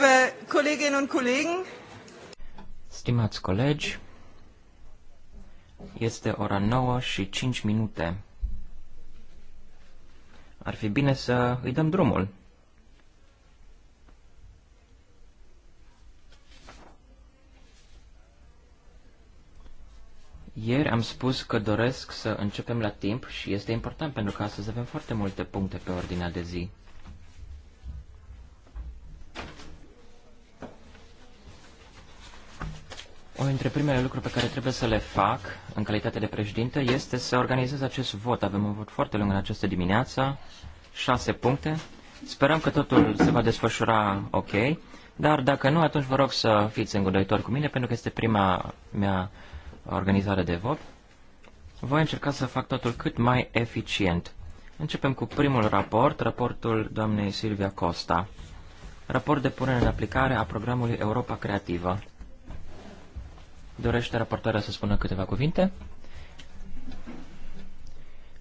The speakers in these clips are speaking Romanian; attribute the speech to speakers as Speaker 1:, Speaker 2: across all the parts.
Speaker 1: liebe Kolleginnen und Kollegen.
Speaker 2: Stimați colegi, este ora 9 și 5 minute. Ar fi bine să îi dăm drumul. Ieri am spus că doresc să începem la timp și este important pentru că astăzi avem foarte multe puncte pe ordinea de zi. dintre primele lucruri pe care trebuie să le fac în calitate de președinte este să organizez acest vot. Avem un vot foarte lung în această dimineață, șase puncte. Sperăm că totul se va desfășura ok, dar dacă nu, atunci vă rog să fiți îngăduitori cu mine, pentru că este prima mea organizare de vot. Voi încerca să fac totul cât mai eficient. Începem cu primul raport, raportul doamnei Silvia Costa. Raport de punere în aplicare a programului Europa Creativă. Dorește raportarea să spună câteva cuvinte?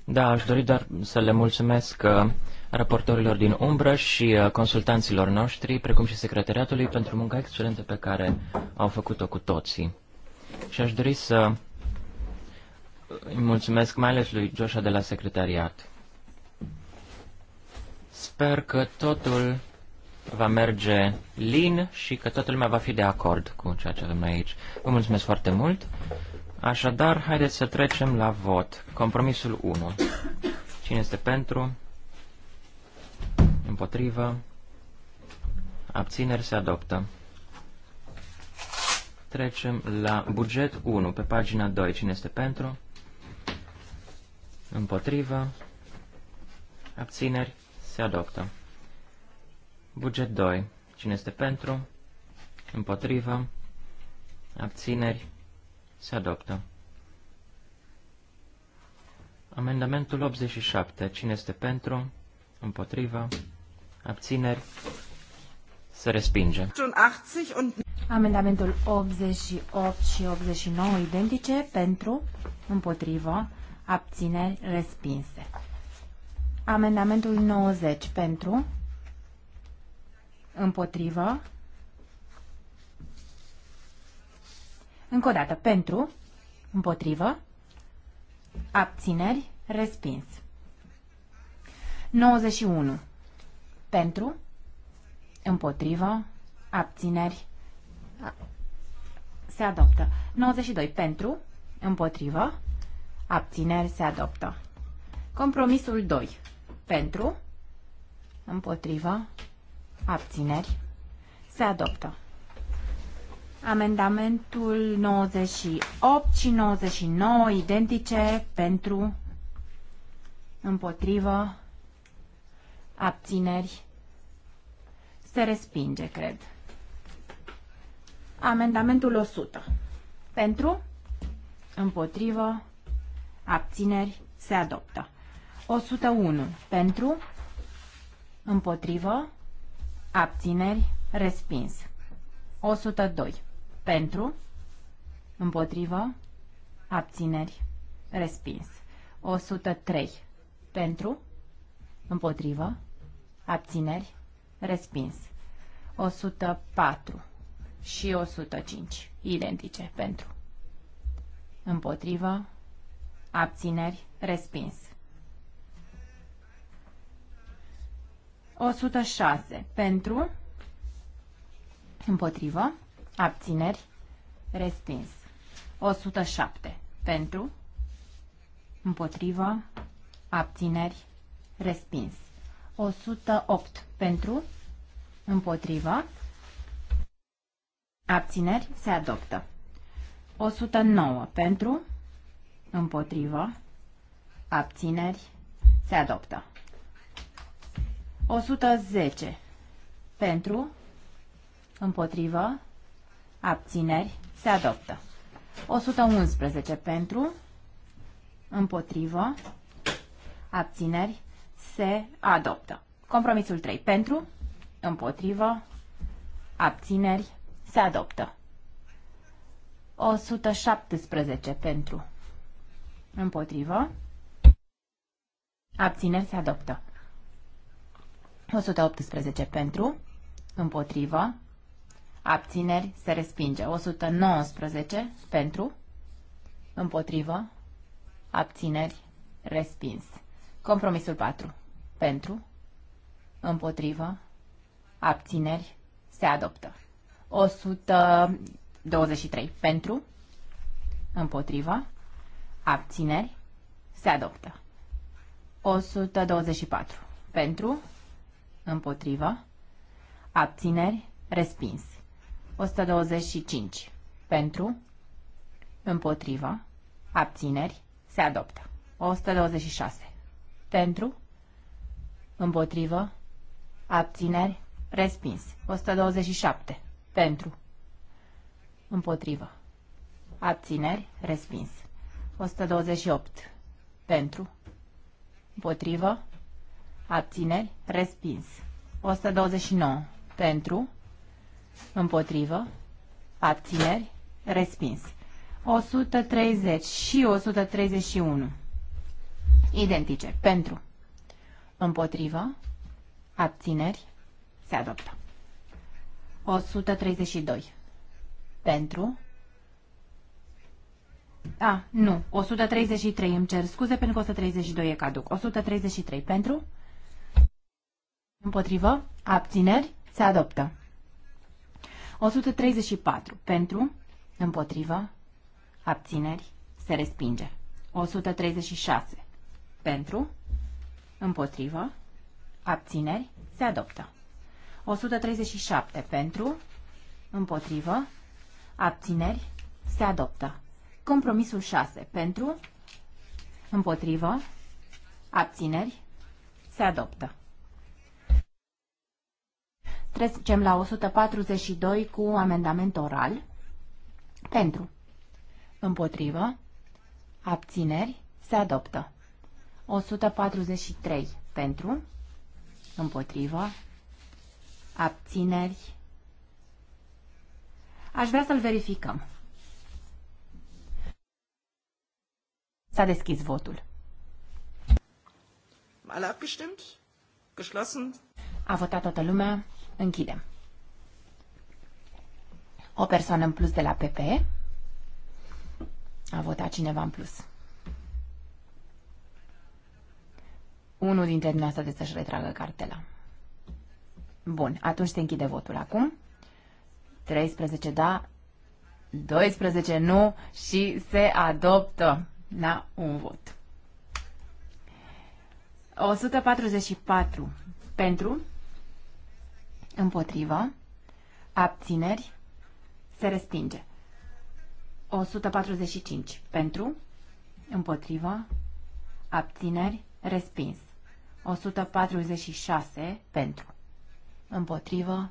Speaker 2: Da, aș dori doar să le mulțumesc uh, raportorilor din umbră și uh, consultanților noștri, precum și secretariatului, pentru munca excelentă pe care au făcut-o cu toții. Și aș dori să uh, îi mulțumesc mai ales lui Joșa de la secretariat. Sper că totul va merge lin și că toată lumea va fi de acord cu ceea ce avem aici. Vă mulțumesc foarte mult. Așadar, haideți să trecem la vot. Compromisul 1. Cine este pentru? Împotrivă? Abțineri se adoptă. Trecem la buget 1, pe pagina 2. Cine este pentru? Împotrivă? Abțineri se adoptă. Buget 2. Cine este pentru? Împotrivă? Abțineri? Se adoptă. Amendamentul 87. Cine este pentru? Împotrivă? Abțineri? Se respinge.
Speaker 1: Amendamentul
Speaker 3: 88 și 89 identice pentru, împotrivă, abțineri, respinse. Amendamentul 90 pentru, Împotrivă. Încă o dată. Pentru. Împotrivă. Abțineri. Respins. 91. Pentru. Împotrivă. Abțineri. Se adoptă. 92. Pentru. Împotrivă. Abțineri. Se adoptă. Compromisul 2. Pentru. Împotrivă. Abțineri. Se adoptă. Amendamentul 98 și 99 identice pentru, împotrivă, abțineri. Se respinge, cred. Amendamentul 100. Pentru, împotrivă, abțineri, se adoptă. 101. Pentru, împotrivă, abțineri, respins. 102. Pentru, împotrivă, abțineri, respins. 103. Pentru, împotrivă, abțineri, respins. 104 și 105, identice, pentru, împotrivă, abțineri, respins. 106 pentru, împotrivă, abțineri, respins. 107 pentru, împotrivă, abțineri, respins. 108 pentru, împotrivă, abțineri, se adoptă. 109 pentru, împotrivă, abțineri, se adoptă. 110. Pentru, împotrivă, abțineri, se adoptă. 111 pentru, împotrivă, abțineri, se adoptă. Compromisul 3 pentru, împotrivă, abțineri, se adoptă. 117 pentru, împotrivă, abțineri, se adoptă. 118 pentru, împotrivă, abțineri, se respinge. 119 pentru, împotrivă, abțineri, respins. Compromisul 4 pentru, împotrivă, abțineri, se adoptă. 123 pentru, împotrivă, abțineri, se adoptă. 124 pentru, Împotrivă. Abțineri. Respins. 125. Pentru. Împotrivă. Abțineri. Se adoptă. 126. Pentru. Împotrivă. Abțineri. Respins. 127. Pentru. Împotrivă. Abțineri. Respins. 128. Pentru. Împotrivă abțineri, respins. 129 pentru, împotrivă, abțineri, respins. 130 și 131 identice, pentru, împotrivă, abțineri, se adoptă. 132 pentru, a, nu. 133, îmi cer scuze pentru că 132 e caduc. 133 pentru? Împotrivă? Abțineri? Se adoptă. 134. Pentru? Împotrivă? Abțineri? Se respinge. 136. Pentru? Împotrivă? Abțineri? Se adoptă. 137. Pentru? Împotrivă? Abțineri? Se adoptă. Compromisul 6. Pentru? Împotrivă? Abțineri? Se adoptă. Trecem la 142 cu amendament oral. Pentru. Împotrivă. Abțineri. Se adoptă. 143 pentru. Împotrivă. Abțineri. Aș vrea să-l verificăm. S-a deschis votul. Geschlossen? A votat toată lumea. Închidem. O persoană în plus de la PP. A votat cineva în plus. Unul dintre dumneavoastră trebuie să-și retragă cartela. Bun, atunci se închide votul acum. 13 da, 12 nu și se adoptă la un vot. 144 pentru, Împotrivă. Abțineri. Se respinge. 145. Pentru. Împotrivă. Abțineri. Respins. 146. Pentru. Împotrivă.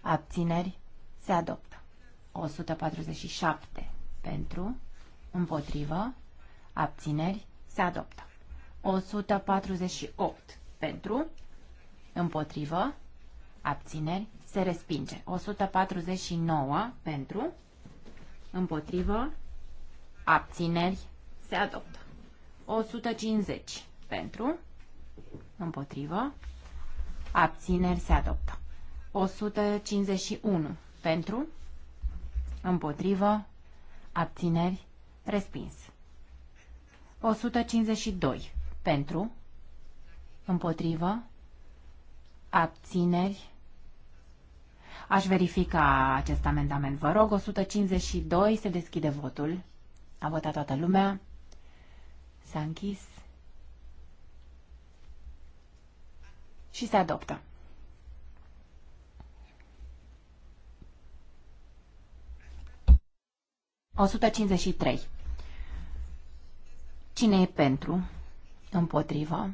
Speaker 3: Abțineri. Se adoptă. 147. Pentru. Împotrivă. Abțineri. Se adoptă. 148. Pentru. Împotrivă abțineri, se respinge. 149 pentru, împotrivă, abțineri, se adoptă. 150 pentru, împotrivă, abțineri, se adoptă. 151 pentru, împotrivă, abțineri, respins. 152 pentru, împotrivă, abțineri, Aș verifica acest amendament. Vă rog, 152 se deschide votul. A votat toată lumea. S-a închis. Și se adoptă. 153. Cine e pentru? Împotrivă?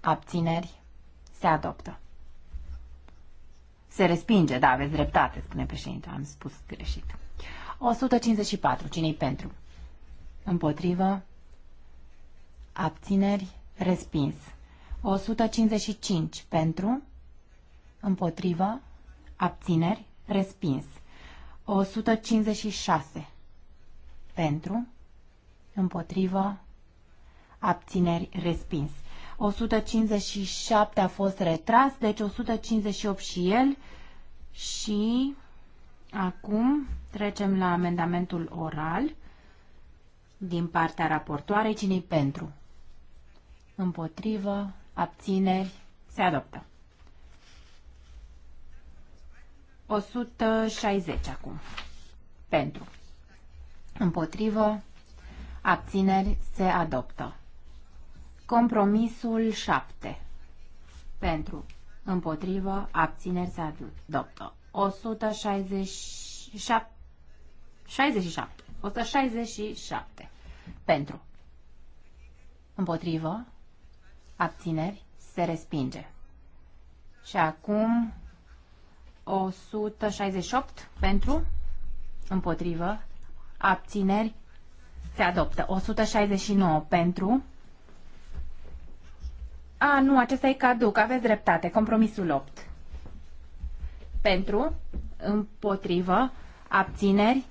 Speaker 3: Abțineri? Se adoptă. Se respinge, da, aveți dreptate, spune președinte. Am spus greșit. 154. Cine-i pentru? Împotrivă. Abțineri. Respins. 155. Pentru. Împotrivă. Abțineri. Respins. 156. Pentru. Împotrivă. Abțineri. Respins. 157 a fost retras, deci 158 și el. Și acum trecem la amendamentul oral din partea raportoarei. cine pentru? Împotrivă, abțineri, se adoptă. 160 acum. Pentru. Împotrivă, abțineri, se adoptă. Compromisul 7. Pentru. Împotrivă. Abțineri se adoptă. 167. 67. 167. Pentru. Împotrivă. Abțineri se respinge. Și acum 168 pentru, împotrivă, abțineri, se adoptă. 169 pentru, a, nu, acesta e caduc, aveți dreptate. Compromisul 8. Pentru, împotrivă, abțineri,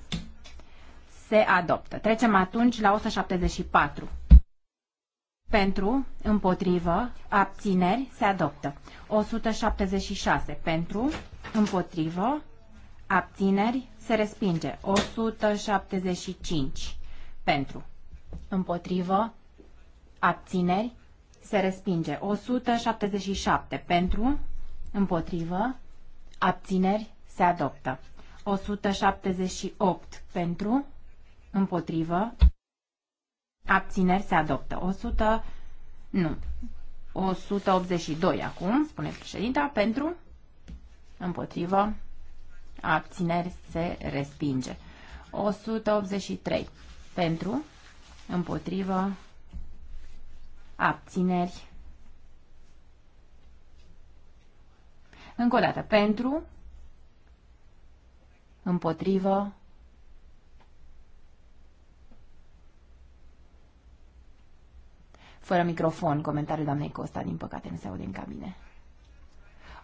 Speaker 3: se adoptă. Trecem atunci la 174. Pentru, împotrivă, abțineri, se adoptă. 176. Pentru, împotrivă, abțineri, se respinge. 175. Pentru, împotrivă, abțineri, se respinge. 177 pentru, împotrivă, abțineri, se adoptă. 178 pentru, împotrivă, abțineri, se adoptă. 100, nu, 182 acum, spune președinta, pentru, împotrivă, abțineri, se respinge. 183 pentru, împotrivă, abțineri. Încă o dată, pentru, împotrivă, fără microfon, comentariul doamnei Costa, din păcate nu se aude în cabine.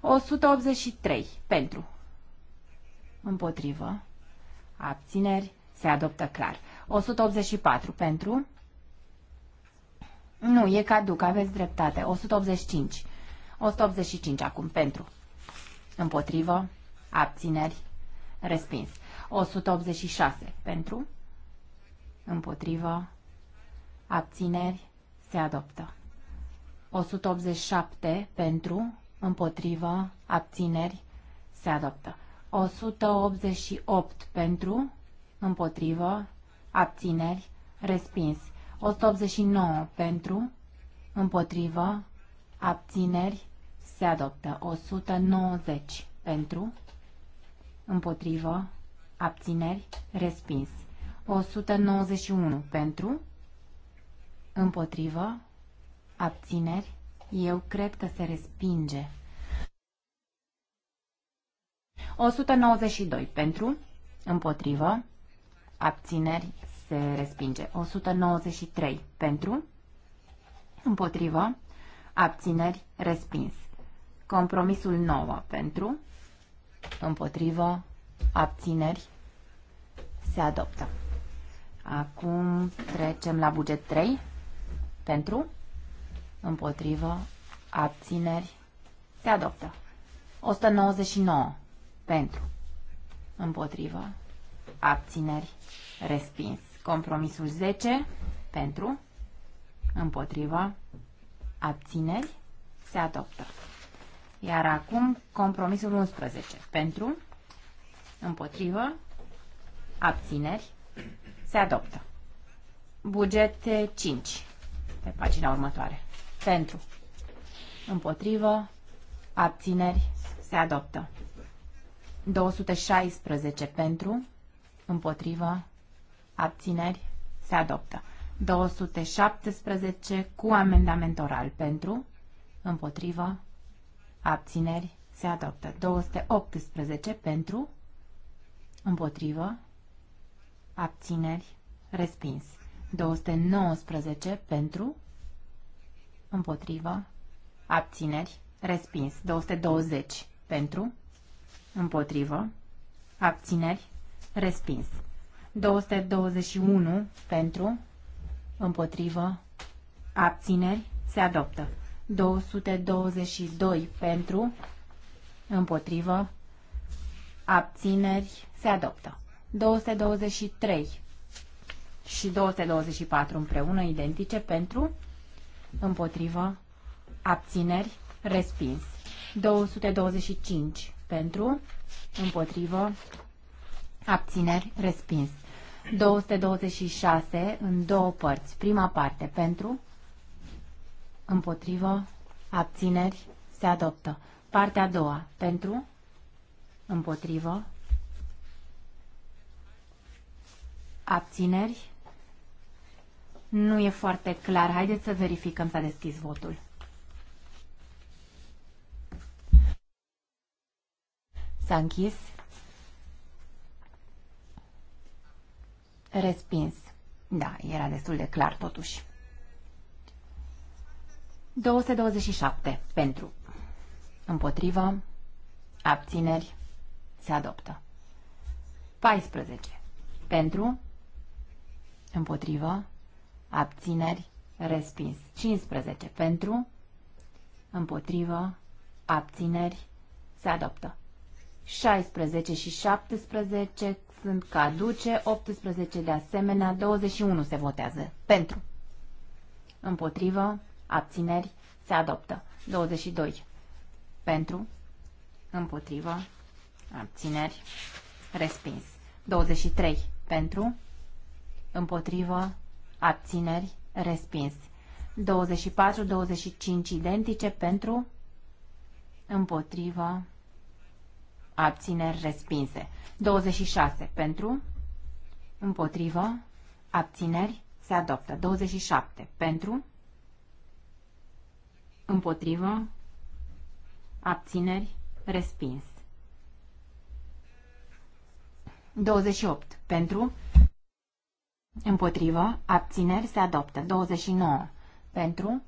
Speaker 3: 183, pentru, împotrivă, abțineri, se adoptă clar. 184, pentru, nu, e caduc, aveți dreptate. 185. 185 acum, pentru. Împotrivă, abțineri, respins. 186, pentru. Împotrivă, abțineri, se adoptă. 187, pentru. Împotrivă, abțineri, se adoptă. 188, pentru. Împotrivă, abțineri, respins. 189 pentru, împotrivă, abțineri, se adoptă. 190 pentru, împotrivă, abțineri, respins. 191 pentru, împotrivă, abțineri, eu cred că se respinge. 192 pentru, împotrivă, abțineri, se respinge. 193 pentru, împotrivă, abțineri, respins. Compromisul 9 pentru, împotrivă, abțineri, se adoptă. Acum trecem la buget 3 pentru, împotrivă, abțineri, se adoptă. 199 pentru, împotrivă, abțineri, respins. Compromisul 10 pentru, împotriva, abțineri, se adoptă. Iar acum compromisul 11 pentru, împotrivă, abțineri, se adoptă. Buget 5 pe pagina următoare. Pentru, împotrivă, abțineri, se adoptă. 216 pentru, împotrivă, abțineri, se adoptă. 217 cu amendament oral pentru, împotrivă, abțineri, se adoptă. 218 pentru, împotrivă, abțineri, respins. 219 pentru, împotrivă, abțineri, respins. 220 pentru, împotrivă, abțineri, respins. 221 pentru, împotrivă, abțineri, se adoptă. 222 pentru, împotrivă, abțineri, se adoptă. 223 și 224 împreună, identice, pentru, împotrivă, abțineri, respins. 225 pentru, împotrivă, abțineri, respins. 226 în două părți. Prima parte pentru, împotrivă, abțineri, se adoptă. Partea a doua pentru, împotrivă, abțineri, nu e foarte clar. Haideți să verificăm s-a deschis votul. S-a închis. Respins. Da, era destul de clar totuși. 227. Pentru. Împotrivă. Abțineri. Se adoptă. 14. Pentru. Împotrivă. Abțineri. Respins. 15. Pentru. Împotrivă. Abțineri. Se adoptă. 16 și 17 sunt caduce, 18 de asemenea, 21 se votează. Pentru. Împotrivă, abțineri, se adoptă. 22. Pentru, împotrivă, abțineri, respins. 23. Pentru, împotrivă, abțineri, respins. 24-25 identice pentru, împotrivă, abțineri respinse. 26 pentru, împotrivă, abțineri se adoptă. 27 pentru, împotrivă, abțineri respins. 28 pentru, împotrivă, abțineri se adoptă. 29 pentru,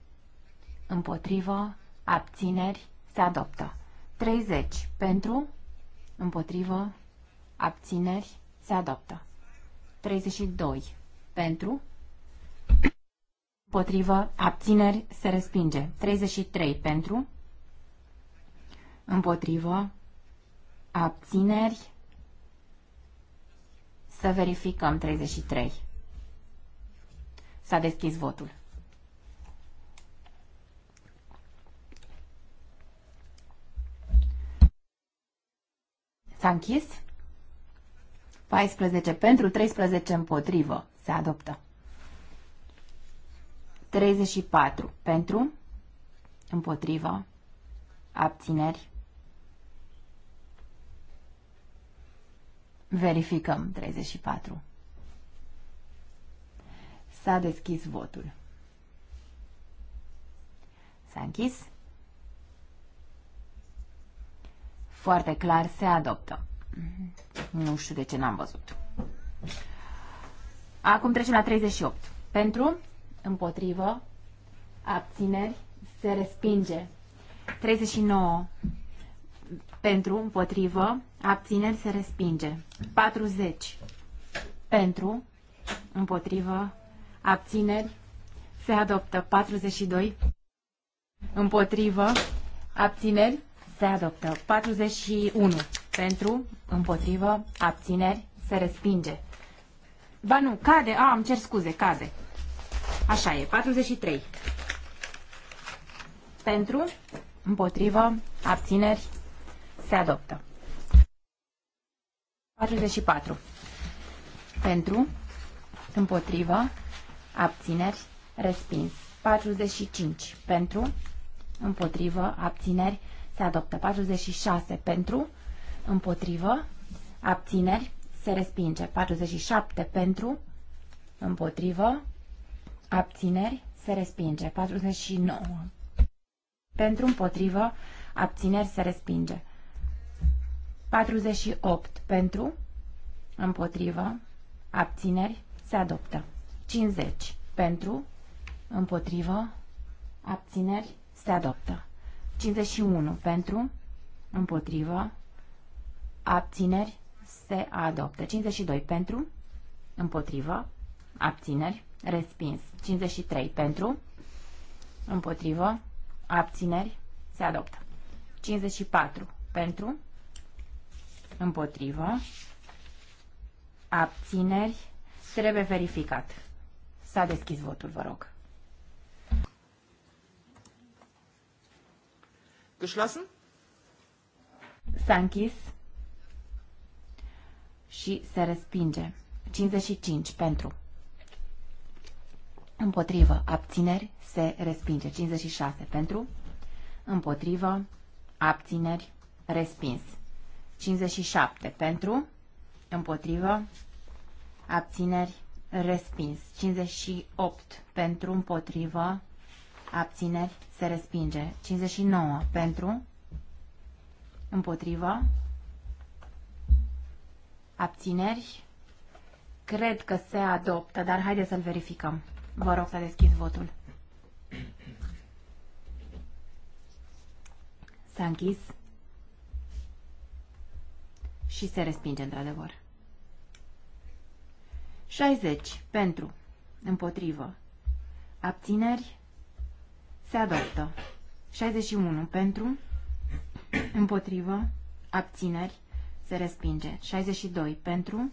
Speaker 3: împotrivă, abțineri se adoptă. 30 pentru, Împotrivă. Abțineri. Se adoptă. 32. Pentru. Împotrivă. Abțineri. Se respinge. 33. Pentru. Împotrivă. Abțineri. Să verificăm 33. S-a deschis votul. S-a închis. 14 pentru, 13 împotrivă. Se adoptă. 34 pentru, împotrivă, abțineri. Verificăm 34. S-a deschis votul. S-a închis. foarte clar se adoptă. Nu știu de ce n-am văzut. Acum trecem la 38. Pentru, împotrivă, abțineri, se respinge. 39. Pentru, împotrivă, abțineri, se respinge. 40. Pentru, împotrivă, abțineri, se adoptă. 42. Împotrivă, abțineri, se adoptă. 41 pentru, împotrivă, abțineri, se respinge. Ba nu, cade, a, îmi cer scuze, cade. Așa e, 43. Pentru, împotrivă, abțineri, se adoptă. 44. Pentru, împotrivă, abțineri, respins. 45. Pentru, împotrivă, abțineri, respins se adoptă. 46 pentru, împotrivă, abțineri, se respinge. 47 pentru, împotrivă, abțineri, se respinge. 49 pentru, împotrivă, abțineri, se respinge. 48 pentru, împotrivă, abțineri, se adoptă. 50 pentru, împotrivă, abțineri, se adoptă. 51 pentru, împotrivă, abțineri, se adoptă. 52 pentru, împotrivă, abțineri, respins. 53 pentru, împotrivă, abțineri, se adoptă. 54 pentru, împotrivă, abțineri, trebuie verificat. S-a deschis votul, vă rog. Geschlossen? S-a închis și se respinge. 55 pentru. Împotrivă. Abțineri se respinge. 56 pentru. Împotrivă. Abțineri respins. 57 pentru. Împotrivă. Abțineri respins. 58 pentru. Împotrivă abțineri, se respinge. 59 pentru, împotrivă, abțineri, cred că se adoptă, dar haideți să-l verificăm. Vă rog să deschid votul. S-a închis și se respinge într-adevăr. 60 pentru, împotrivă, abțineri, se adoptă. 61 pentru, împotrivă, abțineri, se respinge. 62 pentru,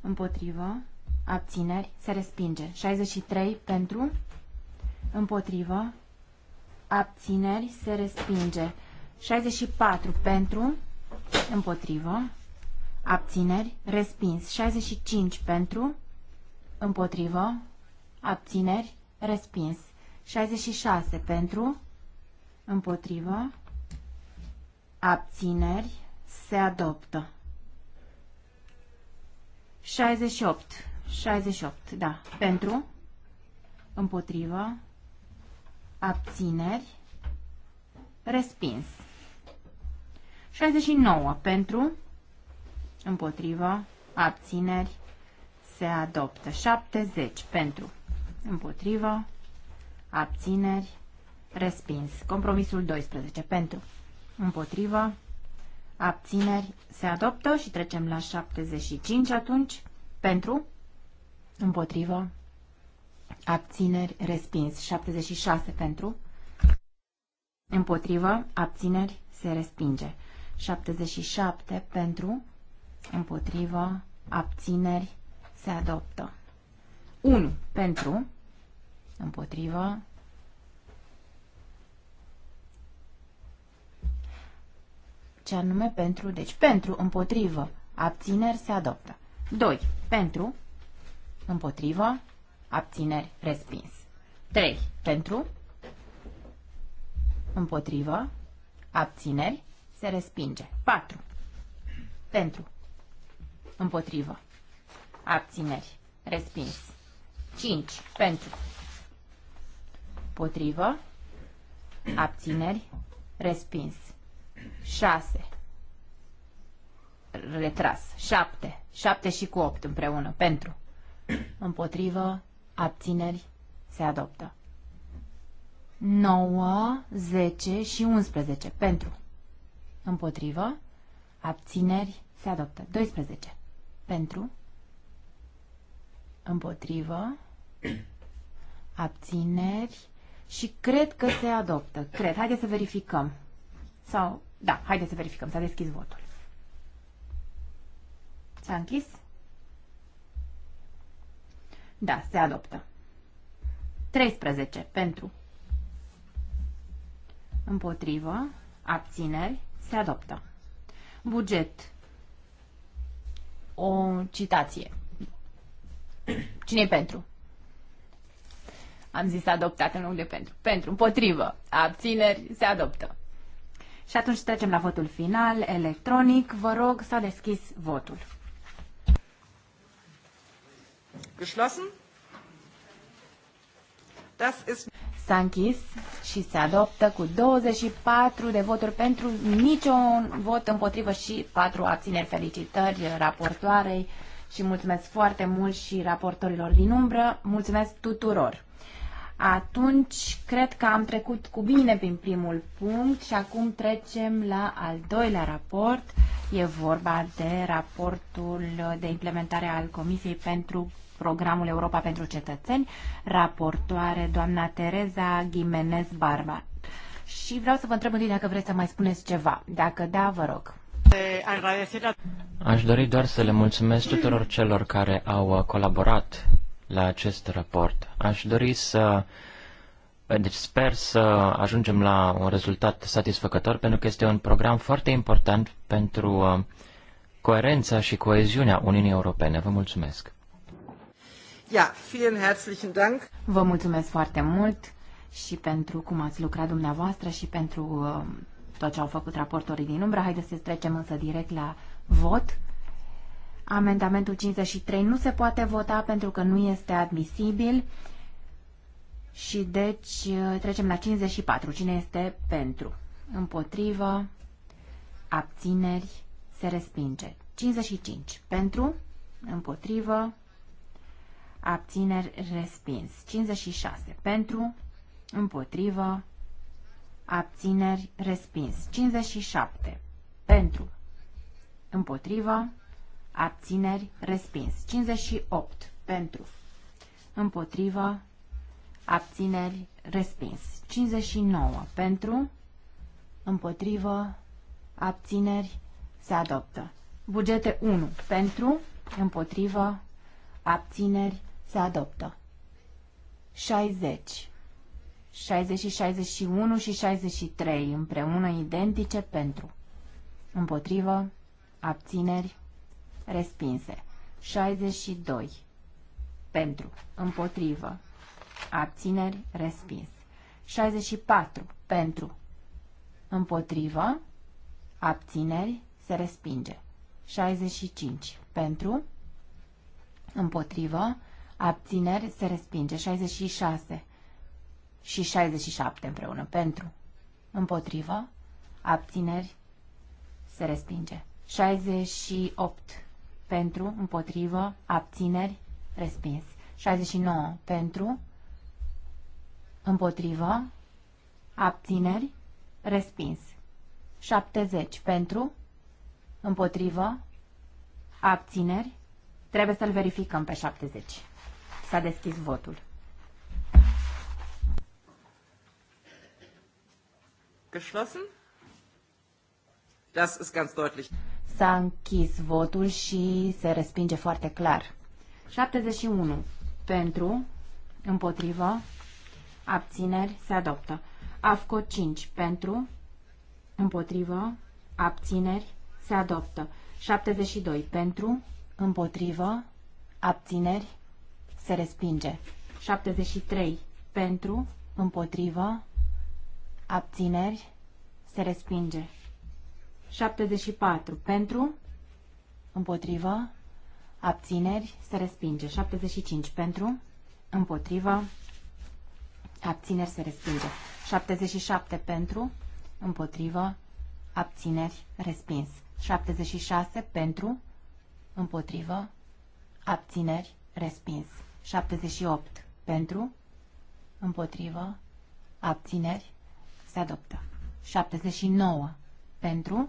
Speaker 3: împotrivă, abțineri, se respinge. 63 pentru, împotrivă, abțineri, se respinge. 64 pentru, împotrivă, abțineri, respins. 65 pentru, împotrivă, abțineri, respins. 66 pentru, împotrivă, abțineri, se adoptă. 68, 68, da, pentru, împotrivă, abțineri, respins. 69 pentru, împotrivă, abțineri, se adoptă. 70 pentru, împotrivă, abțineri, respins. Compromisul 12 pentru, împotrivă, abțineri, se adoptă și trecem la 75 atunci, pentru, împotrivă, abțineri, respins. 76 pentru, împotrivă, abțineri, se respinge. 77 pentru, împotrivă, abțineri, se adoptă. 1 pentru, Împotrivă. Ce anume pentru, deci pentru, împotrivă, abțineri se adoptă. 2. Pentru, împotrivă, abțineri, respins. 3. Pentru, împotrivă, abțineri, se respinge. 4. Pentru, împotrivă, abțineri, respins. 5. Pentru, Împotrivă. Abțineri. Respins. 6. Retras. 7. 7 și cu 8 împreună. Pentru. Împotrivă. Abțineri. Se adoptă. 9, 10 și 11. Pentru. Împotrivă. Abțineri. Se adoptă. 12. Pentru. Împotrivă. Abțineri și cred că se adoptă. Cred. Haideți să verificăm. Sau, da, haideți să verificăm. S-a deschis votul. S-a închis? Da, se adoptă. 13 pentru. Împotrivă. Abțineri. Se adoptă. Buget. O citație. cine pentru? Am zis adoptat în loc de pentru. Pentru, împotrivă, abțineri, se adoptă. Și atunci trecem la votul final, electronic. Vă rog, s-a deschis votul.
Speaker 1: Geschlossen. Das ist...
Speaker 3: S-a închis și se adoptă cu 24 de voturi pentru, niciun vot împotrivă și 4 abțineri. Felicitări raportoarei și mulțumesc foarte mult și raportorilor din umbră. Mulțumesc tuturor! Atunci, cred că am trecut cu bine prin primul punct și acum trecem la al doilea raport. E vorba de raportul de implementare al Comisiei pentru programul Europa pentru cetățeni, raportoare doamna Tereza Ghimenez Barba. Și vreau să vă întreb întâi dacă vreți să mai spuneți ceva. Dacă da, vă rog.
Speaker 2: Aș dori doar să le mulțumesc tuturor celor care au uh, colaborat la acest raport. Aș dori să... Deci sper să ajungem la un rezultat satisfăcător pentru că este un program foarte important pentru uh, coerența și coeziunea Uniunii Europene. Vă mulțumesc!
Speaker 1: Ja, vielen herzlichen
Speaker 3: Dank. Vă mulțumesc foarte mult și pentru cum ați lucrat dumneavoastră și pentru uh, tot ce au făcut raportorii din umbră. Haideți să trecem însă direct la vot. Amendamentul 53 nu se poate vota pentru că nu este admisibil și deci uh, trecem la 54. Cine este pentru? Împotrivă, abțineri, se respinge. 55. Pentru, împotrivă, abțineri, respins. 56. Pentru, împotrivă, abțineri, respins. 57. Pentru, împotrivă, abțineri, respins. 58 pentru, împotrivă, abțineri, respins. 59 pentru, împotrivă, abțineri, se adoptă. Bugete 1 pentru, împotrivă, abțineri, se adoptă. 60 60 și 61 și 63 împreună identice pentru. Împotrivă, abțineri, respinse. 62. Pentru, împotrivă, abțineri, respins. 64. Pentru, împotrivă, abțineri, se respinge. 65. Pentru, împotrivă, abțineri, se respinge. 66 și 67 împreună. Pentru, împotrivă, abțineri, se respinge. 68 pentru, împotrivă, abțineri, respins. 69 pentru, împotrivă, abțineri, respins. 70 pentru, împotrivă, abțineri, trebuie să-l verificăm pe 70. S-a deschis votul.
Speaker 1: Geschlossen? Das ist ganz deutlich.
Speaker 3: S-a închis votul și se respinge foarte clar. 71 pentru, împotrivă, abțineri, se adoptă. AFCO 5 pentru, împotrivă, abțineri, se adoptă. 72 pentru, împotrivă, abțineri, se respinge. 73 pentru, împotrivă, abțineri, se respinge. 74 pentru, împotrivă, abțineri, se respinge. 75 pentru, împotrivă, abțineri, se respinge. 77 pentru, împotrivă, abțineri, respins. 76 pentru, împotrivă, abțineri, respins. 78 pentru, împotrivă, abțineri, se adoptă. 79 pentru,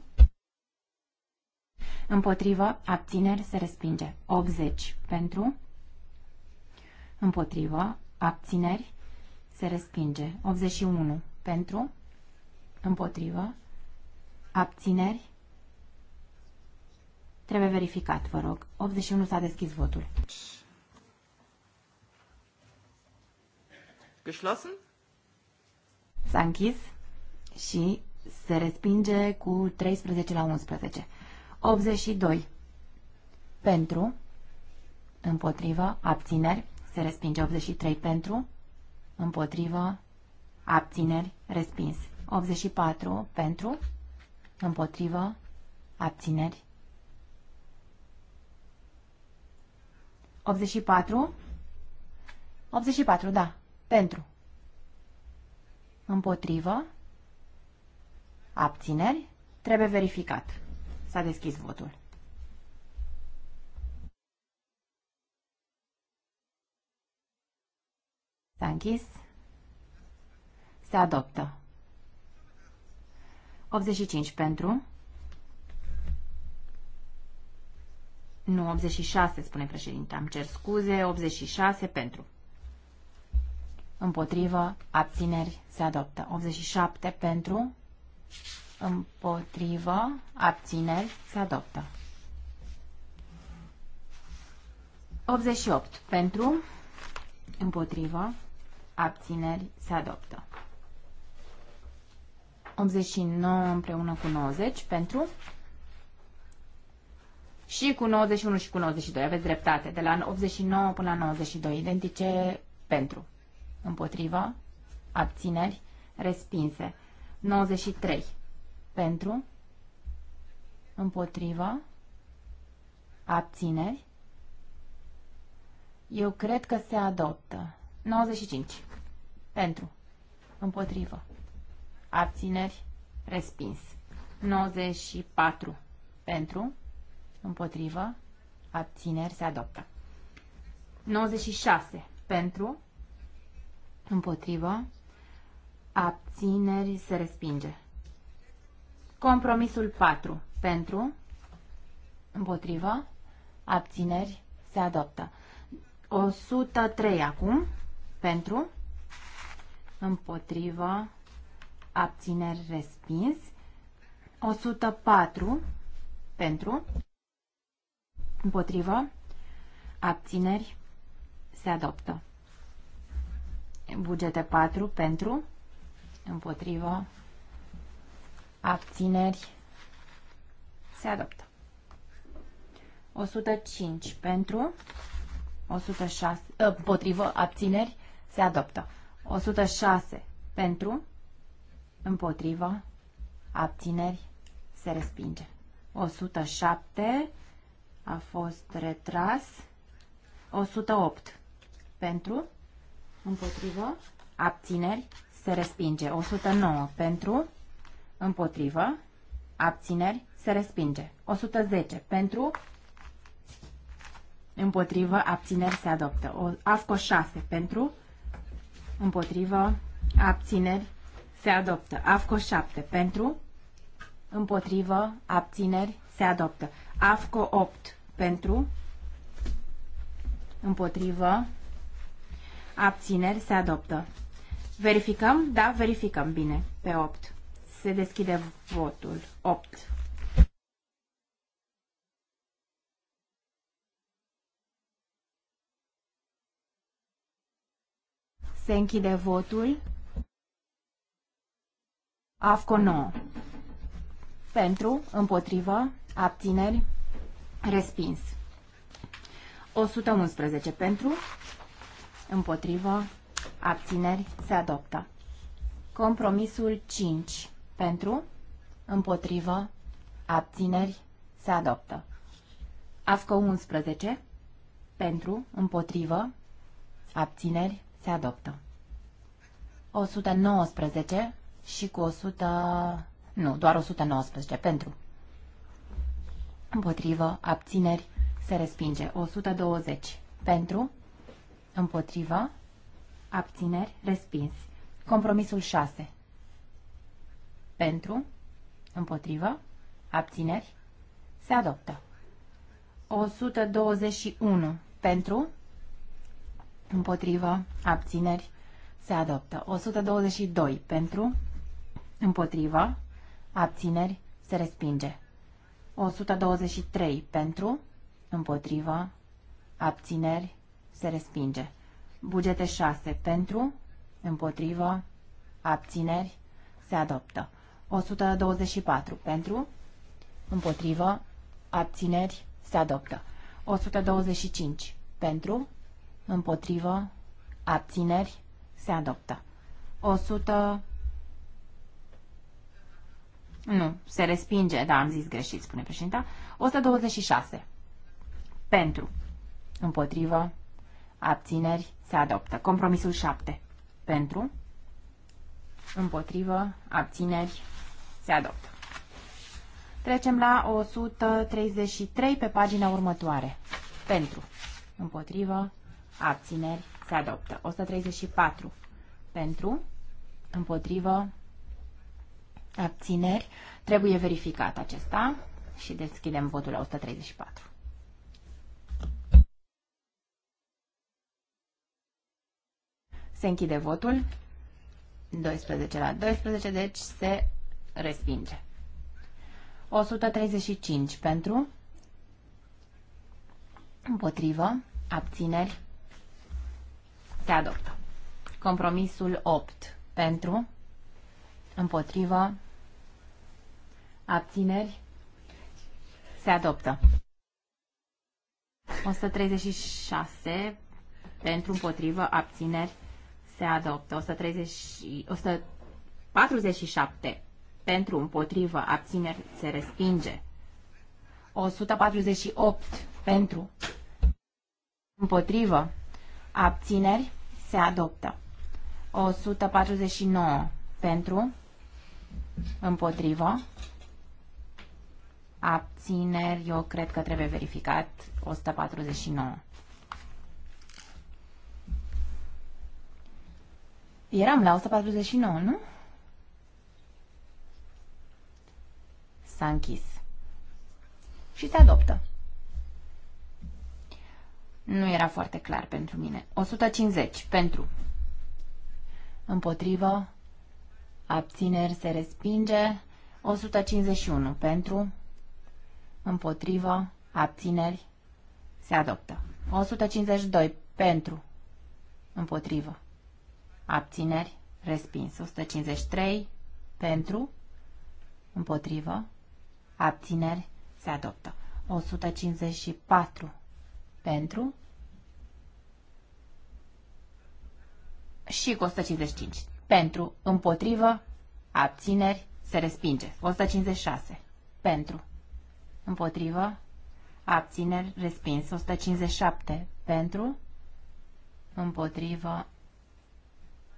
Speaker 3: Împotrivă, abțineri, se respinge. 80 pentru. Împotrivă, abțineri, se respinge. 81 pentru. Împotrivă, abțineri. Trebuie verificat, vă rog. 81 s-a deschis votul. Geschlossen? S-a închis și se respinge cu 13 la 11. 82. Pentru, împotrivă, abțineri, se respinge 83 pentru, împotrivă, abțineri, respins. 84 pentru, împotrivă, abțineri. 84? 84, da, pentru. Împotrivă, abțineri, trebuie verificat. S-a deschis votul. S-a închis. Se adoptă. 85 pentru. Nu, 86, spune președinte. Am cer scuze, 86 pentru. Împotrivă, abțineri, se adoptă. 87 pentru, Împotrivă. Abțineri. Se adoptă. 88. Pentru. Împotrivă. Abțineri. Se adoptă. 89 împreună cu 90. Pentru. Și cu 91 și cu 92. Aveți dreptate. De la 89 până la 92. Identice pentru. Împotrivă. Abțineri. Respinse. 93 pentru, împotriva, abțineri. Eu cred că se adoptă. 95. Pentru, împotrivă, abțineri, respins. 94. Pentru, împotrivă, abțineri, se adoptă. 96. Pentru, împotrivă, abțineri, se respinge. Compromisul 4. Pentru, împotrivă, abțineri, se adoptă. 103 acum, pentru, împotrivă, abțineri, respins. 104 pentru, împotrivă, abțineri, se adoptă. Bugete 4 pentru, împotrivă, abțineri, se adoptă. 105 pentru, 106, ă, împotrivă, abțineri, se adoptă. 106 pentru, împotrivă, abțineri, se respinge. 107 a fost retras. 108 pentru, împotrivă, abțineri, se respinge. 109 pentru, Împotrivă. Abțineri. Se respinge. 110. Pentru. Împotrivă. Abțineri. Se adoptă. O, AFCO 6. Pentru. Împotrivă. Abțineri. Se adoptă. AFCO 7. Pentru. Împotrivă. Abțineri. Se adoptă. AFCO 8. Pentru. Împotrivă. Abțineri. Se adoptă. Verificăm? Da, verificăm bine. Pe 8. Se deschide votul. 8. Se închide votul. AFCO 9. Pentru, împotrivă, abțineri, respins. 111 pentru, împotrivă, abțineri, se adoptă. Compromisul 5 pentru, împotrivă, abțineri, se adoptă. AFCO 11. Pentru, împotrivă, abțineri, se adoptă. 119 și cu 100... Nu, doar 119. Pentru. Împotrivă, abțineri, se respinge. 120. Pentru, împotrivă, abțineri, respins. Compromisul 6. Pentru, împotrivă, abțineri, se adoptă. 121. Pentru, împotrivă, abțineri, se adoptă. 122. Pentru, împotrivă, abțineri, se respinge. 123. Pentru, împotrivă, abțineri, se respinge. Bugete 6. Pentru, împotrivă, abțineri, se adoptă. 124 pentru, împotrivă, abțineri, se adoptă. 125 pentru, împotrivă, abțineri, se adoptă. 100 nu, se respinge, da, am zis greșit, spune președinta. 126. Pentru. Împotrivă. Abțineri. Se adoptă. Compromisul 7. Pentru. Împotrivă. Abțineri. Se adoptă. Trecem la 133 pe pagina următoare. Pentru. Împotrivă. Abțineri. Se adoptă. 134. Pentru. Împotrivă. Abțineri. Trebuie verificat acesta și deschidem votul la 134. Se închide votul. 12 la 12, deci se respinge. 135 pentru, împotrivă, abțineri, se adoptă. Compromisul 8 pentru, împotrivă, abțineri, se adoptă. 136 pentru, împotrivă, abțineri, se adoptă. 130, 147 pentru, împotrivă, abțineri, se respinge. 148 pentru, împotrivă, abțineri, se adoptă. 149 pentru, împotrivă, abțineri, eu cred că trebuie verificat, 149. Eram la 149, nu? S-a închis. Și se adoptă. Nu era foarte clar pentru mine. 150 pentru. Împotrivă. Abțineri se respinge. 151 pentru. Împotrivă. Abțineri se adoptă. 152 pentru. Împotrivă. Abțineri respins. 153 pentru. Împotrivă abțineri, se adoptă. 154 pentru și cu 155 pentru, împotrivă, abțineri, se respinge. 156 pentru, împotrivă, abțineri, respins. 157 pentru, împotrivă,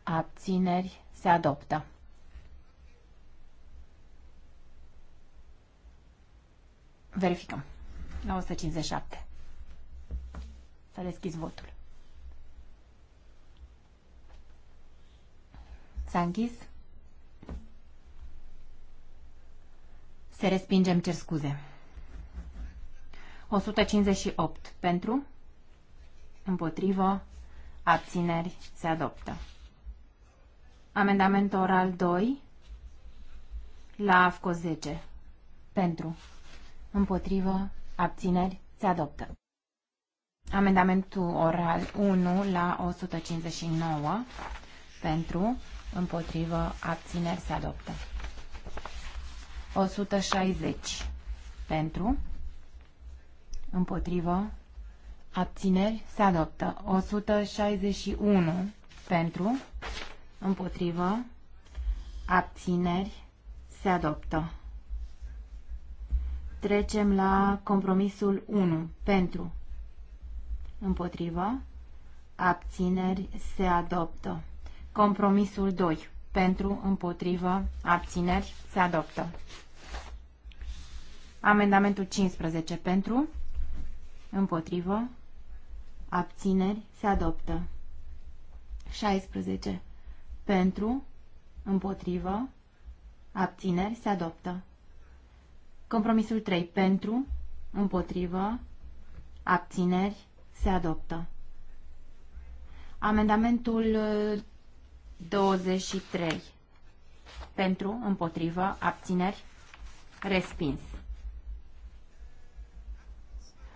Speaker 3: abțineri, se adoptă. Verificăm. La 157. S-a deschis votul. S-a închis. Se respingem, cer scuze. 158 pentru, împotrivă, abțineri, se adoptă. Amendament oral 2 la AFCO 10 pentru, împotrivă, abțineri, se adoptă. Amendamentul oral 1 la 159 pentru, împotrivă, abțineri, se adoptă. 160 pentru, împotrivă, abțineri, se adoptă. 161 pentru, împotrivă, abțineri, se adoptă. Trecem la compromisul 1. Pentru. Împotrivă. Abțineri se adoptă. Compromisul 2. Pentru, împotrivă, abțineri se adoptă. Amendamentul 15. Pentru, împotrivă, abțineri se adoptă. 16. Pentru, împotrivă, abțineri se adoptă. Compromisul 3. Pentru, împotrivă, abțineri, se adoptă. Amendamentul 23. Uh, Pentru, împotrivă, abțineri, respins.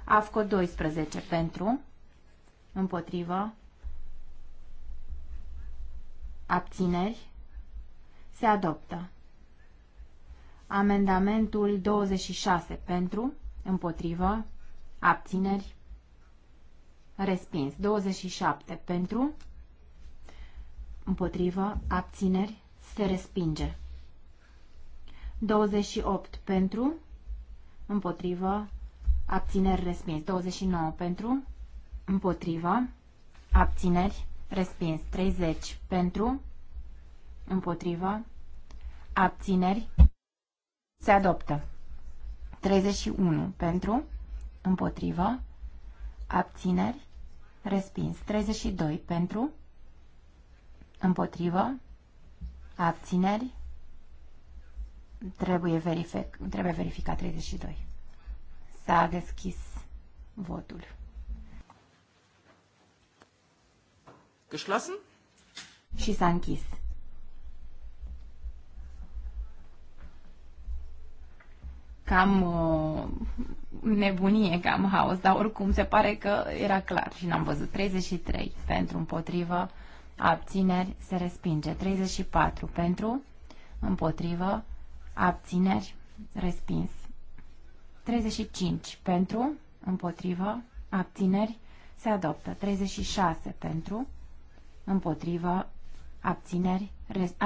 Speaker 3: AFCO 12. Pentru, împotrivă, abțineri, se adoptă. Amendamentul 26 pentru, împotrivă, abțineri, respins. 27 pentru, împotrivă, abțineri, se respinge. 28 pentru, împotrivă, abțineri, respins. 29 pentru, împotrivă, abțineri, respins. 30 pentru, împotrivă, abțineri, se adoptă. 31 pentru, împotrivă, abțineri, respins. 32 pentru, împotrivă, abțineri, trebuie, verific, trebuie verificat 32. S-a deschis votul. Geschlossen? Și s-a închis. cam uh, nebunie, cam haos, dar oricum se pare că era clar și n-am văzut. 33 pentru împotrivă, abțineri, se respinge. 34 pentru împotrivă, abțineri, respins. 35 pentru împotrivă, abțineri, se adoptă. 36 pentru împotrivă, abțineri,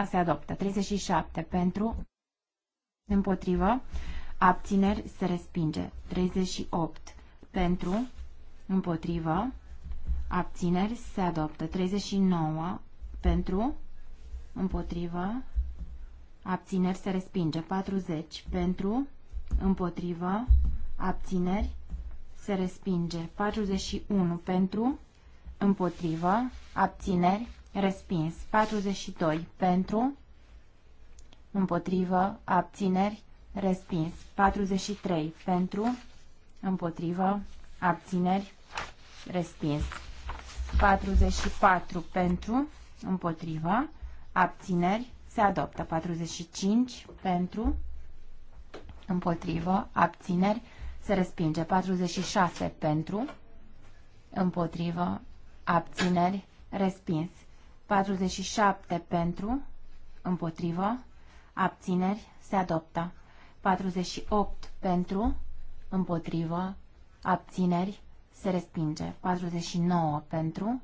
Speaker 3: se adoptă. 37 pentru împotrivă, abțineri se respinge. 38 pentru, împotrivă, abțineri se adoptă. 39 pentru, împotrivă, abțineri se respinge. 40 pentru, împotrivă, abțineri se respinge. 41 pentru, împotrivă, abțineri respins. 42 pentru, împotrivă, abțineri Respins. 43 pentru, împotrivă, abțineri, respins. 44 pentru, împotrivă, abțineri, se adoptă. 45 pentru, împotrivă, abțineri, se respinge. 46 pentru, împotrivă, abțineri, respins. 47 pentru, împotrivă, abțineri, se adoptă. 48 pentru, împotrivă, abțineri, se respinge. 49 pentru,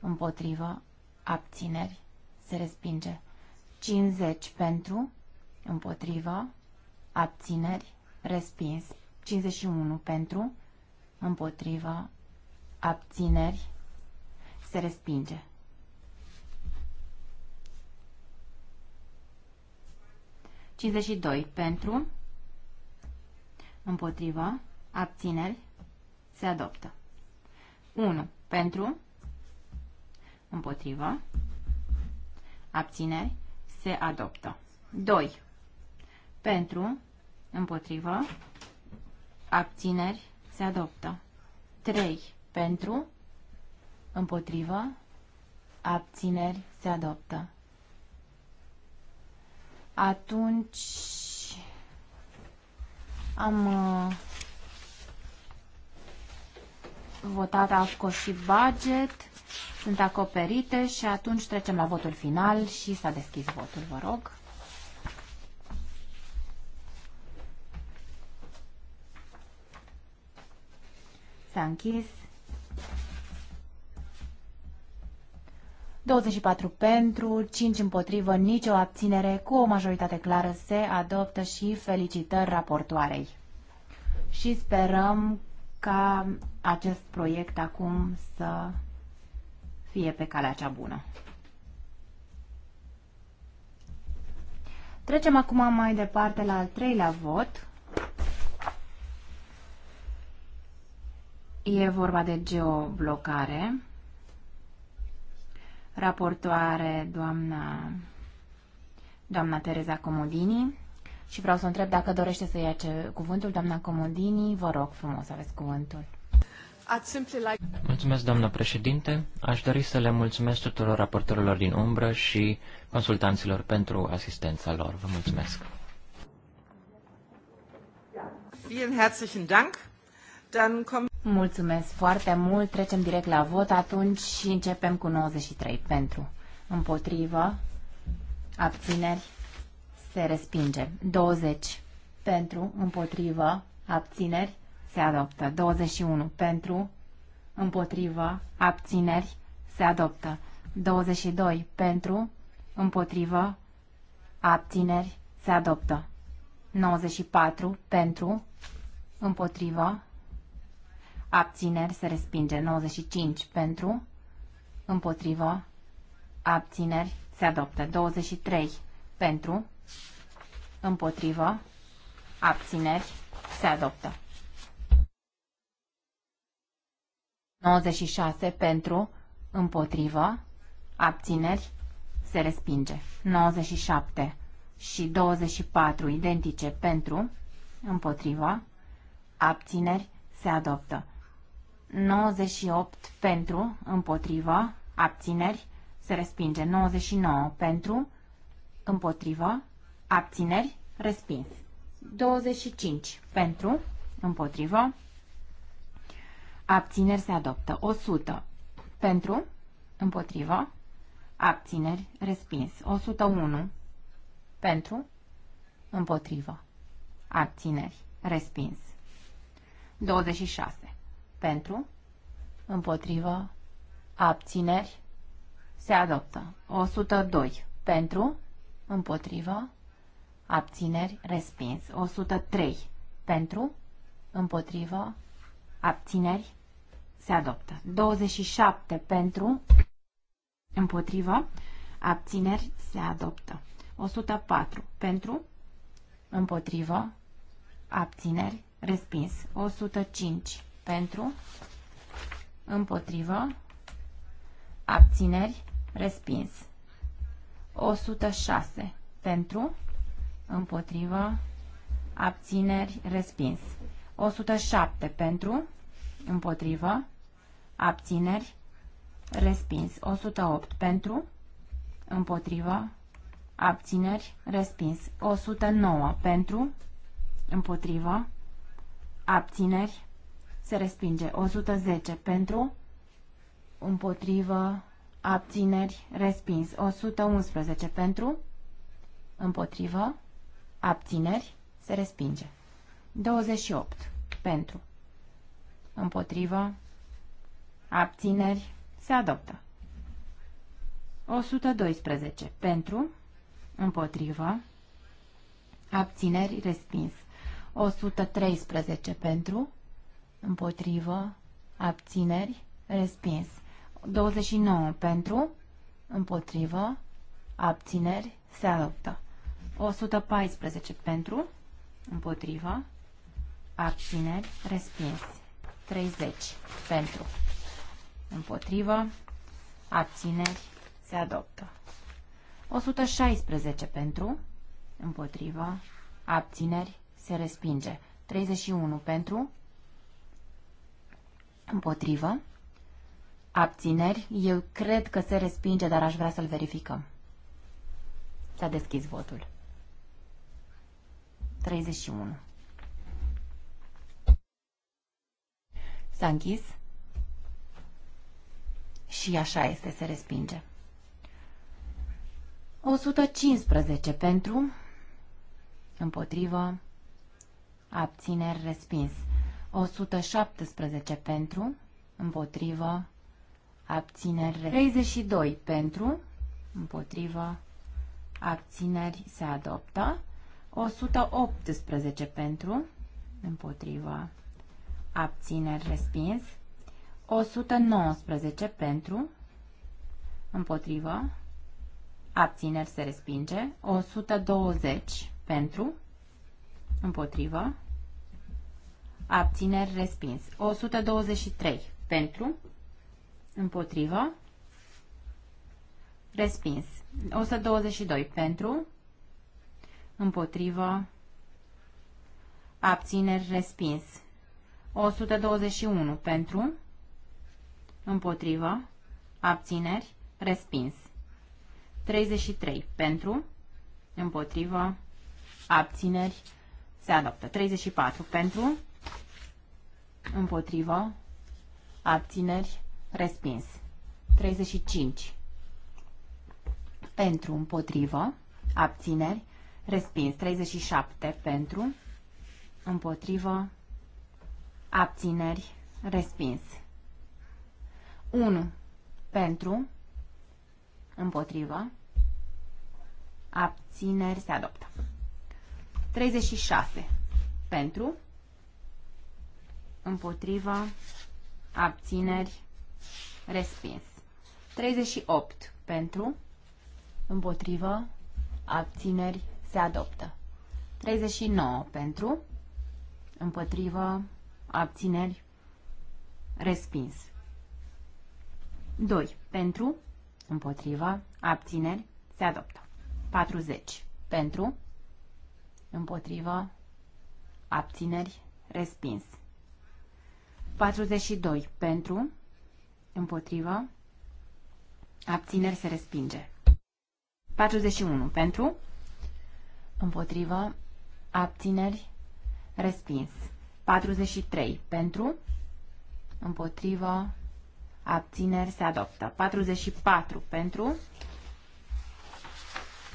Speaker 3: împotrivă, abțineri, se respinge. 50 pentru, împotrivă, abțineri, respins. 51 pentru, împotrivă, abțineri, se respinge. 52 pentru, împotrivă, abțineri, se adoptă. 1 pentru, împotrivă, abțineri, se adoptă. 2 pentru, împotrivă, abțineri, se adoptă. 3 pentru, împotrivă, abțineri, se adoptă atunci am uh, votat AFCO și budget, sunt acoperite și atunci trecem la votul final și s-a deschis votul, vă rog. S-a închis. 24 pentru, 5 împotrivă, nicio abținere, cu o majoritate clară se adoptă și felicitări raportoarei. Și sperăm ca acest proiect acum să fie pe calea cea bună. Trecem acum mai departe la al treilea vot. E vorba de geoblocare raportoare, doamna, doamna Tereza Comodini. Și vreau să întreb dacă dorește să ia ce, cuvântul. Doamna Comodini, vă rog frumos, aveți cuvântul.
Speaker 2: Mulțumesc, doamnă președinte. Aș dori să le mulțumesc tuturor raportorilor din umbră și consultanților pentru asistența lor. Vă mulțumesc.
Speaker 1: Vielen herzlichen Dank.
Speaker 3: Dann kommen Mulțumesc foarte mult. Trecem direct la vot atunci și începem cu 93. Pentru, împotrivă, abțineri, se respinge. 20. Pentru, împotrivă, abțineri, se adoptă. 21. Pentru, împotrivă, abțineri, se adoptă. 22. Pentru, împotrivă, abțineri, se adoptă. 94. Pentru, împotrivă, abțineri se respinge. 95 pentru, împotrivă, abțineri se adoptă. 23 pentru, împotrivă, abțineri se adoptă. 96 pentru, împotrivă, abțineri se respinge. 97 și 24 identice pentru, împotriva, abțineri se adoptă. 98 pentru, împotrivă, abțineri, se respinge. 99 pentru, împotrivă, abțineri, respins. 25 pentru, împotrivă, abțineri se adoptă. 100 pentru, împotrivă, abțineri, respins. 101 pentru, împotrivă, abțineri, respins. 26 pentru, împotrivă, abțineri, se adoptă. 102 pentru, împotrivă, abțineri, respins. 103 pentru, împotrivă, abțineri, se adoptă. 27 pentru, împotrivă, abțineri, se adoptă. 104 pentru, împotrivă, abțineri, respins. 105 pentru, împotrivă, abțineri, respins. 106 pentru, împotrivă, abțineri, respins. 107 pentru, împotrivă, abțineri, respins. 108 pentru, împotrivă, abțineri, respins. 109 pentru, împotrivă, abțineri, se respinge. 110 pentru, împotrivă, abțineri, respins. 111 pentru, împotrivă, abțineri, se respinge. 28 pentru, împotrivă, abțineri, se adoptă. 112 pentru, împotrivă, abțineri, respins. 113 pentru, împotrivă, abțineri, respins. 29 pentru, împotrivă, abțineri, se adoptă. 114 pentru, împotrivă, abțineri, respins. 30 pentru, împotrivă, abțineri, se adoptă. 116 pentru, împotrivă, abțineri, se respinge. 31 pentru, Împotrivă. Abțineri. Eu cred că se respinge, dar aș vrea să-l verificăm. S-a deschis votul. 31. S-a închis. Și așa este, se respinge. 115 pentru, împotrivă, abțineri, respins. 117 pentru, împotrivă, abțineri, 32 pentru, împotrivă, abțineri, se adoptă, 118 pentru, împotrivă, abțineri, respins, 119 pentru, împotrivă, abțineri, se respinge, 120 pentru, împotrivă, abțineri, respins. 123 pentru, împotrivă, respins. 122 pentru, împotrivă, abțineri, respins. 121 pentru, împotrivă, abțineri, respins. 33 pentru, împotrivă, abțineri, se adoptă. 34 pentru, Împotrivă. Abțineri. Respins. 35. Pentru. Împotrivă. Abțineri. Respins. 37. Pentru. Împotrivă. Abțineri. Respins. 1. Pentru. Împotrivă. Abțineri se adoptă. 36. Pentru împotriva, abțineri, respins. 38 pentru, împotrivă, abțineri, se adoptă. 39 pentru, împotrivă, abțineri, respins. 2 pentru, împotriva, abțineri, se adoptă. 40 pentru, împotrivă, abțineri, respins. 42 pentru, împotrivă, abțineri se respinge. 41 pentru, împotrivă, abțineri, respins. 43 pentru, împotrivă, abțineri se adoptă. 44 pentru,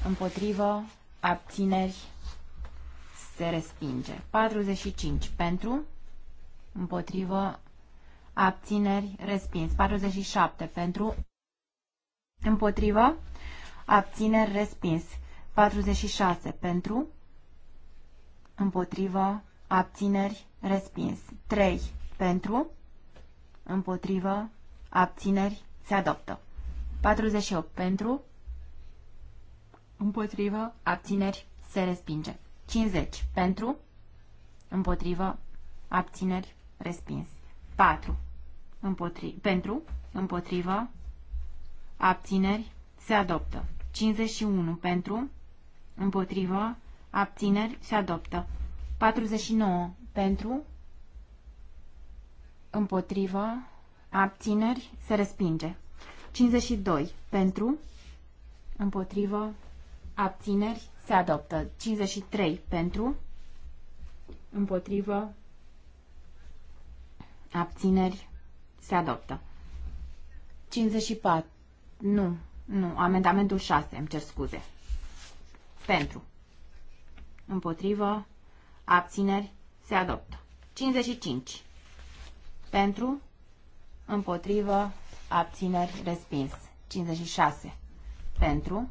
Speaker 3: împotrivă, abțineri se respinge. 45 pentru, împotrivă, abțineri, respins. 47 pentru, împotrivă, abțineri, respins. 46 pentru, împotrivă, abțineri, respins. 3 pentru, împotrivă, abțineri, se adoptă. 48 pentru, împotrivă, abțineri, se respinge. 50 pentru, împotrivă, abțineri, Respins. 4. Împotri pentru, împotrivă, abțineri, se adoptă. 51 pentru, împotrivă, abțineri, se adoptă. 49 pentru, împotrivă, abțineri, se respinge. 52 pentru, împotrivă, abțineri, se adoptă. 53 pentru, împotrivă, Abțineri. Se adoptă. 54. Nu. Nu. Amendamentul 6. Îmi cer scuze. Pentru. Împotrivă. Abțineri. Se adoptă. 55. Pentru. Împotrivă. Abțineri. Respins. 56. Pentru.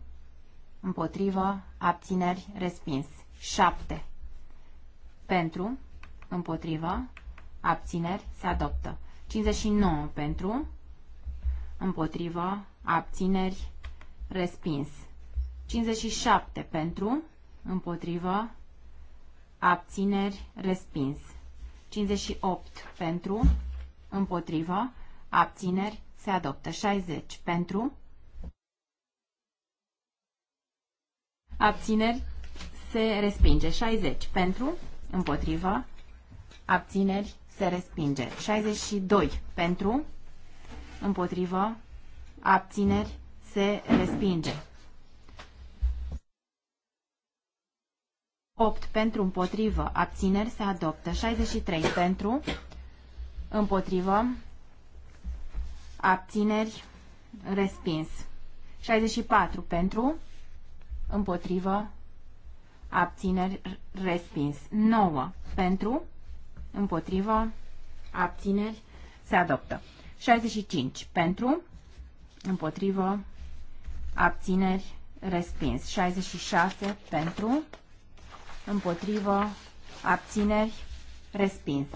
Speaker 3: Împotrivă. Abțineri. Respins. 7. Pentru. Împotrivă abțineri, se adoptă. 59 pentru, împotrivă, abțineri, respins. 57 pentru, împotrivă, abțineri, respins. 58 pentru, împotrivă, abțineri, se adoptă. 60 pentru, abțineri, se respinge. 60 pentru, împotrivă, abțineri, se respinge. 62 pentru, împotrivă, abțineri, se respinge. 8 pentru, împotrivă, abțineri, se adoptă. 63 pentru, împotrivă, abțineri, respins. 64 pentru, împotrivă, abțineri, respins. 9 pentru, împotriva, abțineri, se adoptă. 65 pentru, împotrivă, abțineri, respins. 66 pentru, împotrivă, abțineri, respins.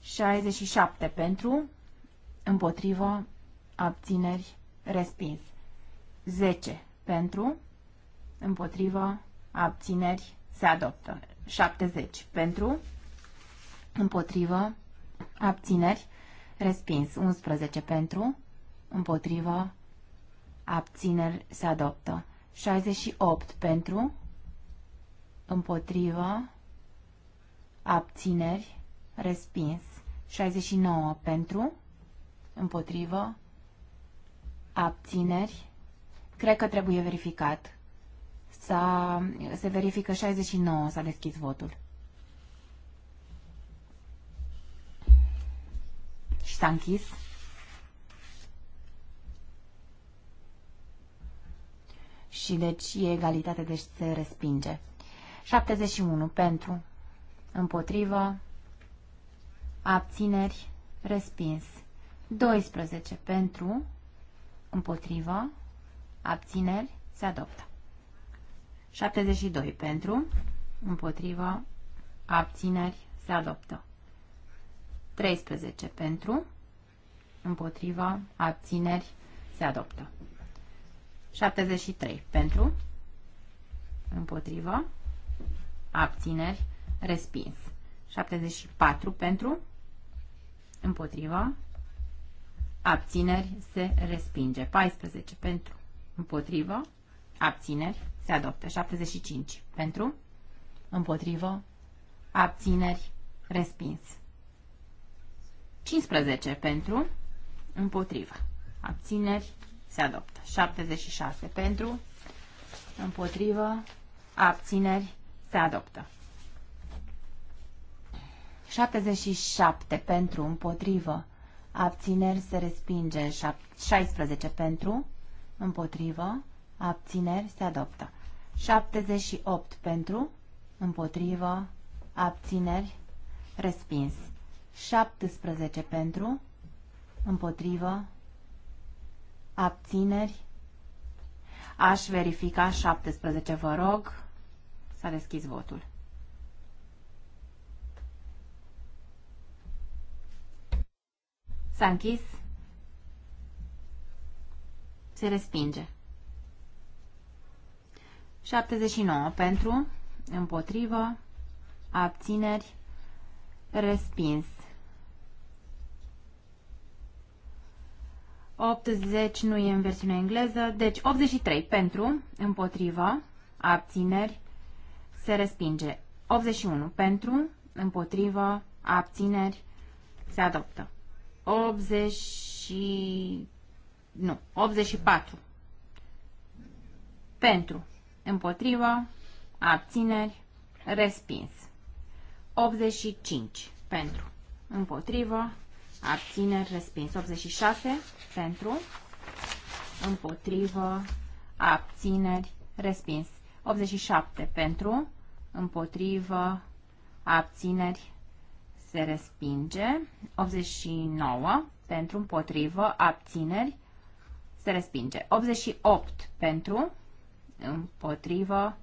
Speaker 3: 67 pentru, împotrivă, abțineri, respins. 10 pentru, împotrivă, abțineri, se adoptă. 70 pentru, împotrivă, abțineri, respins. 11 pentru, împotrivă, abțineri, se adoptă. 68 pentru, împotrivă, abțineri, respins. 69 pentru, împotrivă, abțineri, cred că trebuie verificat. S-a, se verifică 69, s-a deschis votul. S-a închis. Și deci e egalitate, deci se respinge. 71 pentru, împotrivă, abțineri, respins. 12 pentru, împotrivă, abțineri, se adoptă. 72 pentru, împotrivă, abțineri, se adoptă. 13 pentru, împotriva, abțineri, se adoptă. 73 pentru, împotriva, abțineri, respins. 74 pentru, împotriva, abțineri, se respinge. 14 pentru, împotriva, abțineri, se adoptă. 75 pentru, împotriva abțineri, respins. 15 pentru, împotrivă. Abțineri se adoptă. 76 pentru, împotrivă, abțineri se adoptă. 77 pentru, împotrivă, abțineri se respinge. 16 pentru, împotrivă, abțineri se adoptă. 78 pentru, împotrivă, abțineri, respins. 17 pentru, împotrivă, abțineri. Aș verifica 17, vă rog. S-a deschis votul. S-a închis. Se respinge. 79 pentru, împotrivă, abțineri, respins. 80 nu e în versiunea engleză, deci 83 pentru, împotriva, abțineri, se respinge. 81 pentru, împotriva, abțineri, se adoptă. 80 nu, 84 pentru, împotriva, abțineri, respins. 85 pentru, împotriva, abțineri, respins. 86 pentru, împotrivă, abțineri, respins. 87 pentru, împotrivă, abțineri, se respinge. 89 pentru, împotrivă, abțineri, se respinge. 88 pentru, împotrivă,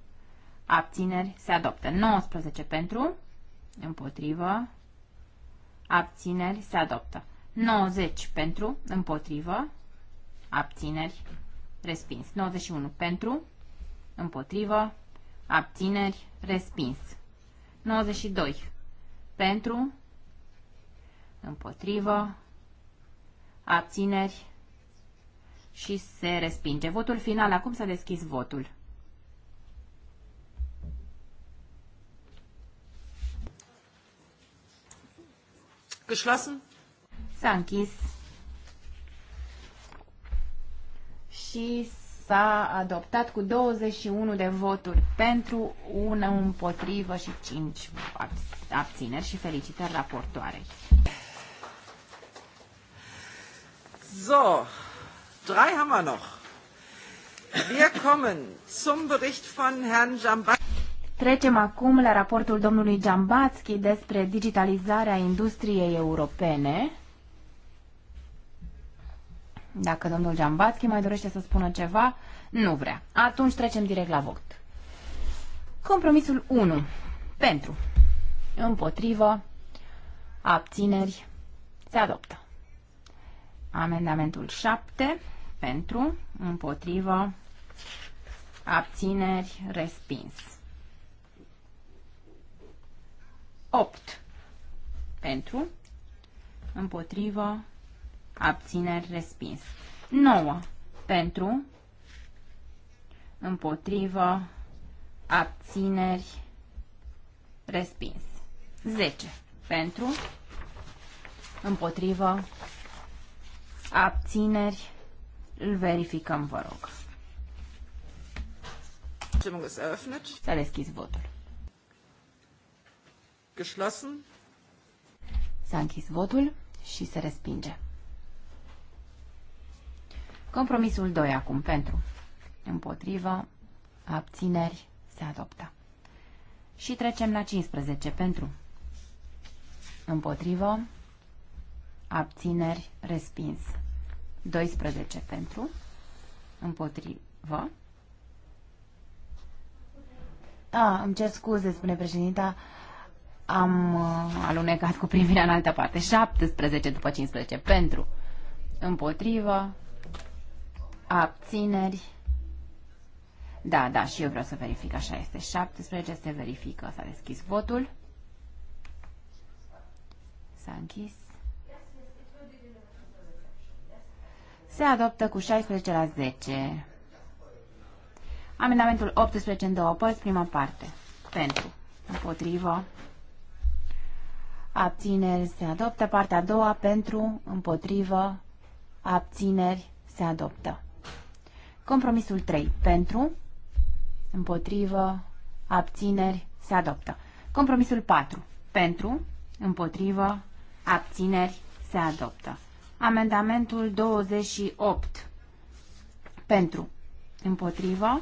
Speaker 3: abțineri, se adoptă. 19 pentru, împotrivă, abțineri, se adoptă. 90 pentru, împotrivă, abțineri, respins. 91 pentru, împotrivă, abțineri, respins. 92 pentru, împotrivă, abțineri și se respinge. Votul final, acum s-a deschis votul.
Speaker 1: Geschlossen. S-a
Speaker 3: închis. Și s-a adoptat cu 21 de voturi pentru, una împotrivă și 5 abțineri și
Speaker 1: felicitări raportoarei. So, drei haben wir noch. Wir kommen zum Bericht von Herrn Jambat.
Speaker 3: Trecem acum la raportul domnului Giambatski despre digitalizarea industriei europene. Dacă domnul Giambatski mai dorește să spună ceva, nu vrea. Atunci trecem direct la vot. Compromisul 1. Pentru. Împotrivă. Abțineri. Se adoptă. Amendamentul 7. Pentru. Împotrivă. Abțineri. Respins. 8 pentru, împotrivă, abțineri, respins. 9 pentru, împotrivă, abțineri, respins. 10 pentru, împotrivă, abțineri, îl verificăm, vă rog.
Speaker 1: S-a deschis votul. Geschlossen.
Speaker 3: S-a închis votul și se respinge. Compromisul 2 acum pentru. Împotrivă. Abțineri. Se adoptă. Și trecem la 15 pentru. Împotrivă. Abțineri. Respins. 12 pentru. Împotrivă. A, îmi cer scuze, spune președinta am uh, alunecat cu privirea în altă parte. 17 după 15 pentru, împotrivă, abțineri. Da, da, și eu vreau să verific, așa este. 17 se verifică, s-a deschis votul. S-a închis. Se adoptă cu 16 la 10. Amendamentul 18 în două părți, prima parte. Pentru, împotrivă, abțineri se adoptă. Partea a doua pentru, împotrivă, abțineri se adoptă. Compromisul 3 pentru, împotrivă, abțineri se adoptă. Compromisul 4 pentru, împotrivă, abțineri se adoptă. Amendamentul 28 pentru, împotrivă,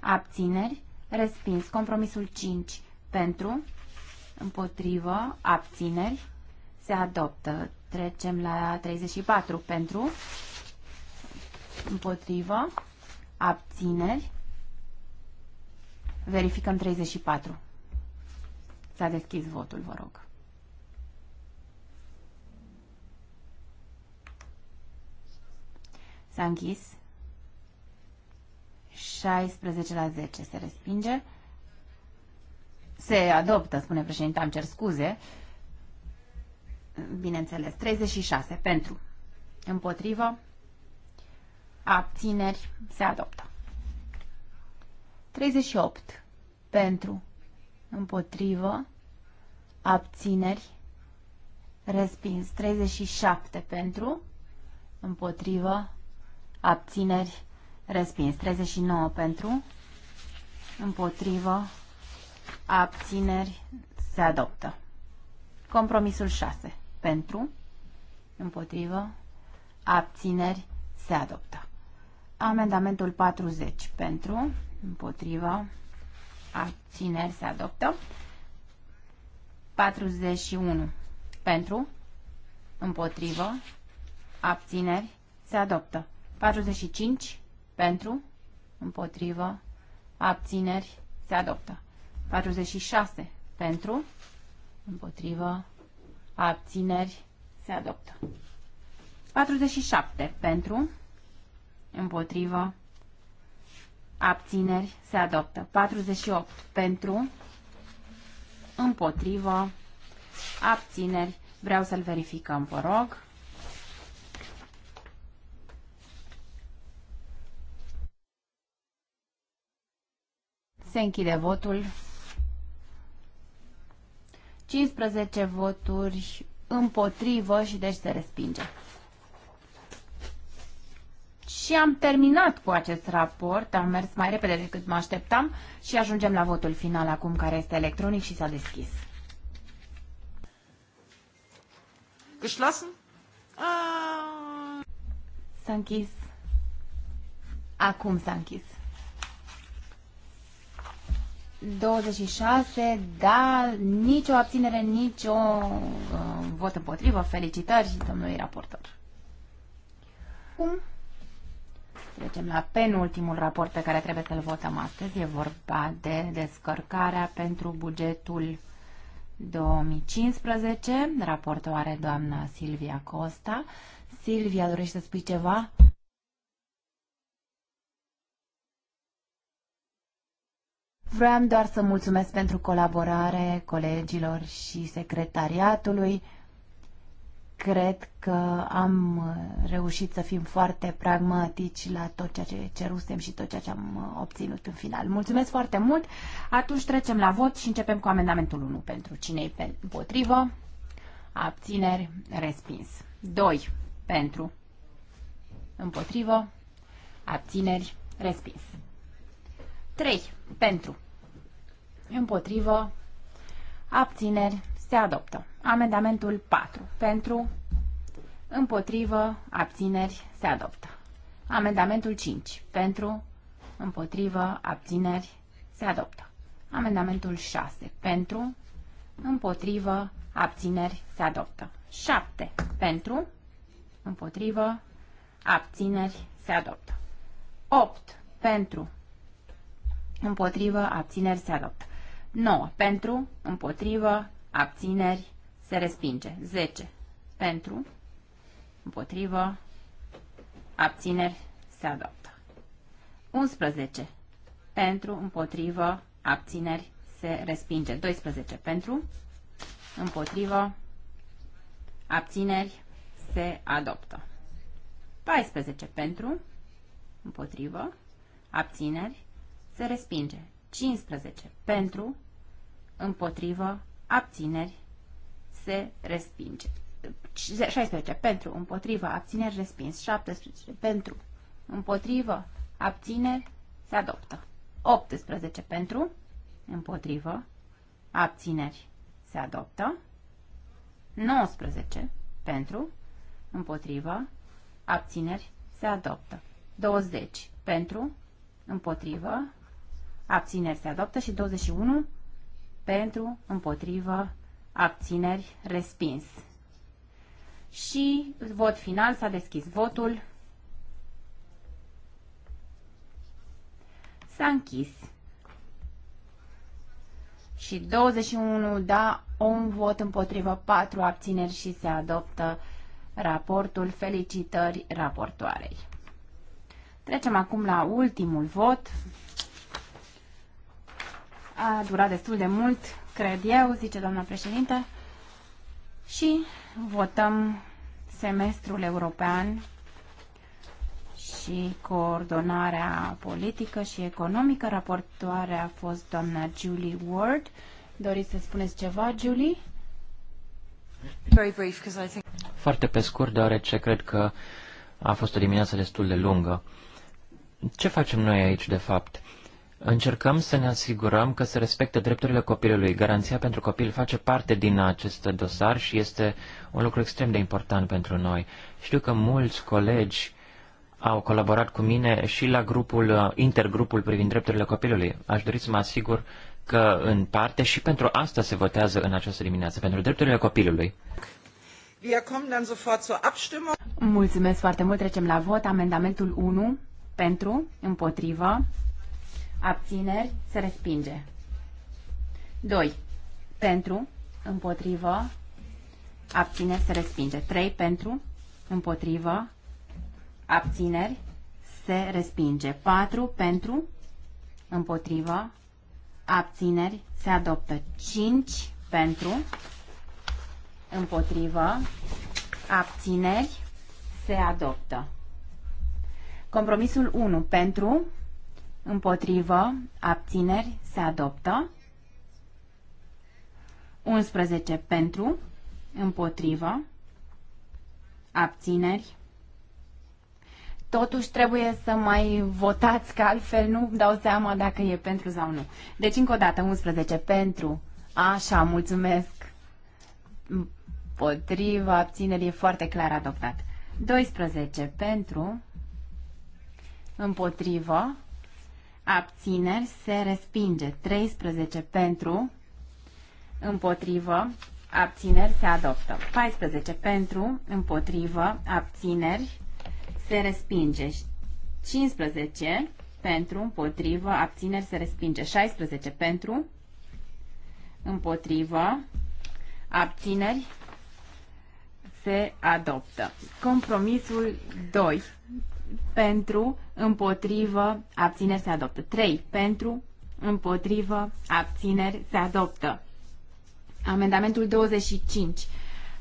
Speaker 3: abțineri, respins. Compromisul 5 pentru, împotrivă, abțineri, se adoptă. Trecem la 34 pentru, împotrivă, abțineri, verificăm 34. S-a deschis votul, vă rog. S-a închis. 16 la 10 se respinge. Se adoptă, spune președinte, am cer scuze. Bineînțeles. 36. Pentru. Împotrivă. Abțineri. Se adoptă. 38. Pentru. Împotrivă. Abțineri. Respins. 37. Pentru. Împotrivă. Abțineri. Respins. 39. Pentru. Împotrivă abțineri, se adoptă. Compromisul 6. Pentru, împotrivă, abțineri, se adoptă. Amendamentul 40. Pentru, împotrivă, abțineri, se adoptă. 41. Pentru, împotrivă, abțineri, se adoptă. 45. Pentru, împotrivă, abțineri, se adoptă. 46 pentru, împotrivă, abțineri, se adoptă. 47 pentru, împotrivă, abțineri, se adoptă. 48 pentru, împotrivă, abțineri, vreau să-l verificăm, vă rog. Se închide votul. 15 voturi împotrivă și deci se respinge. Și am terminat cu acest raport, am mers mai repede decât mă așteptam și ajungem la votul final acum care este electronic și s-a deschis.
Speaker 1: Geschlossen? Ah.
Speaker 3: S-a închis. Acum s-a închis. 26, da, nicio abținere, nicio uh, vot împotrivă. Felicitări domnului raportor. Cum? Trecem la penultimul raport pe care trebuie să-l votăm astăzi. E vorba de descărcarea pentru bugetul 2015. Raportul are doamna Silvia Costa. Silvia, dorește să spui ceva? Vreau doar să mulțumesc pentru colaborare colegilor și secretariatului. Cred că am reușit să fim foarte pragmatici la tot ceea ce cerusem și tot ceea ce am obținut în final. Mulțumesc foarte mult! Atunci trecem la vot și începem cu amendamentul 1 pentru cine e împotrivă. Abțineri, respins. 2 pentru împotrivă, abțineri, respins. 3. Pentru. Împotrivă. Abțineri. Se adoptă. Amendamentul 4. Pentru. Împotrivă. Abțineri. Se adoptă. Amendamentul 5. Pentru. Împotrivă. Abțineri. Se adoptă. Amendamentul 6. Pentru. Împotrivă. Abțineri. Se adoptă. 7. Pentru. Împotrivă. Abțineri. Se adoptă. 8. Pentru împotrivă, abțineri, se adoptă. 9. Pentru, împotrivă, abțineri, se respinge. 10. Pentru, împotrivă, abțineri, se adoptă. 11. Pentru, împotrivă, abțineri, se respinge. 12. Pentru, împotrivă, abțineri, se adoptă. 14. Pentru, împotrivă, abțineri, se respinge. 15 pentru, împotrivă, abțineri, se respinge. 16 pentru, împotrivă, abțineri, respins. 17 pentru, împotrivă, abțineri, se adoptă. 18 pentru, împotrivă, abțineri, se adoptă. 19 pentru, împotrivă, abțineri, se adoptă. 20 pentru, împotrivă, abțineri se adoptă și 21 pentru, împotrivă, abțineri, respins. Și vot final, s-a deschis votul. S-a închis. Și 21 da, un vot împotrivă, 4 abțineri și se adoptă raportul. Felicitări raportoarei. Trecem acum la ultimul vot a durat destul de mult, cred eu, zice doamna președinte, și votăm semestrul european și coordonarea politică și economică. Raportoare a fost doamna Julie Ward. Doriți să spuneți ceva, Julie?
Speaker 2: Very brief, I think... Foarte pe scurt, deoarece cred că a fost o dimineață destul de lungă. Ce facem noi aici, de fapt? Încercăm să ne asigurăm că se respectă drepturile copilului. Garanția pentru copil face parte din acest dosar și este un lucru extrem de important pentru noi. Știu că mulți colegi au colaborat cu mine și la grupul, intergrupul privind drepturile copilului. Aș dori să mă asigur că în parte și pentru asta se votează în această dimineață, pentru drepturile copilului.
Speaker 3: Mulțumesc foarte mult. Trecem la vot. Amendamentul 1 pentru, împotrivă, abțineri, se respinge. 2. Pentru, împotrivă, abțineri, se respinge. 3. Pentru, împotrivă, abțineri, se respinge. 4. Pentru, împotrivă, abțineri, se adoptă. 5. Pentru, împotrivă, abțineri, se adoptă. Compromisul 1. Pentru, împotrivă, abțineri, se adoptă. 11 pentru, împotrivă, abțineri. Totuși trebuie să mai votați, că altfel nu dau seama dacă e pentru sau nu. Deci încă o dată, 11 pentru, așa, mulțumesc, împotrivă, abțineri, e foarte clar adoptat. 12 pentru, împotrivă, abțineri, se respinge. 13 pentru, împotrivă, abțineri, se adoptă. 14 pentru, împotrivă, abțineri, se respinge. 15 pentru, împotrivă, abțineri, se respinge. 16 pentru, împotrivă, abțineri, se adoptă. Compromisul 2 pentru, împotrivă, abțineri se adoptă. 3. Pentru, împotrivă, abțineri se adoptă. Amendamentul 25.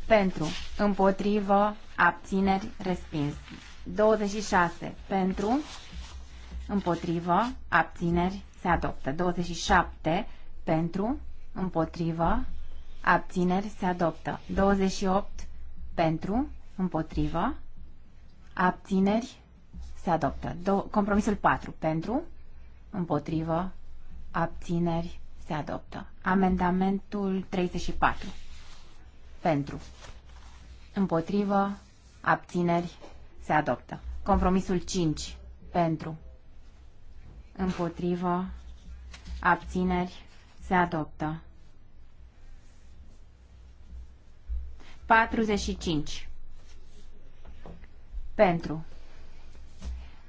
Speaker 3: Pentru, împotrivă, abțineri, respins. 26. Pentru, împotrivă, abțineri, se adoptă. 27. Pentru, împotrivă, abțineri, se adoptă. 28. Pentru, împotrivă, abțineri, se adoptă. Do compromisul 4 pentru, împotrivă, abțineri, se adoptă. Amendamentul 34 pentru, împotrivă, abțineri, se adoptă. Compromisul 5 pentru, împotrivă, abțineri, se adoptă. 45 pentru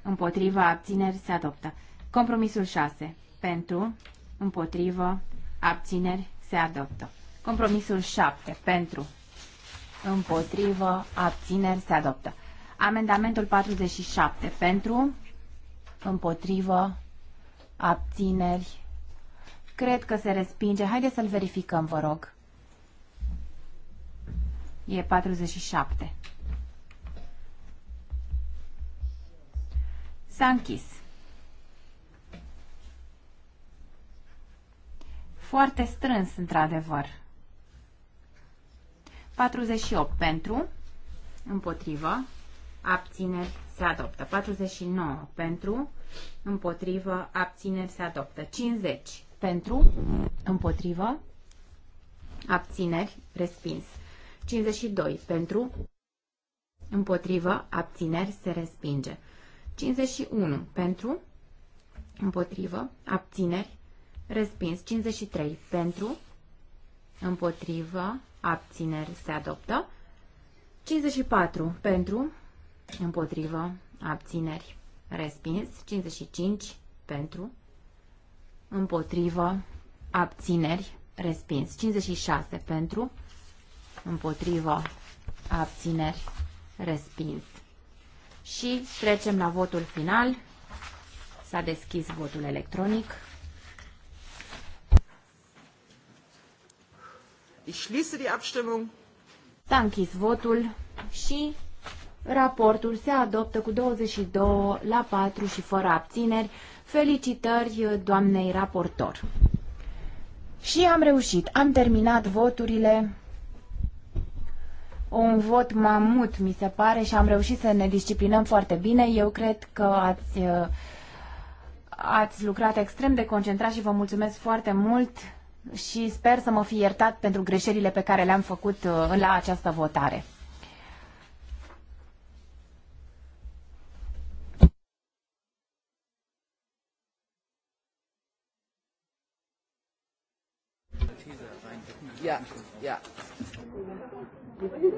Speaker 3: împotriva, abțineri, se adoptă. Compromisul 6, pentru, împotrivă, abțineri, se adoptă. Compromisul 7, pentru, împotrivă, abțineri, se adoptă. Amendamentul 47, pentru, împotrivă, abțineri, cred că se respinge. Haideți să-l verificăm, vă rog. E 47. S-a închis. Foarte strâns, într-adevăr. 48 pentru, împotrivă, abțineri, se adoptă. 49 pentru, împotrivă, abțineri, se adoptă. 50 pentru, împotrivă, abțineri, respins. 52 pentru, împotrivă, abțineri, se respinge. 51 pentru, împotrivă, abțineri, respins. 53 pentru, împotrivă, abțineri, se adoptă. 54 pentru, împotrivă, abțineri, respins. 55 pentru, împotrivă, abțineri, respins. 56 pentru, împotrivă, abțineri, respins și trecem la votul final. S-a deschis votul electronic.
Speaker 1: Ich schließe die Abstimmung.
Speaker 3: S-a închis votul și raportul se adoptă cu 22 la 4 și fără abțineri. Felicitări doamnei raportor. Și am reușit. Am terminat voturile un vot mamut, mi se pare, și am reușit să ne disciplinăm foarte bine. Eu cred că ați, uh, ați lucrat extrem de concentrat și vă mulțumesc foarte mult și sper să mă fi iertat pentru greșelile pe care le-am făcut uh, la această votare.
Speaker 1: Yeah, yeah. Thank you.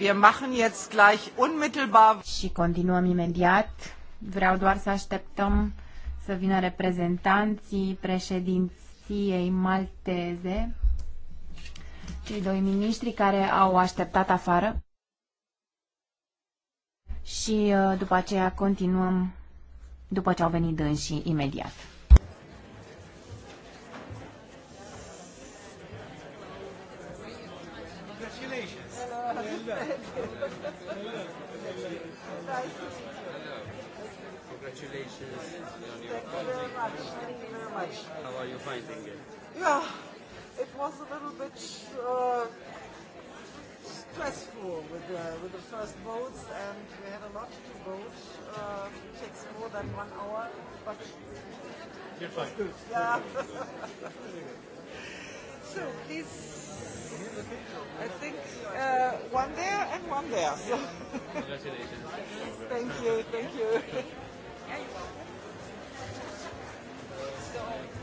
Speaker 1: Wir machen
Speaker 3: jetzt gleich unmittelbar. Și continuăm imediat. Vreau doar să așteptăm să vină reprezentanții președinției malteze, cei doi miniștri care au așteptat afară. Și uh, după aceea continuăm după ce au venit dânsii imediat.
Speaker 2: finding it?
Speaker 1: Yeah, it was a little bit uh, stressful with the, with the first boats and we had a lot to boat. Uh, it takes more than one hour, but You're fine. good. Yeah. so please. I think uh, one there and one there. So. Congratulations. thank you, thank you.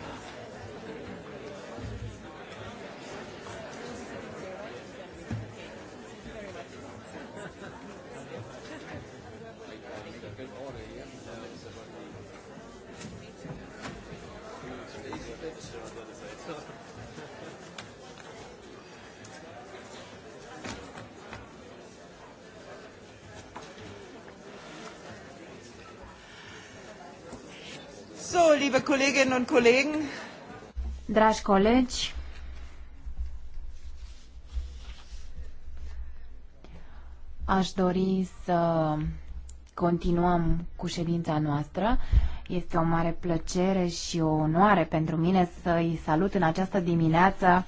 Speaker 1: Kolleginnen und Kollegen.
Speaker 3: Dragi colegi, aș dori să continuăm cu ședința noastră. Este o mare plăcere și o onoare pentru mine să-i salut în această dimineață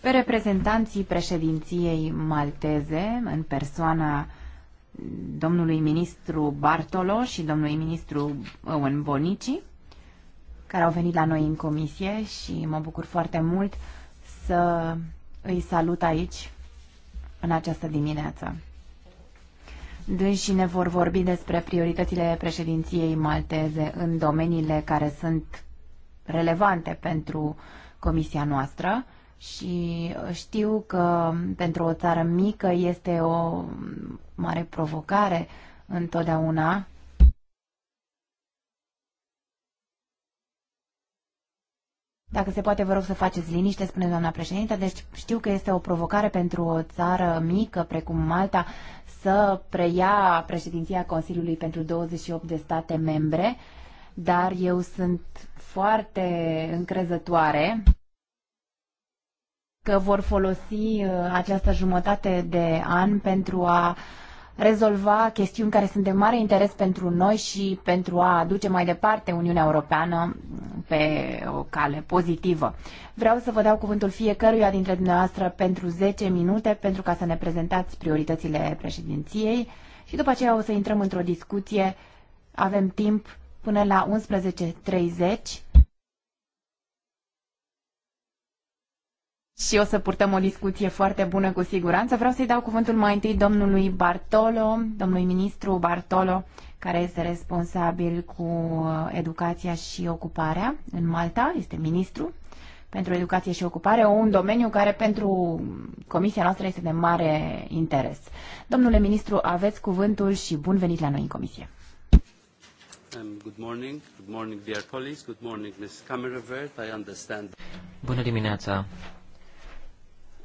Speaker 3: pe reprezentanții președinției malteze, în persoana domnului ministru Bartolo și domnului ministru Owen Bonici care au venit la noi în comisie și mă bucur foarte mult să îi salut aici în această dimineață. Dânsii ne vor vorbi despre prioritățile președinției malteze în domeniile care sunt relevante pentru comisia noastră și știu că pentru o țară mică este o mare provocare întotdeauna Dacă se poate, vă rog să faceți liniște, spune doamna președinte. Deci știu că este o provocare pentru o țară mică, precum Malta, să preia președinția Consiliului pentru 28 de state membre, dar eu sunt foarte încrezătoare că vor folosi uh, această jumătate de an pentru a uh, rezolva chestiuni care sunt de mare interes pentru noi și pentru a aduce mai departe Uniunea Europeană pe o cale pozitivă. Vreau să vă dau cuvântul fiecăruia dintre dumneavoastră pentru 10 minute pentru ca să ne prezentați prioritățile președinției și după aceea o să intrăm într-o discuție. Avem timp până la 11.30 și o să purtăm o discuție foarte bună cu siguranță. Vreau să-i dau cuvântul mai întâi domnului Bartolo, domnului ministru Bartolo, care este responsabil cu uh, educația și ocuparea în Malta, este ministru pentru educație și ocupare, un domeniu care pentru comisia noastră este de mare interes. Domnule ministru, aveți cuvântul și bun venit la noi în comisie.
Speaker 2: Um, bună dimineața,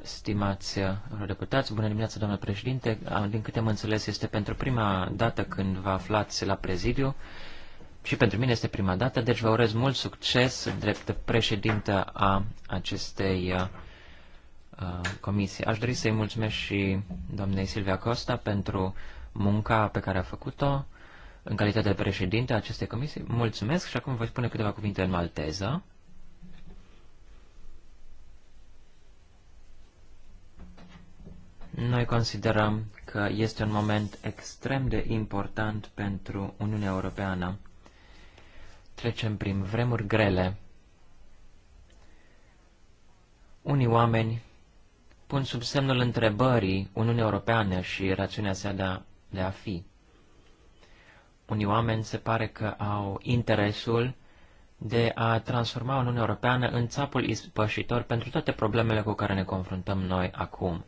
Speaker 2: Stimați uh, deputați, bună dimineața, doamnă președinte. Din câte am înțeles, este pentru prima dată când vă aflați la prezidiu și pentru mine este prima dată, deci vă urez mult succes drept președintă a acestei uh, uh, comisii. Aș dori să-i mulțumesc și doamnei Silvia Costa pentru munca pe care a făcut-o în calitate de președinte a acestei comisii. Mulțumesc și acum voi spune câteva cuvinte în malteză. Noi considerăm că este un moment extrem de important pentru Uniunea Europeană. Trecem prin vremuri grele. Unii oameni pun sub semnul întrebării Uniunea Europeană și rațiunea sa de a, de a fi. Unii oameni se pare că au interesul de a transforma Uniunea Europeană în țapul ispășitor pentru toate problemele cu care ne confruntăm noi acum.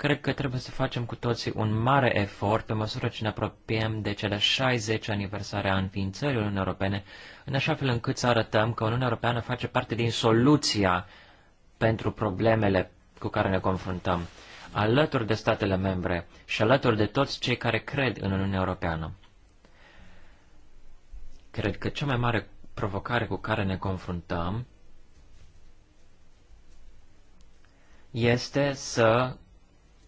Speaker 2: Cred că trebuie să facem cu toții un mare efort pe măsură ce ne apropiem de cele 60 aniversare a înființării Uniunii Europene, în așa fel încât să arătăm că Uniunea Europeană face parte din soluția pentru problemele cu care ne confruntăm, alături de statele membre și alături de toți cei care cred în Uniunea Europeană. Cred că cea mai mare provocare cu care ne confruntăm este să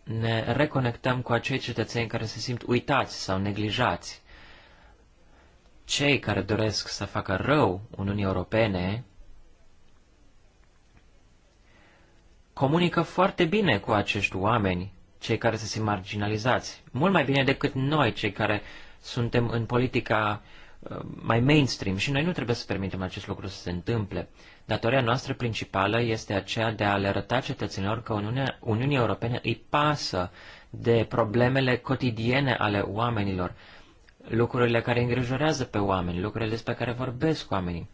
Speaker 2: ne reconectăm cu acei cetățeni care se simt uitați sau neglijați. Cei care doresc să facă rău Uniunii Europene comunică foarte bine cu acești oameni, cei care se simt marginalizați, mult mai bine decât noi, cei care suntem în politica uh, mai mainstream și noi nu trebuie să permitem acest lucru să se întâmple. Datoria noastră principală este aceea de a le arăta cetățenilor că Uniunea, Uniunii Europene îi pasă de problemele cotidiene ale oamenilor, lucrurile care îngrijorează pe oameni, lucrurile despre care vorbesc oamenii.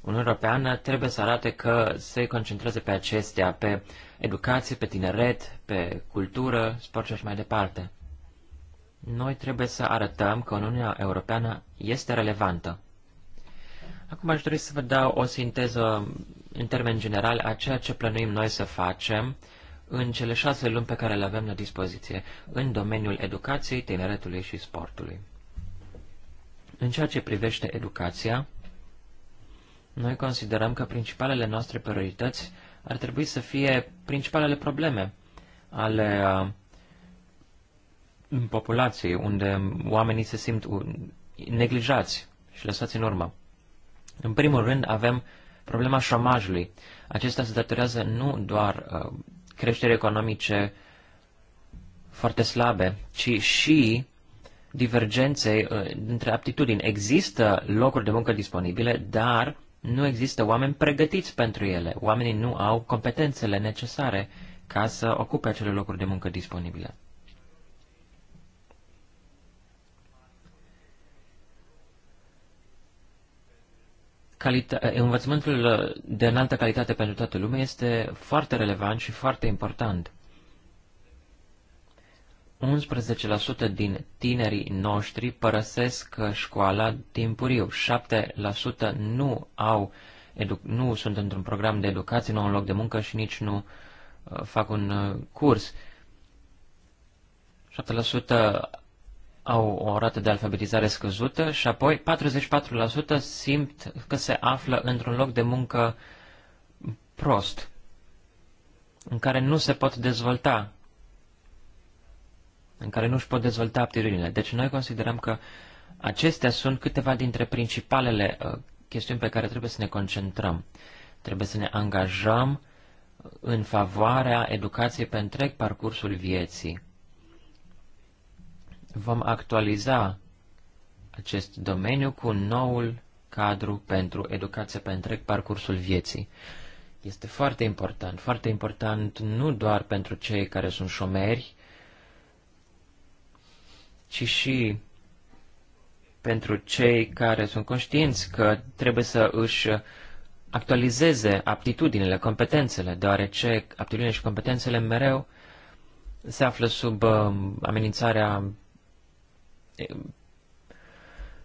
Speaker 2: Uniunea Europeană trebuie să arate că se concentrează pe acestea, pe educație, pe tineret, pe cultură, sport și așa mai departe. Noi trebuie să arătăm că Uniunea Europeană este relevantă. Acum aș dori să vă dau o sinteză în termen general a ceea ce plănuim noi să facem în cele șase luni pe care le avem la dispoziție în domeniul educației, tineretului și sportului. În ceea ce privește educația, noi considerăm că principalele noastre priorități ar trebui să fie principalele probleme ale uh, populației, unde oamenii se simt neglijați și lăsați în urmă. În primul rând avem problema șomajului. Acesta se datorează nu doar uh, creșterii economice foarte slabe, ci și divergenței uh, între aptitudini. Există locuri de muncă disponibile, dar nu există oameni pregătiți pentru ele. Oamenii nu au competențele necesare ca să ocupe acele locuri de muncă disponibile. calita- eh, învățământul de înaltă calitate pentru toată lumea este foarte relevant și foarte important. 11% din tinerii noștri părăsesc școala timpuriu, 7% nu au nu sunt într-un program de educație, nu au un loc de muncă și nici nu uh, fac un uh, curs. 7% au o rată de alfabetizare scăzută și apoi 44% simt că se află într-un loc de muncă prost, în care nu se pot dezvolta, în care nu își pot dezvolta aptitudinile. Deci noi considerăm că acestea sunt câteva dintre principalele uh, chestiuni pe care trebuie să ne concentrăm. Trebuie să ne angajăm în favoarea educației pe întreg parcursul vieții vom actualiza acest domeniu cu noul cadru pentru educație pe întreg parcursul vieții. Este foarte important, foarte important nu doar pentru cei care sunt șomeri, ci și pentru cei care sunt conștienți că trebuie să își actualizeze aptitudinile, competențele, deoarece aptitudinile și competențele mereu se află sub um, amenințarea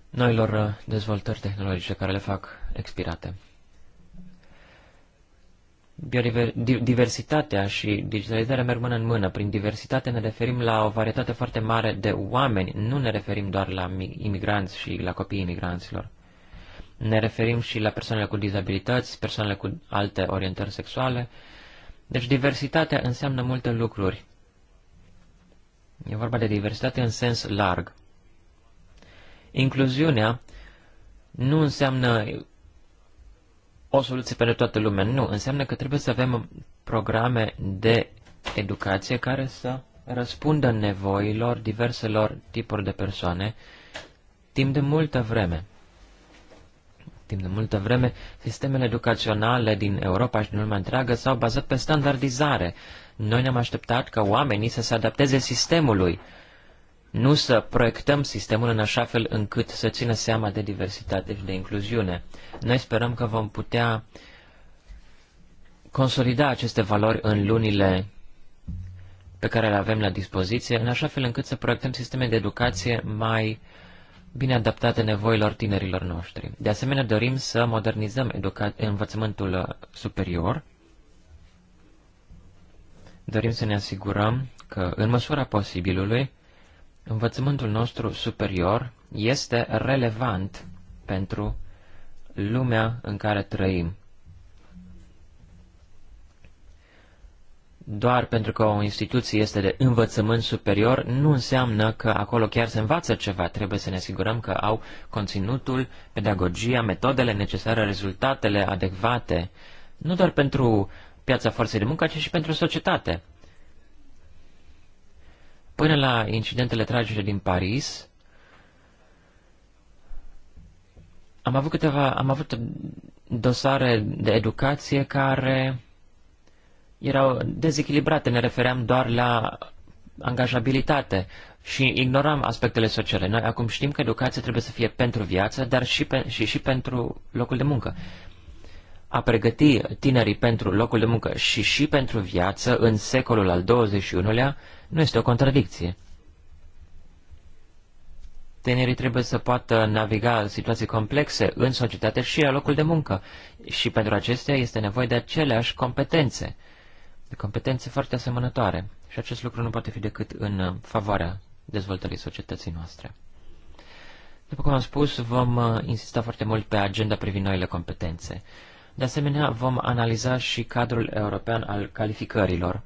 Speaker 2: noilor uh, dezvoltări tehnologice care le fac expirate. Diversitatea și digitalizarea merg mână în mână. Prin diversitate ne referim la o varietate foarte mare de oameni, nu ne referim doar la imigranți și la copiii imigranților. Ne referim și la persoanele cu dizabilități, persoanele cu alte orientări sexuale. Deci diversitatea înseamnă multe lucruri. E vorba de diversitate în sens larg. Incluziunea nu înseamnă o soluție pentru toată lumea, nu. Înseamnă că trebuie să avem programe de educație care să răspundă nevoilor diverselor tipuri de persoane timp de multă vreme. Timp de multă vreme, sistemele educaționale din Europa și din lumea întreagă s-au bazat pe standardizare. Noi ne-am așteptat ca oamenii să se adapteze sistemului nu să proiectăm sistemul în așa fel încât să țină seama de diversitate și de incluziune. Noi sperăm că vom putea consolida aceste valori în lunile pe care le avem la dispoziție, în așa fel încât să proiectăm sisteme de educație mai bine adaptate nevoilor tinerilor noștri. De asemenea, dorim să modernizăm învățământul uh, superior. Dorim să ne asigurăm că, în măsura posibilului, Învățământul nostru superior este relevant pentru lumea în care trăim. Doar pentru că o instituție este de învățământ superior, nu înseamnă că acolo chiar se învață ceva. Trebuie să ne asigurăm că au conținutul, pedagogia, metodele necesare, rezultatele adecvate, nu doar pentru piața forței de muncă, ci și pentru societate. Până la incidentele tragice din Paris, am avut câteva, am avut dosare de educație care erau dezechilibrate, ne refeream doar la angajabilitate și ignoram aspectele sociale. Noi acum știm că educația trebuie să fie pentru viață, dar și, pe, și, și pentru locul de muncă. A pregăti tinerii pentru locul de muncă și și pentru viață în secolul al XXI-lea nu este o contradicție. Tinerii trebuie să poată naviga situații complexe în societate și la locul de muncă. Și pentru acestea este nevoie de aceleași competențe, de competențe foarte asemănătoare. Și acest lucru nu poate fi decât în favoarea dezvoltării societății noastre. După cum am spus, vom uh, insista foarte mult pe agenda privind noile competențe. De asemenea, vom analiza și cadrul european al calificărilor,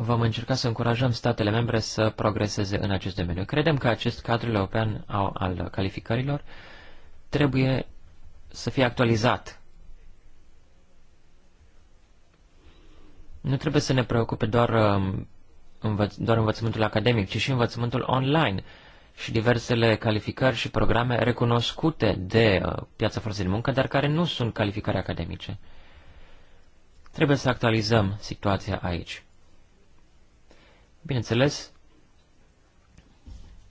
Speaker 2: vom încerca să încurajăm statele membre să progreseze în acest domeniu. Credem că acest cadru european al calificărilor trebuie să fie actualizat. Nu trebuie să ne preocupe doar, um, învăț doar învățământul academic, ci și învățământul online și diversele calificări și programe recunoscute de uh, piața forței de muncă, dar care nu sunt calificări academice. Trebuie să actualizăm situația aici. Bineînțeles,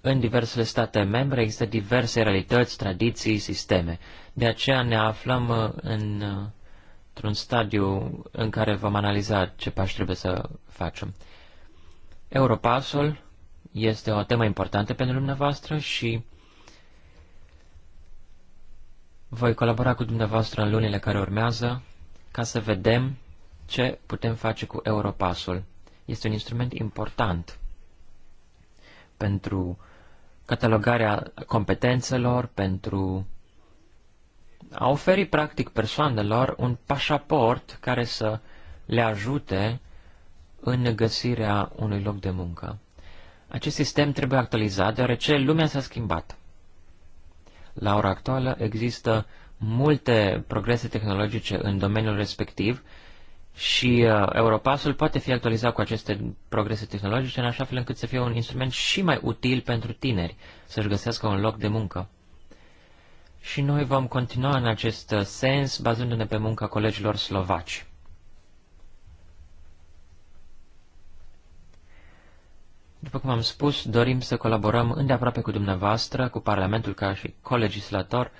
Speaker 2: în diversele state membre există diverse realități, tradiții, sisteme. De aceea ne aflăm uh, în, uh, într-un stadiu în care vom analiza ce pași trebuie să facem. Europasul este o temă importantă pentru dumneavoastră și voi colabora cu dumneavoastră în lunile care urmează ca să vedem ce putem face cu Europasul este un instrument important pentru catalogarea competențelor, pentru a oferi practic persoanelor un pașaport care să le ajute în găsirea unui loc de muncă. Acest sistem trebuie actualizat deoarece lumea s-a schimbat. La ora actuală există multe progrese tehnologice în domeniul respectiv și uh, Europasul poate fi actualizat cu aceste progrese tehnologice în așa fel încât să fie un instrument și mai util pentru tineri să-și găsească un loc de muncă. Și noi vom continua în acest uh, sens bazându-ne pe munca colegilor slovaci. După cum am spus, dorim să colaborăm îndeaproape cu dumneavoastră, cu Parlamentul ca și colegislator,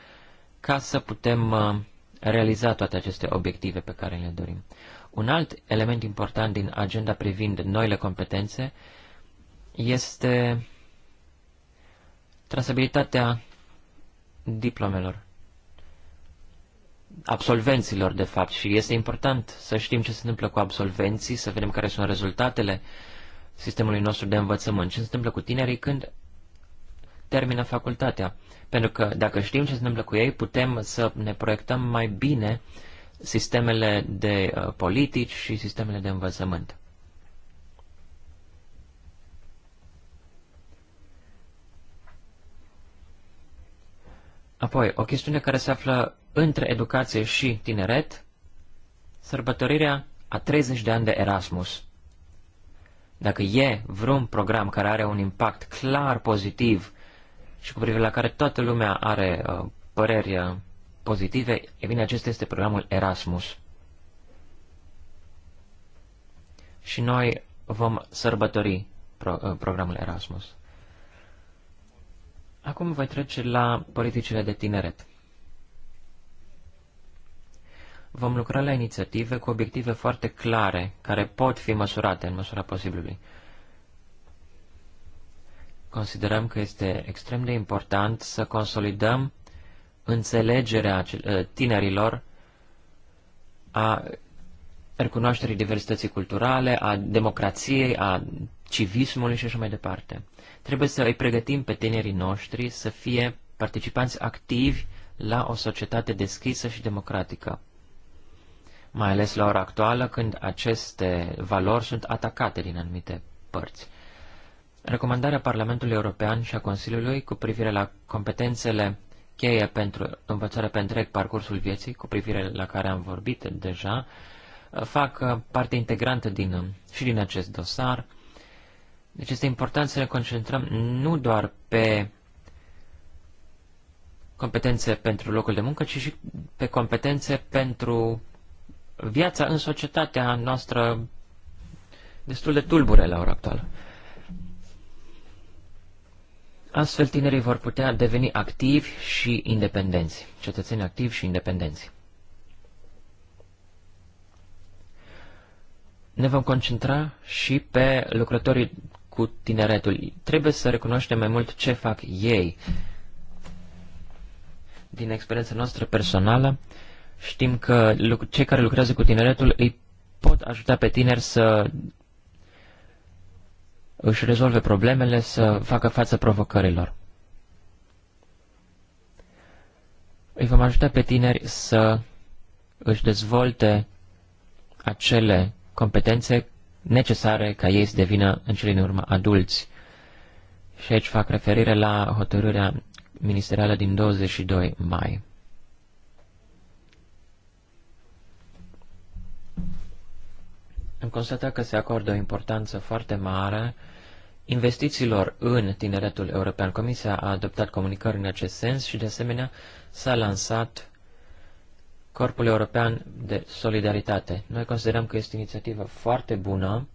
Speaker 2: ca să putem uh, realiza toate aceste obiective pe care le dorim. Un alt element important din agenda privind noile competențe este trasabilitatea diplomelor, absolvenților, de fapt, și este important să știm ce se întâmplă cu absolvenții, să vedem care sunt rezultatele sistemului nostru de învățământ, ce se întâmplă cu tinerii când termină facultatea. Pentru că dacă știm ce se întâmplă cu ei, putem să ne proiectăm mai bine uh, sistemele de uh, politici și sistemele de învățământ. Apoi, o chestiune care se află între educație și tineret, sărbătorirea a 30 de ani de Erasmus. Dacă e vreun program care are un impact clar pozitiv și cu privire la care toată lumea are uh, păreri uh, pozitive, e bine, acesta este programul Erasmus. Și noi vom sărbători pro, uh, programul Erasmus. Acum voi trece la politicile de tineret. Vom lucra la inițiative cu obiective foarte clare, care pot fi măsurate în măsura posibilului. Considerăm că este extrem de important să consolidăm înțelegerea ă, tinerilor a recunoașterii diversității culturale, a democrației, a civismului și așa mai departe. Trebuie să îi pregătim pe tinerii noștri să fie participanți activi la o societate deschisă și democratică, mai ales la ora actuală când aceste valori sunt atacate din anumite părți. Recomandarea Parlamentului European și a Consiliului cu privire la competențele cheie pentru învățare pe întreg parcursul vieții, cu privire la care am vorbit deja, fac parte integrantă din, și din acest dosar. Deci este important să ne concentrăm nu doar pe competențe pentru locul de muncă, ci și pe competențe pentru viața în societatea noastră destul de tulbure la ora actuală. Astfel, tinerii vor putea deveni activi și independenți, cetățeni activi și independenți. Ne vom concentra și pe lucrătorii cu tineretul. Trebuie să recunoaștem mai mult ce fac ei. Din experiența noastră personală, știm că cei care lucrează cu tineretul îi pot ajuta pe tineri să își rezolve problemele, să facă față provocărilor. Îi vom ajuta pe tineri să își dezvolte acele competențe necesare ca ei să devină în cele din urmă adulți. Și aici fac referire la hotărârea ministerială din 22 mai. am constatat că se acordă o importanță foarte mare investițiilor în tineretul european. Comisia a adoptat comunicări în acest sens și, de asemenea, s-a lansat Corpul European de Solidaritate. Noi considerăm că este o inițiativă foarte bună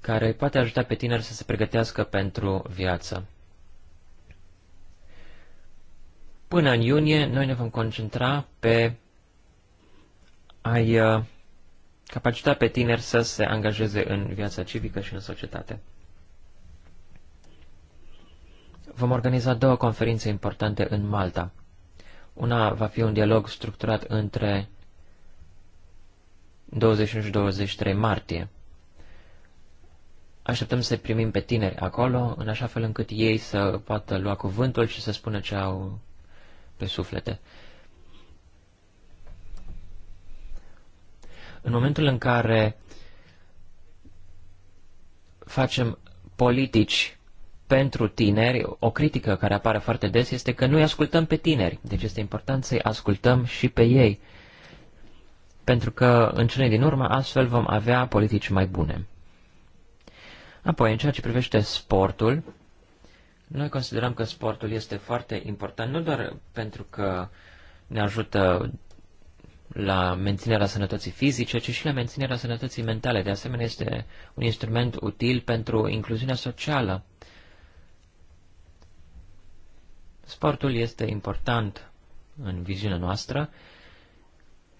Speaker 2: care poate ajuta pe tineri să se pregătească pentru viață. Până în iunie, noi ne vom concentra pe ai uh, capacitat pe tineri să se angajeze în viața civică și în societate. Vom organiza două conferințe importante în Malta. Una va fi un dialog structurat între 21 și 23 martie. Așteptăm să primim pe tineri acolo, în așa fel încât ei să poată lua cuvântul și să spună ce au pe suflete. În momentul în care facem politici pentru tineri, o critică care apare foarte des este că nu ascultăm pe tineri. Deci este important să-i ascultăm și pe ei. Pentru că, în cele din urmă, astfel vom avea politici mai bune. Apoi, în ceea ce privește sportul, noi considerăm că sportul este foarte important, nu doar pentru că ne ajută la menținerea sănătății fizice, ci și la menținerea sănătății mentale. De asemenea, este un instrument util pentru incluziunea socială. Sportul este important în viziunea noastră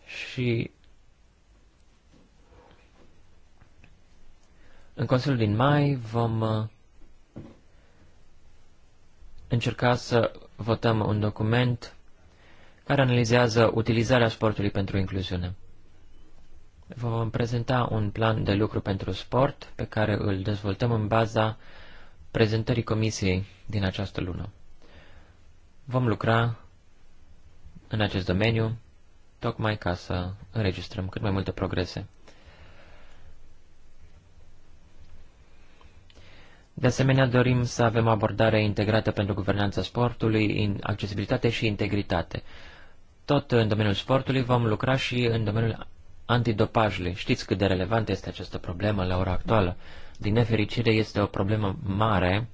Speaker 2: și în Consiliul din mai vom uh, încerca să votăm un document care analizează utilizarea sportului pentru incluziune. Vă vom prezenta un plan de lucru pentru sport pe care îl dezvoltăm în baza prezentării comisiei din această lună. Vom lucra în acest domeniu tocmai ca să înregistrăm cât mai multe progrese. De asemenea, dorim să avem abordare integrată pentru guvernanța sportului, accesibilitate și integritate. Tot în domeniul sportului vom lucra și în domeniul antidopajului. Știți cât de relevantă este această problemă la ora actuală. Din nefericire, este o problemă mare.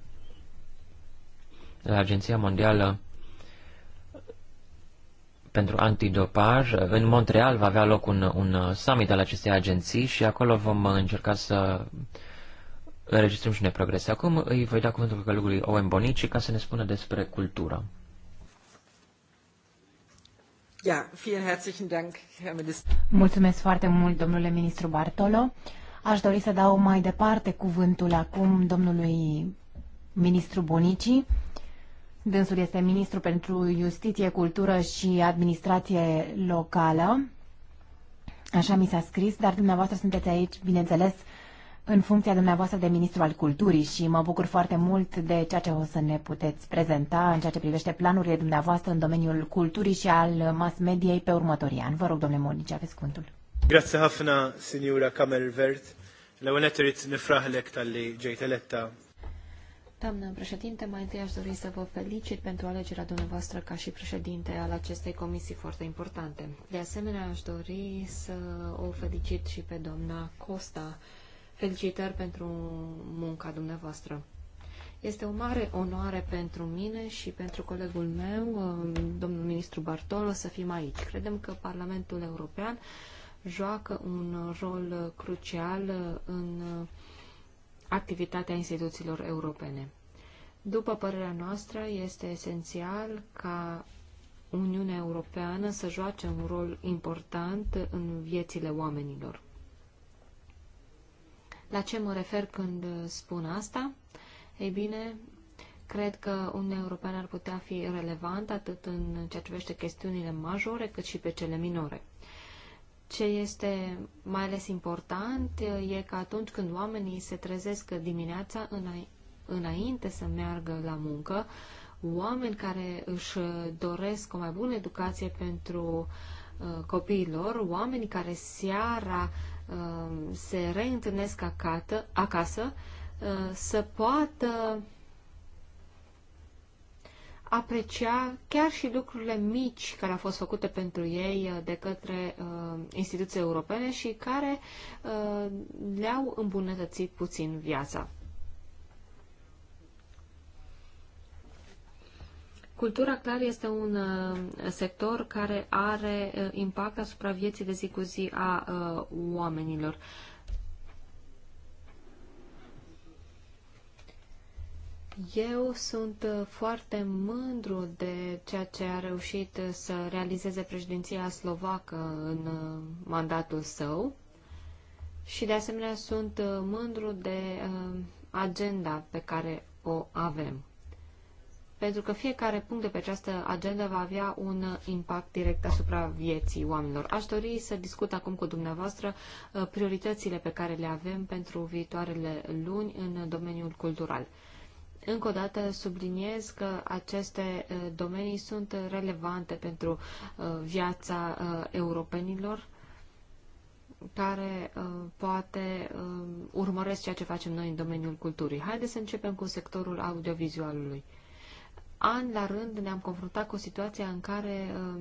Speaker 2: La Agenția Mondială pentru Antidopaj, în Montreal va avea loc un, un summit al acestei agenții și acolo vom încerca să înregistrăm și ne progrese. Acum îi voi da cuvântul călugului Owen Bonici ca să ne spună despre cultură.
Speaker 3: Mulțumesc foarte mult, domnule ministru Bartolo. Aș dori să dau mai departe cuvântul acum domnului ministru Bonici. Dânsul este ministru pentru justiție, cultură și administrație locală. Așa mi s-a scris, dar dumneavoastră sunteți aici, bineînțeles, în funcția dumneavoastră de ministru al culturii și mă bucur foarte mult de ceea ce o să ne puteți prezenta în ceea ce privește planurile dumneavoastră în domeniul culturii și al mass mediei pe următorii ani. Vă rog, domnule Monici, aveți cuvântul.
Speaker 2: Grazie hafna, signora Kamervert. L-għonet rrit nifraħlek tal-li ġejteletta.
Speaker 4: Doamnă președinte, mai întâi aș dori să vă felicit pentru alegerea dumneavoastră ca și președinte al acestei comisii foarte importante. De asemenea, aș dori să o felicit și pe doamna Costa, Felicitări pentru munca dumneavoastră. Este o mare onoare pentru mine și pentru colegul meu, um, domnul ministru Bartolo, să fim aici. Credem că Parlamentul European joacă un rol crucial în activitatea instituțiilor europene. După părerea noastră, este esențial ca Uniunea Europeană să joace un rol important în viețile oamenilor. La ce mă refer când spun asta? Ei bine, cred că un european ar putea fi relevant atât în ceea ce privește chestiunile majore, cât și pe cele minore. Ce este mai ales important e că atunci când oamenii se trezesc dimineața înainte să meargă la muncă, oameni care își doresc o mai bună educație pentru uh, copiilor, oameni care seara uh, Um, se reîntâlnesc acată, acasă, uh, să poată aprecia chiar și lucrurile mici care au fost făcute pentru ei uh, de către uh, instituții europene și care uh, le-au îmbunătățit puțin viața. Cultura, clar, este un uh, sector care are uh, impact asupra vieții de zi cu zi a uh, oamenilor. Eu sunt foarte mândru de ceea ce a reușit să realizeze președinția slovacă în mandatul său și de asemenea sunt mândru de agenda pe care o avem pentru că fiecare punct de pe această agendă va avea un impact direct asupra vieții oamenilor. Aș dori să discut acum cu dumneavoastră uh, prioritățile pe care le avem pentru viitoarele luni în domeniul cultural. Încă o dată subliniez că aceste uh, domenii sunt relevante pentru uh, viața europenilor care poate urmăresc ceea ce facem noi în domeniul culturii. Haideți să începem cu sectorul audiovizualului an la rând ne-am confruntat cu situația în care um,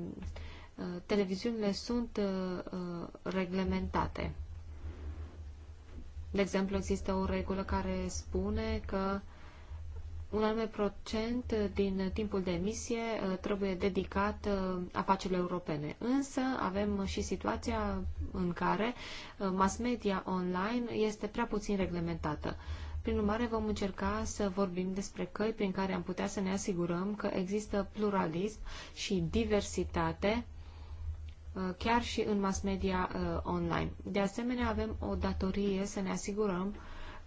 Speaker 4: uh, televiziunile sunt uh, uh, reglementate. De exemplu, există o regulă care spune că un anume procent din timpul de emisie trebuie dedicat afacerilor europene. Însă avem și situația în care mass media online este prea puțin reglementată. Prin urmare, vom încerca să vorbim despre căi prin care am putea să ne asigurăm că există pluralism și diversitate uh, chiar și în mass media uh, online. De asemenea, avem o datorie să ne asigurăm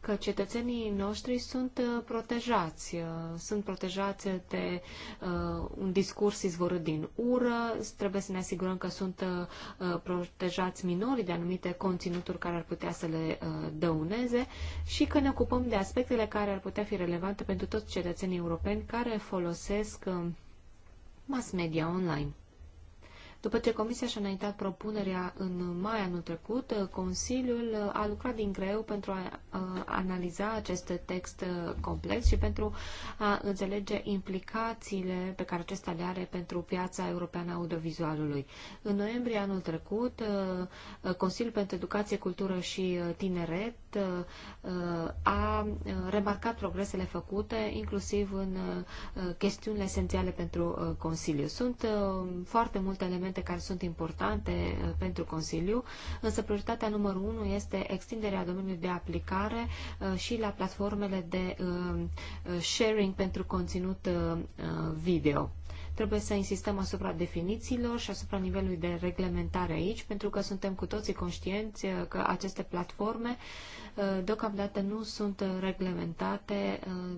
Speaker 4: că cetățenii noștri sunt uh, protejați. Uh, sunt protejați de uh, un discurs izvorât din ură, trebuie să ne asigurăm că sunt uh, protejați minorii de anumite conținuturi care ar putea să le uh, dăuneze și că ne ocupăm de aspectele care ar putea fi relevante pentru toți cetățenii europeni care folosesc uh, mass media online. După ce Comisia și-a înaintat propunerea în mai anul trecut, Consiliul a lucrat din greu pentru a analiza acest text complex și pentru a înțelege implicațiile pe care acesta le are pentru piața europeană a audiovizualului. În noiembrie anul trecut, Consiliul pentru Educație, Cultură și Tineret Uh, a uh, remarcat progresele făcute, inclusiv în uh, chestiunile esențiale pentru Consiliu. Sunt foarte multe elemente care sunt importante pentru Consiliu, însă prioritatea numărul unu este extinderea domeniului de aplicare și la platformele de sharing pentru conținut video. Trebuie să insistăm asupra definițiilor și asupra nivelului de reglementare aici, pentru că suntem cu toții conștienți uh, că aceste platforme uh, deocamdată nu sunt reglementate uh,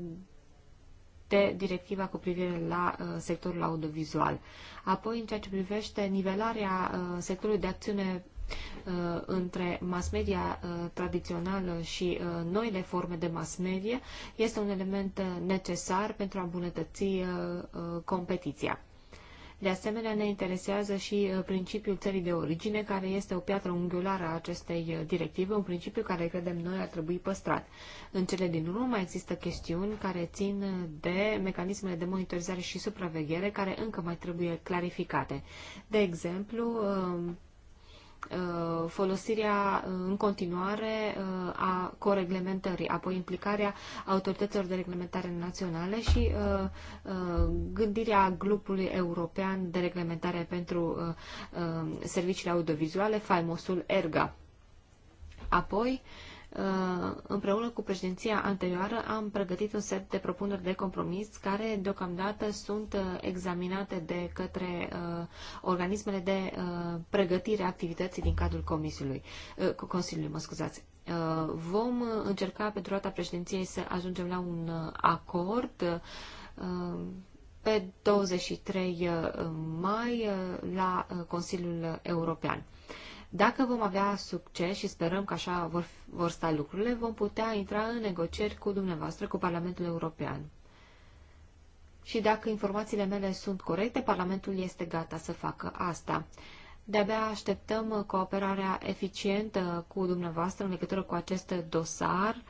Speaker 4: de directiva cu privire la sectorul audiovizual. Apoi, în ceea ce privește nivelarea sectorului de acțiune Uh, între mass media uh, tradițională și uh, noile forme de mass media este un element necesar pentru a îmbunătăți competiția. De asemenea, ne interesează și principiul țării de origine, care este o piatră unghiulară a acestei directive, un principiu care credem noi ar trebui păstrat. În cele din urmă mai există chestiuni care țin de mecanismele de monitorizare și supraveghere, care încă mai trebuie clarificate. De exemplu, um, Uh, folosirea uh, în continuare uh, a coreglementării, apoi implicarea autorităților de reglementare naționale și gândirea grupului european de reglementare pentru serviciile audiovizuale, faimosul ERGA. Apoi, uh, Uh, împreună cu președinția anterioară am pregătit un set de propuneri de compromis care deocamdată sunt uh, examinate de către uh, organismele de pregătire a activității din cadrul comisiului, Consiliului. Mă scuzați. Vom încerca pe durata președinției să ajungem la un acord pe 23 mai la Consiliul European. Dacă vom avea succes și sperăm că așa vor, vor sta lucrurile, vom putea intra în negocieri cu dumneavoastră, cu Parlamentul European. Și dacă informațiile mele sunt corecte, Parlamentul este gata să facă asta. De-abia așteptăm cooperarea eficientă cu dumneavoastră în legătură cu acest dosar,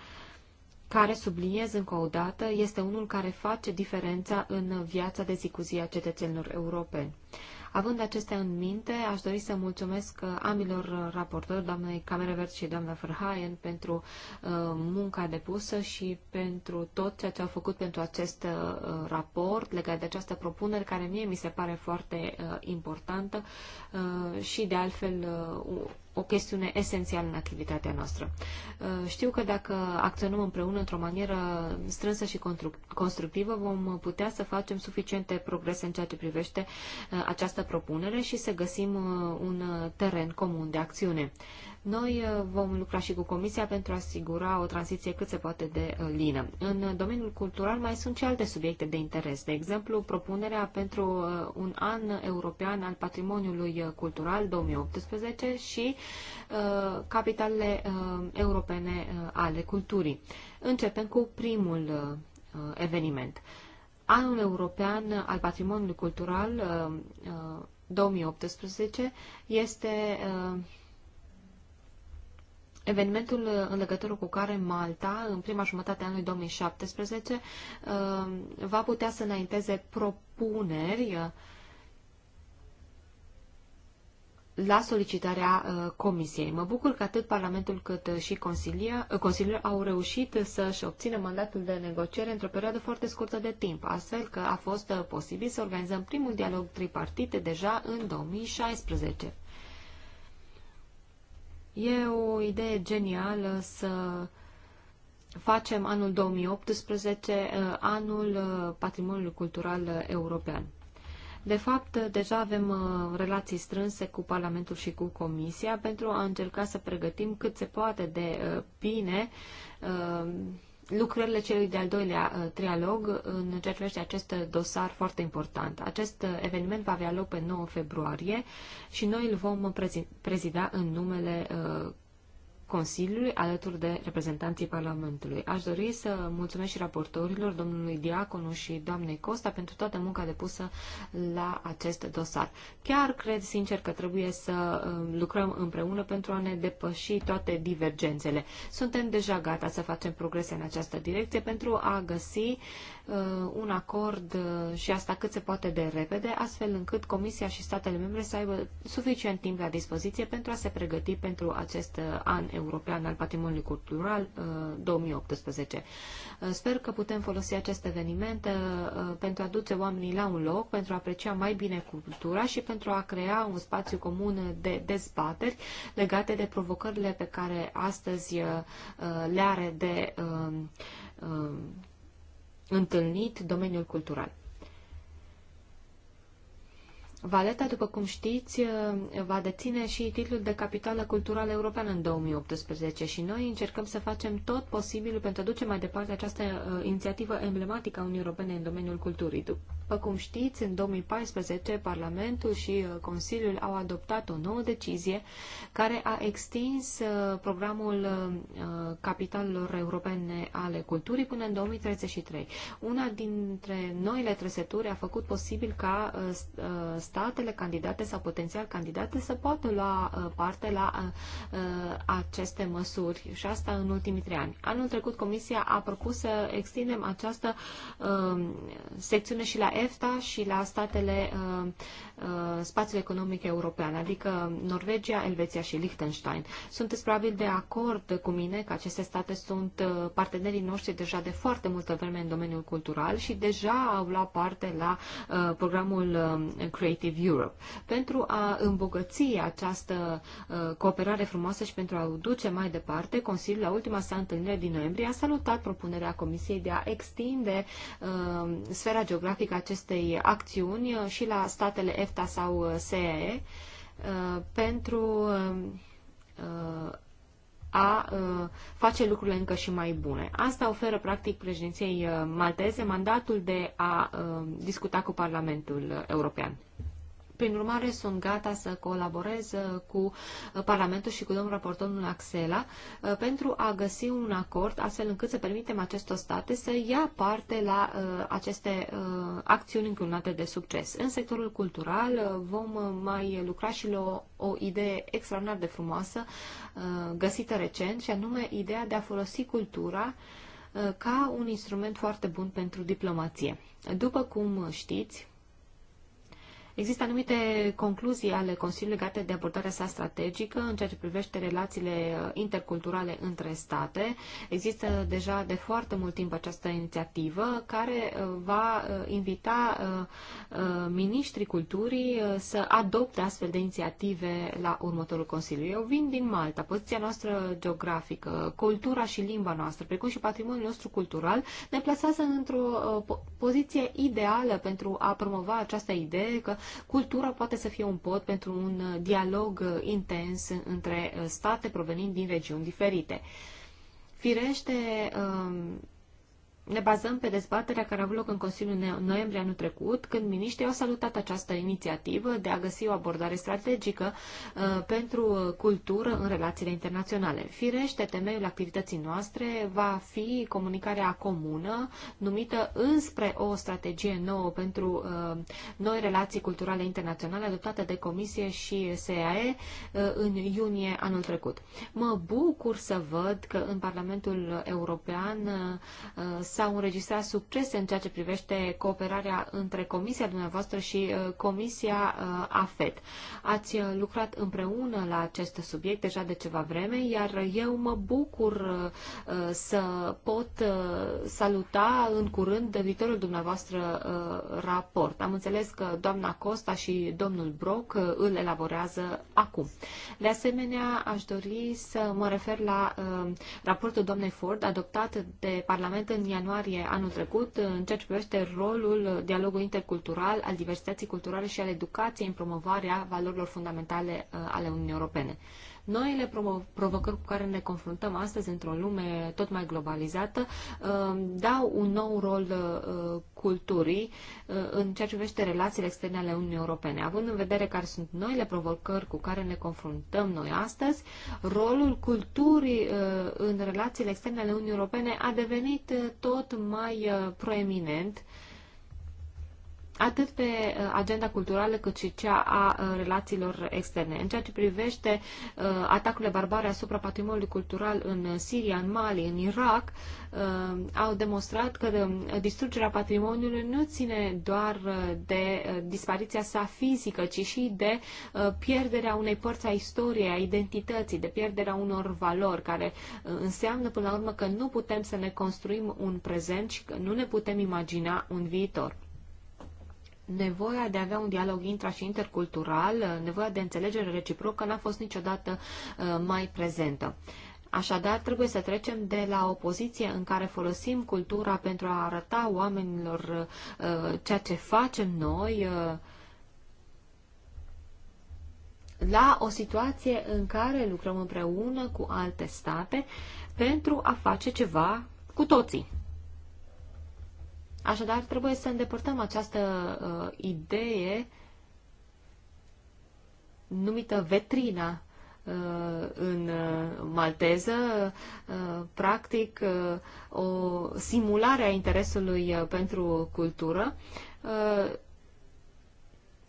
Speaker 4: care, subliniez încă o dată, este unul care face diferența în viața de zi cu zi a cetățenilor europeni. Având acestea în minte, aș dori să mulțumesc uh, amilor uh, raportori, doamnei Camerevert și doamna Verhaien, pentru uh, munca depusă și pentru tot ceea ce au făcut pentru acest raport legat de această propunere, care mie mi se pare foarte importantă și, de altfel, o chestiune esențială în activitatea noastră. Uh, știu că dacă acționăm împreună într-o manieră strânsă și constructivă, vom putea să facem suficiente progrese în ceea ce privește uh, această propunere și să găsim uh, un teren comun de acțiune. Noi vom lucra și cu Comisia pentru a asigura o tranziție cât se poate de lină. În domeniul cultural mai sunt și alte subiecte de interes, de exemplu propunerea pentru un an european al patrimoniului cultural 2018 și Uh, capitalele uh, europene uh, ale culturii. Începem cu primul eveniment. Anul European al Patrimoniului Cultural 2018 este Evenimentul în legătură cu care Malta, în prima jumătate a anului 2017, va putea să înainteze propuneri la solicitarea uh, Comisiei. Mă bucur că atât Parlamentul cât uh, și uh, Consiliul au reușit să-și obțină mandatul de negociere într-o perioadă foarte scurtă de timp, astfel că a fost posibil să organizăm primul dialog tripartit deja în 2016. E o idee genială să facem anul 2018 anul patrimoniului cultural european. De fapt, deja avem uh, relații strânse cu Parlamentul și cu Comisia pentru a încerca să pregătim cât se poate de uh, bine uh, lucrările celui de-al doilea trialog în ceea ce privește acest dosar foarte important. Acest eveniment va avea loc pe 9 februarie și noi îl vom prezida în numele Consiliului, alături de reprezentanții Parlamentului. Aș dori să mulțumesc și raportorilor, domnului Diaconu și doamnei Costa, pentru toată munca depusă la acest dosar. Chiar cred sincer că trebuie să um, lucrăm împreună pentru a ne depăși toate divergențele. Suntem deja gata să facem progrese în această direcție pentru a găsi uh, Uh, un acord uh, și asta cât se poate de repede, astfel încât Comisia și statele membre să aibă suficient timp la dispoziție pentru a se pregăti pentru acest uh, an european al patrimoniului cultural 2018. Sper că putem folosi acest eveniment pentru a duce oamenii la un loc, pentru a aprecia mai bine cultura și pentru a crea un spațiu comun de dezbateri legate de provocările pe care astăzi le are de întâlnit domeniul cultural. Valeta, după cum știți, uh, va deține și titlul de capitală culturală europeană în 2018 și noi încercăm să facem tot posibilul pentru a duce mai departe această uh, inițiativă emblematică a Uniunii Europene în domeniul culturii. După cum știți, în 2014 Parlamentul și uh, Consiliul au adoptat o nouă decizie care a extins programul capitalelor europene ale culturii până în 2033. Una dintre noile trăsături a făcut posibil ca statele candidate sau potențial candidate să poată lua uh, parte la uh, uh, aceste măsuri și asta în ultimii trei ani. Anul trecut Comisia a propus să extindem această secțiune și la EFTA și la statele Uh, spațiul economic european, adică Norvegia, Elveția și Liechtenstein. Sunteți probabil de acord cu mine că aceste state sunt uh, partenerii noștri deja de foarte multă vreme în domeniul cultural și deja au luat parte la uh, programul um, Creative Europe. Pentru a îmbogăți această cooperare frumoasă și pentru a o duce mai departe, Consiliul la ultima sa întâlnire din noiembrie a salutat propunerea Comisiei de a extinde um, sfera geografică acestei acțiuni și la statele EFTA sau uh, SEE uh, pentru uh, a face lucrurile încă și mai bune. Asta oferă, practic, președinției malteze mandatul de a discuta cu Parlamentul European. Prin urmare, sunt gata să colaborez uh, cu uh, Parlamentul și cu domnul raportorul Axela uh, pentru a găsi un acord astfel încât să permitem acestor state să ia parte la aceste acțiuni încununate de succes. În sectorul cultural vom mai lucra și la o idee extraordinar de frumoasă găsită recent și anume ideea de a folosi cultura ca un instrument foarte bun pentru diplomație. După cum știți, Există anumite concluzii ale Consiliului legate de abordarea sa strategică în ceea ce privește relațiile uh, interculturale între state. Există deja de foarte mult timp această inițiativă care uh, va uh, invita ministrii culturii să adopte astfel de inițiative la următorul Consiliu. Eu vin din Malta. Poziția noastră geografică, cultura și limba noastră, precum și patrimoniul nostru cultural, ne plasează într-o poziție ideală pentru a promova această idee că cultura poate să fie un pod pentru un uh, dialog uh, intens între uh, state provenind din regiuni diferite. Firește, um, ne bazăm pe dezbaterea care a avut loc în Consiliul noiembrie anul trecut, când miniștrii au salutat această inițiativă de a găsi o abordare strategică uh, pentru cultură în relațiile internaționale. Firește, temeiul activității noastre va fi comunicarea comună, numită înspre o strategie nouă pentru uh, noi relații culturale internaționale, adoptată de Comisie și SAE uh, în iunie anul trecut. Mă bucur să văd că în Parlamentul European uh, s-au înregistrat succese în ceea ce privește cooperarea între comisia dumneavoastră și uh, comisia uh, AFET. Ați uh, lucrat împreună la acest subiect deja de ceva vreme, iar eu mă bucur să pot saluta în curând viitorul dumneavoastră raport. Am înțeles că doamna Costa și domnul Broc îl elaborează acum. De asemenea, aș dori să mă refer la raportul doamnei Ford adoptat de Parlament în ianuarie ianuarie anul trecut în ceea ce privește rolul dialogului intercultural, al diversității culturale și al educației în promovarea valorilor fundamentale uh, ale Uniunii Europene. Noile provocări cu care ne confruntăm astăzi într-o lume tot mai globalizată uh, dau un nou rol uh, culturii uh, în ceea ce privește relațiile externe ale Uniunii Europene. Având în vedere care sunt noile provocări cu care ne confruntăm noi astăzi, rolul culturii în relațiile externe ale Uniunii Europene a devenit tot mai proeminent atât pe uh, agenda culturală cât și cea a uh, relațiilor externe. În ceea ce privește uh, atacurile barbare asupra patrimoniului cultural în Siria, în Mali, în Irak, au demonstrat că distrugerea patrimoniului nu ține doar de dispariția sa fizică, ci și de pierderea unei părți a istoriei, a identității, de pierderea unor valori, care înseamnă până la urmă că nu putem să ne construim un prezent și că nu ne putem imagina un viitor nevoia de a avea un dialog intra și intercultural, nevoia de înțelegere reciprocă n-a fost niciodată uh, mai prezentă. Așadar, trebuie să trecem de la o poziție în care folosim cultura pentru a arăta oamenilor uh, ceea ce facem noi, uh, la o situație în care lucrăm împreună cu alte state pentru a face ceva cu toții. Așadar, trebuie să îndepărtăm această uh, idee numită vetrina uh, în uh, malteză, uh, practic o simulare a interesului pentru cultură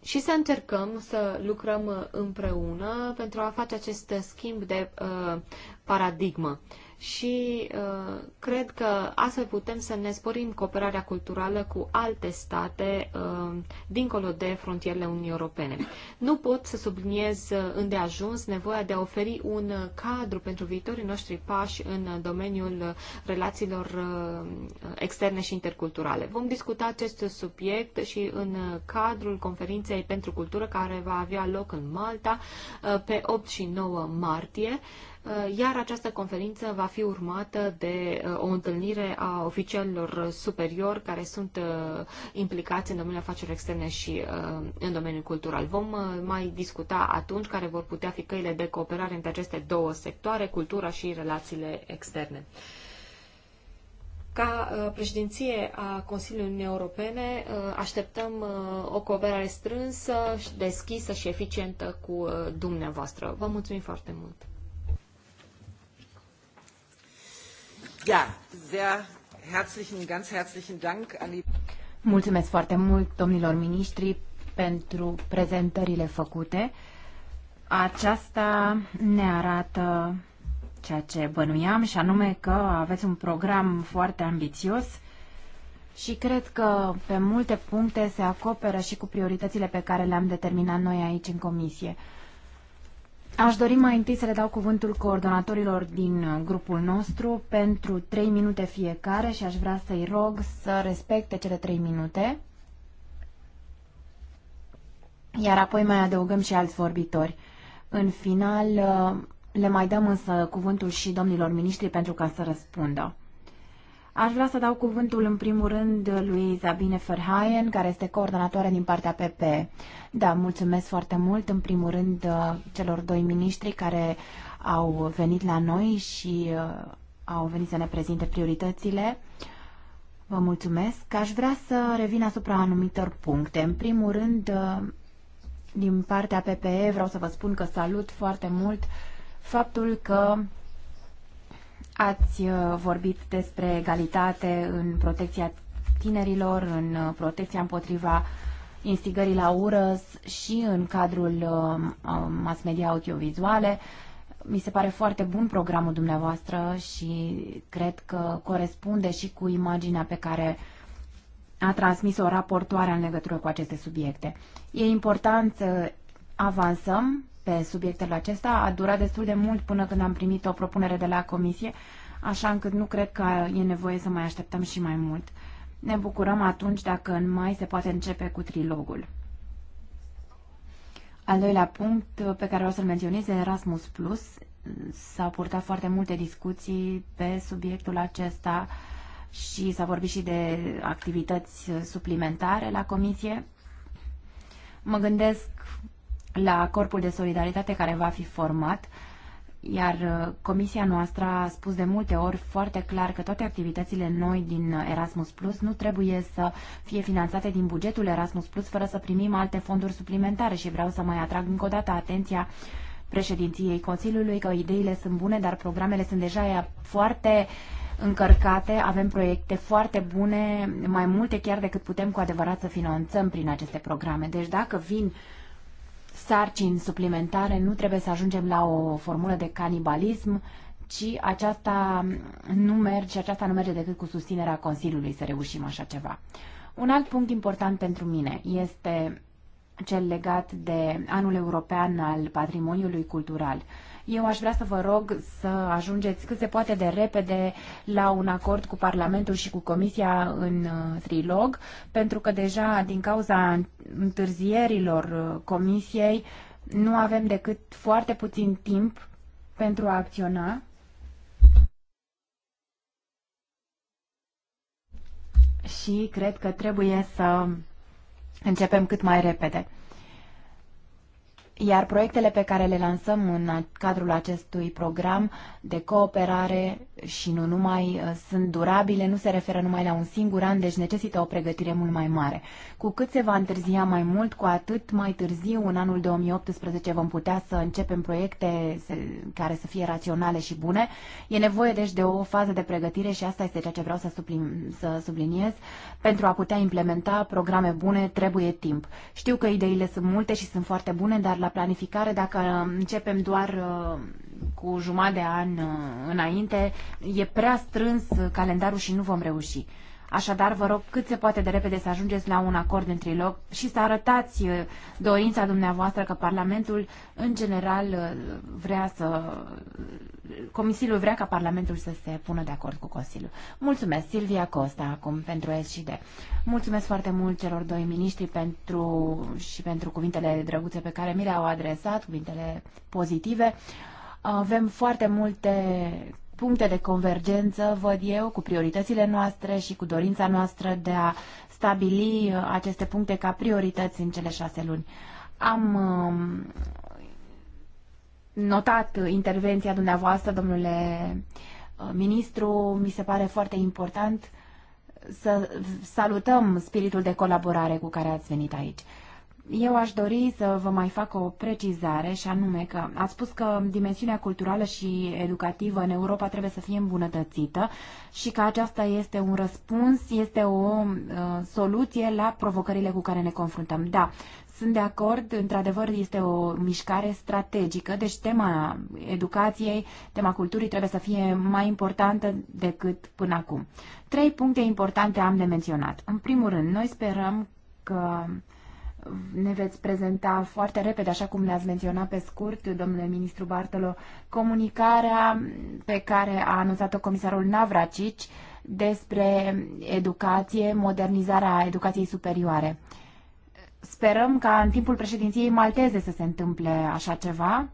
Speaker 4: și să încercăm să lucrăm împreună pentru a face acest schimb de paradigmă și uh, cred că astfel putem să ne sporim cooperarea culturală cu alte state uh, dincolo de frontierele Uniunii Europene. Nu pot să subliniez uh, îndeajuns nevoia de a oferi un uh, cadru pentru viitorii noștri pași în uh, domeniul relațiilor uh, externe și interculturale. Vom discuta acest subiect și în cadrul conferinței pentru cultură care va avea loc în Malta pe 8 și 9 martie. Uh, Uh, iar această conferință va fi urmată de uh, o întâlnire a oficialilor superiori care sunt uh, implicați în domeniul afacerilor externe și în domeniul cultural. Vom mai discuta atunci care vor putea fi căile de cooperare între aceste două sectoare, cultura și relațiile externe. Ca președinție a Consiliului Uniunii Europene așteptăm o cooperare strânsă, deschisă și eficientă cu dumneavoastră. Vă mulțumim foarte mult!
Speaker 1: Ja, sehr herzlichen, ganz herzlichen Dank an die...
Speaker 3: Mulțumesc foarte mult, domnilor miniștri, pentru prezentările făcute.
Speaker 1: Aceasta
Speaker 3: ne arată ceea ce bănuiam și anume că aveți un program foarte ambițios și cred că pe multe puncte se acoperă și cu prioritățile pe care le-am determinat noi aici în comisie. Aș dori mai întâi să le dau cuvântul coordonatorilor din uh, grupul nostru pentru trei minute fiecare și aș vrea să-i rog să respecte cele trei minute. Iar apoi mai adăugăm și alți vorbitori. În final, uh, le mai dăm însă cuvântul și domnilor miniștri pentru ca să răspundă. Aș vrea să dau cuvântul în primul rând lui Zabine Ferhaien, care este coordonatoare din partea PP. Da, mulțumesc foarte mult în primul rând uh, celor doi miniștri care au venit la noi și uh, au venit să ne prezinte prioritățile. Vă mulțumesc. Aș vrea să revin asupra anumitor puncte. În primul rând, uh, din partea PPE vreau să vă spun că salut foarte mult faptul că Ați uh, vorbit despre egalitate în protecția tinerilor, în uh, protecția împotriva instigării la ură și în cadrul uh, mass media audiovizuale. Mi se pare foarte bun programul dumneavoastră și cred că corespunde și cu imaginea pe care a transmis-o raportoarea în legătură cu aceste subiecte. E important să avansăm pe subiectul acesta. A durat destul de mult până când am primit o propunere de la comisie, așa încât nu cred că e nevoie să mai așteptăm și mai mult. Ne bucurăm atunci dacă în mai se poate începe cu trilogul. Al doilea punct pe care o să-l menționez e Erasmus+. Plus. S-au purtat foarte multe discuții pe subiectul acesta și s-a vorbit și de activități suplimentare la comisie. Mă gândesc la Corpul de Solidaritate care va fi format, iar uh, comisia noastră a spus de multe ori foarte clar că toate activitățile noi din uh, Erasmus Plus nu trebuie să fie finanțate din bugetul Erasmus Plus fără să primim alte fonduri suplimentare și vreau să mai atrag încă o dată atenția președinției Consiliului că ideile sunt bune, dar programele sunt deja foarte încărcate, avem proiecte foarte bune, mai multe chiar decât putem cu adevărat să finanțăm prin aceste programe. Deci dacă vin uh, sarcini suplimentare, nu trebuie să ajungem la o formulă de canibalism, ci aceasta nu merge, aceasta nu merge decât cu susținerea Consiliului să reușim așa ceva. Un alt punct important pentru mine este cel legat de anul european al patrimoniului cultural. Eu aș vrea să vă rog să ajungeți cât se poate de repede la un acord cu Parlamentul și cu Comisia în uh, trilog, pentru că deja din cauza întârzierilor uh, Comisiei nu avem decât foarte puțin timp pentru a acționa. Și cred că trebuie să începem cât mai repede iar proiectele pe care le lansăm în cadrul acestui program de cooperare și nu numai uh, sunt durabile, nu se referă numai la un singur an, deci necesită o pregătire mult mai mare. Cu cât se va întârzia mai mult, cu atât mai târziu, în anul 2018, vom putea să începem proiecte care să fie raționale și bune. E nevoie deci de o fază de pregătire și asta este ceea ce vreau să, sublim, să subliniez. Pentru a putea implementa programe bune trebuie timp. Știu că ideile sunt multe și sunt foarte bune, dar la planificare, dacă începem doar uh, cu jumătate de an uh, înainte, e prea strâns calendarul și nu vom reuși. Așadar, vă rog cât se poate de repede să ajungeți la un acord în trilog și să arătați uh, dorința dumneavoastră că Parlamentul, în general, uh, vrea să... Comisiul vrea ca Parlamentul să se pună de acord cu Consiliul. Mulțumesc, Silvia Costa, acum, pentru SCD. Mulțumesc foarte mult celor doi miniștri pentru, și pentru cuvintele drăguțe pe care mi le-au adresat, cuvintele pozitive. Avem foarte multe puncte de convergență, văd eu, cu prioritățile noastre și cu dorința noastră de a stabili uh, aceste puncte ca priorități în cele șase luni. Am um, notat intervenția dumneavoastră, domnule uh, ministru, mi se pare foarte important să salutăm spiritul de colaborare cu care ați venit aici. Eu aș dori să vă mai fac o precizare și anume că ați spus că dimensiunea culturală și educativă în Europa trebuie să fie îmbunătățită și că aceasta este un răspuns, este o uh, soluție la provocările cu care ne confruntăm. Da, sunt de acord, într-adevăr este o mișcare strategică, deci tema educației, tema culturii trebuie să fie mai importantă decât până acum. Trei puncte importante am de menționat. În primul rând, noi sperăm că ne veți prezenta foarte repede, așa cum le-ați menționat pe scurt, domnule ministru Bartolo, comunicarea pe care a anunțat-o comisarul Navracici despre educație, modernizarea educației superioare. Sperăm ca în timpul președinției malteze să se întâmple așa ceva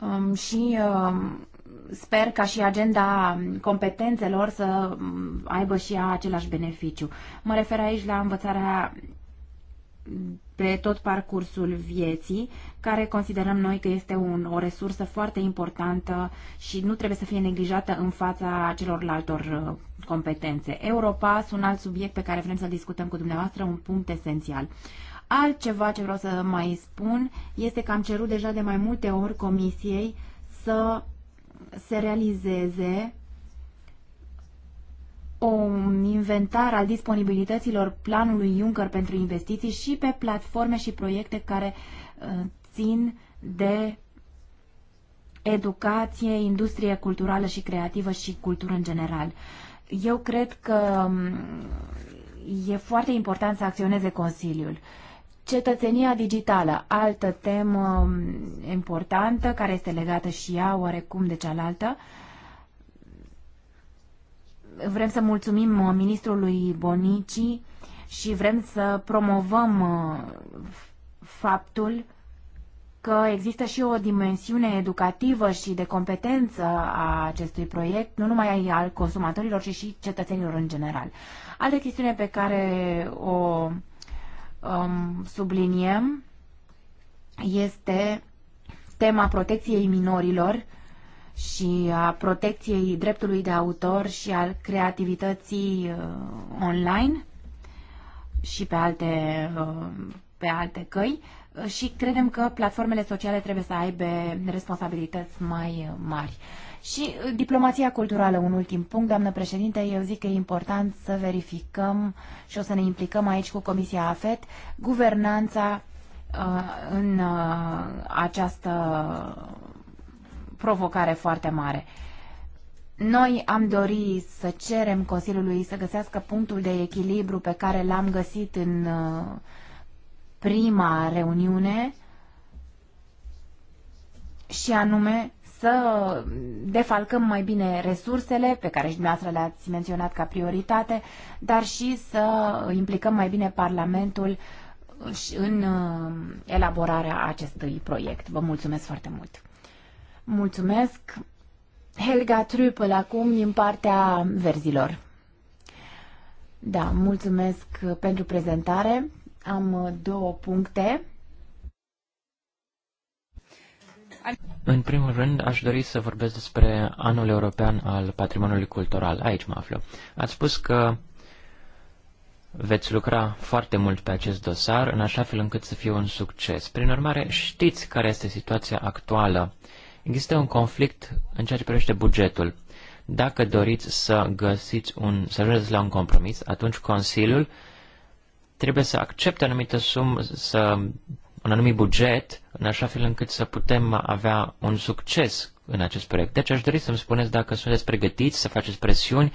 Speaker 3: um, și um, sper ca și agenda competențelor să um, aibă și ea același beneficiu. Mă refer aici la învățarea pe tot parcursul vieții, care considerăm noi că este un, o resursă foarte importantă și nu trebuie să fie neglijată în fața celorlaltor uh, competențe. Europass, un alt subiect pe care vrem să discutăm cu dumneavoastră, un punct esențial. Altceva ce vreau să mai spun este că am cerut deja de mai multe ori comisiei să se realizeze un inventar al disponibilităților planului Juncker pentru investiții și pe platforme și proiecte care uh, țin de educație, industrie culturală și creativă și cultură în general. Eu cred că um, e foarte important să acționeze Consiliul. Cetățenia digitală, altă temă um, importantă, care este legată și ea oarecum de cealaltă, uh, vrem să mulțumim uh, ministrului Bonici și vrem să promovăm uh, faptul că există și o dimensiune educativă și de competență a acestui proiect, nu numai al consumatorilor, ci și cetățenilor în general. Altă chestiune pe care o um, subliniem este tema protecției minorilor și a protecției dreptului de autor și al creativității uh, online și pe alte, uh, pe alte căi uh, și credem că platformele sociale trebuie să aibă responsabilități mai mari. Și diplomația culturală, un ultim punct, doamnă președinte, eu zic că e important să verificăm și o să ne implicăm aici cu Comisia AFET, guvernanța în această provocare foarte mare. Noi am dorit să cerem Consiliului să găsească punctul de echilibru pe care l-am găsit în uh, prima reuniune și anume să defalcăm mai bine resursele pe care și dumneavoastră le-ați menționat ca prioritate, dar și să implicăm mai bine Parlamentul în uh, elaborarea acestui proiect. Vă mulțumesc foarte mult! Mulțumesc. Helga Trupel acum din partea verzilor. Da, mulțumesc pentru prezentare. Am două puncte.
Speaker 2: În primul rând, aș dori să vorbesc despre anul european al patrimoniului cultural. Aici mă aflu. Ați spus că veți lucra foarte mult pe acest dosar, în așa fel încât să fie un succes. Prin urmare, știți care este situația actuală Există un conflict în ceea ce privește bugetul. Dacă doriți să găsiți un, să ajungeți la un compromis, atunci Consiliul trebuie să accepte anumită sumă, să, un anumit buget, în așa fel încât să putem avea un succes în acest proiect. Deci aș dori să-mi spuneți dacă sunteți pregătiți să faceți presiuni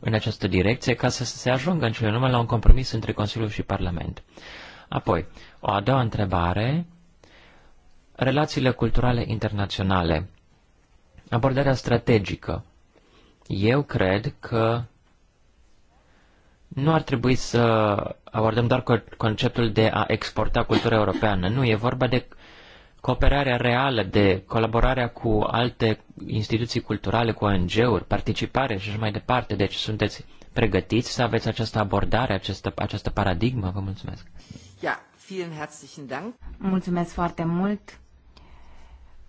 Speaker 2: în această direcție ca să se ajungă în cele urmă la un compromis între Consiliu și Parlament. Apoi, o a doua întrebare Relațiile culturale internaționale. Abordarea strategică. Eu cred că nu ar trebui să abordăm doar conceptul de a exporta cultura europeană. Nu, e vorba de cooperarea reală, de colaborarea cu alte instituții culturale, cu ONG-uri, participare și așa mai departe. Deci sunteți pregătiți să aveți această abordare, această, această paradigmă? Vă mulțumesc!
Speaker 1: Ja, vielen herzlichen Dank!
Speaker 3: Mulțumesc foarte mult!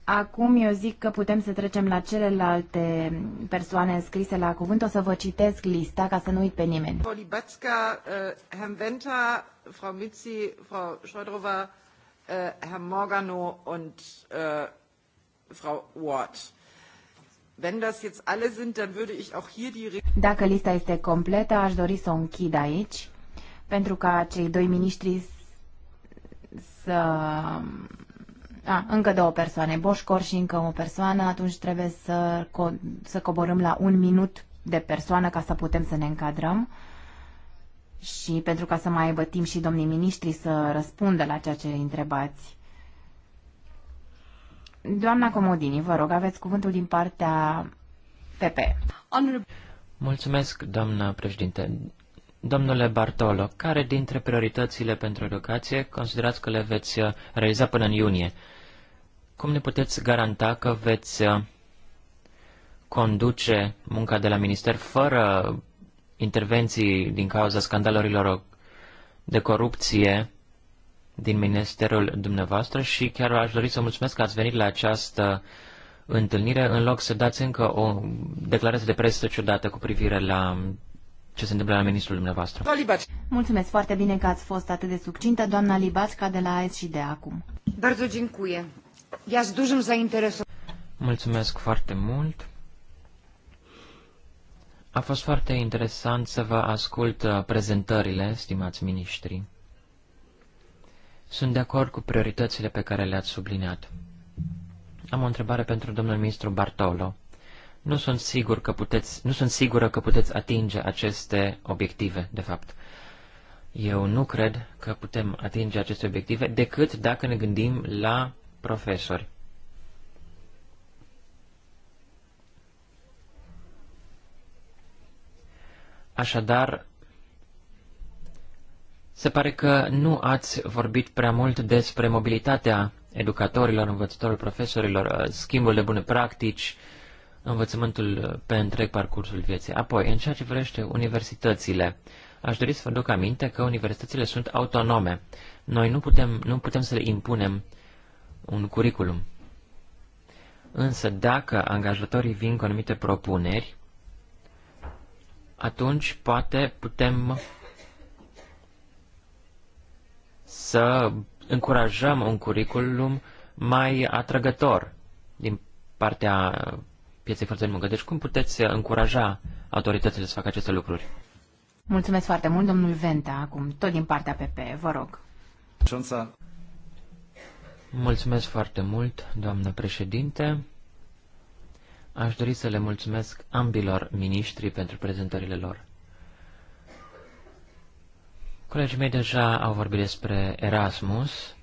Speaker 1: Acum eu zic
Speaker 3: că putem să trecem la celelalte persoane înscrise la cuvânt. O să vă citesc lista ca să nu uit pe nimeni. Frau
Speaker 1: Libatska, eh, Herr Venta, Frau Mitzi, Frau eh, Herr und eh, Frau Ward. Wenn das jetzt alle sind, dann würde ich auch hier die... Dacă lista este
Speaker 3: completă, aș dori să o închid aici, pentru ca cei doi miniștri să a, da, încă două persoane, Boșcor și încă o persoană, atunci trebuie să, co- să coborâm la un minut de persoană ca să putem să ne încadrăm și pentru ca să mai aibă timp și domnii miniștri să răspundă la ceea ce întrebați. Doamna Comodini, vă rog, aveți cuvântul din partea PP.
Speaker 2: Mulțumesc, doamnă președinte. Domnule Bartolo, care dintre prioritățile pentru educație considerați că le veți realiza până în iunie? Cum ne puteți garanta că veți uh, conduce munca de la minister fără intervenții din cauza scandalurilor de corupție din ministerul dumneavoastră și chiar aș dori să mulțumesc că ați venit la această întâlnire în loc să dați încă o declarație de presă ciudată cu privire la ce se întâmplă la ministrul dumneavoastră.
Speaker 3: Mulțumesc foarte bine că ați fost atât de succintă, doamna Libasca de la AS și de acum. Bardzo dziękuję.
Speaker 2: Mulțumesc foarte mult. A fost foarte interesant să vă ascult uh, prezentările, stimați miniștri. Sunt de acord cu prioritățile pe care le-ați subliniat. Am o întrebare pentru domnul ministru Bartolo. Nu sunt, sigur că puteți, nu sunt sigură că puteți atinge aceste obiective, de fapt. Eu nu cred că putem atinge aceste obiective decât dacă ne gândim la profesori. Așadar, se pare că nu ați vorbit prea mult despre mobilitatea educatorilor, învățătorilor, profesorilor, schimbul de bune practici, învățământul pe întreg parcursul vieții. Apoi, în ceea ce vrește universitățile, aș dori să vă duc aminte că universitățile sunt autonome. Noi nu putem, nu putem să le impunem un curriculum. Însă dacă angajatorii vin cu anumite propuneri, atunci poate putem să încurajăm un curriculum mai atrăgător din partea pieței forței de muncă. Deci cum puteți încuraja autoritățile să facă aceste lucruri?
Speaker 3: Mulțumesc foarte mult, domnul Venta, acum tot din partea PP, vă rog.
Speaker 2: Mulțumesc foarte mult, doamnă președinte. Aș dori să le mulțumesc ambilor miniștri pentru prezentările lor. Colegii mei deja au vorbit despre Erasmus,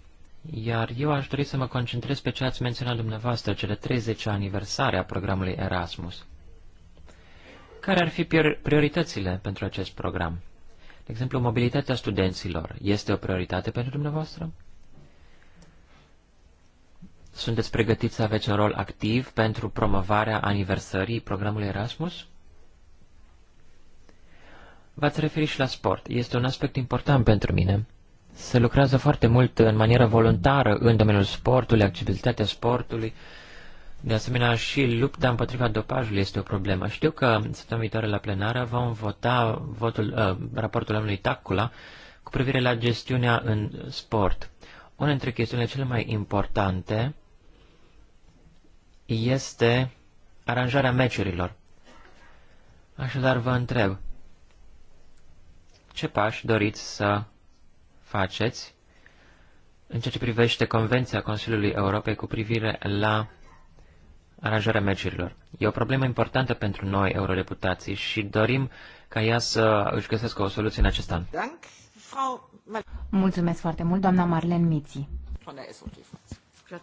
Speaker 2: iar eu aș dori să mă concentrez pe ce ați menționat dumneavoastră, cele 30 aniversare a programului Erasmus. Care ar fi prioritățile pentru acest program? De exemplu, mobilitatea studenților este o prioritate pentru dumneavoastră? Sunteți pregătiți să aveți un rol activ pentru promovarea aniversării programului Erasmus? V-ați referit și la sport. Este un aspect important pentru mine. Se lucrează foarte mult în manieră voluntară în domeniul sportului, accesibilitatea sportului. De asemenea, și lupta împotriva dopajului este o problemă. Știu că săptămâna viitoare la plenară vom vota votul, uh, raportul omului Tacula cu privire la gestiunea în sport. Una dintre chestiunile cele mai importante este aranjarea meciurilor. Așadar vă întreb, ce pași doriți să faceți în ceea ce privește Convenția Consiliului Europei cu privire la aranjarea meciurilor? E o problemă importantă pentru noi, eurodeputații, și dorim ca ea să își găsească o soluție în acest an.
Speaker 3: Mulțumesc foarte mult, doamna Marlen Miții.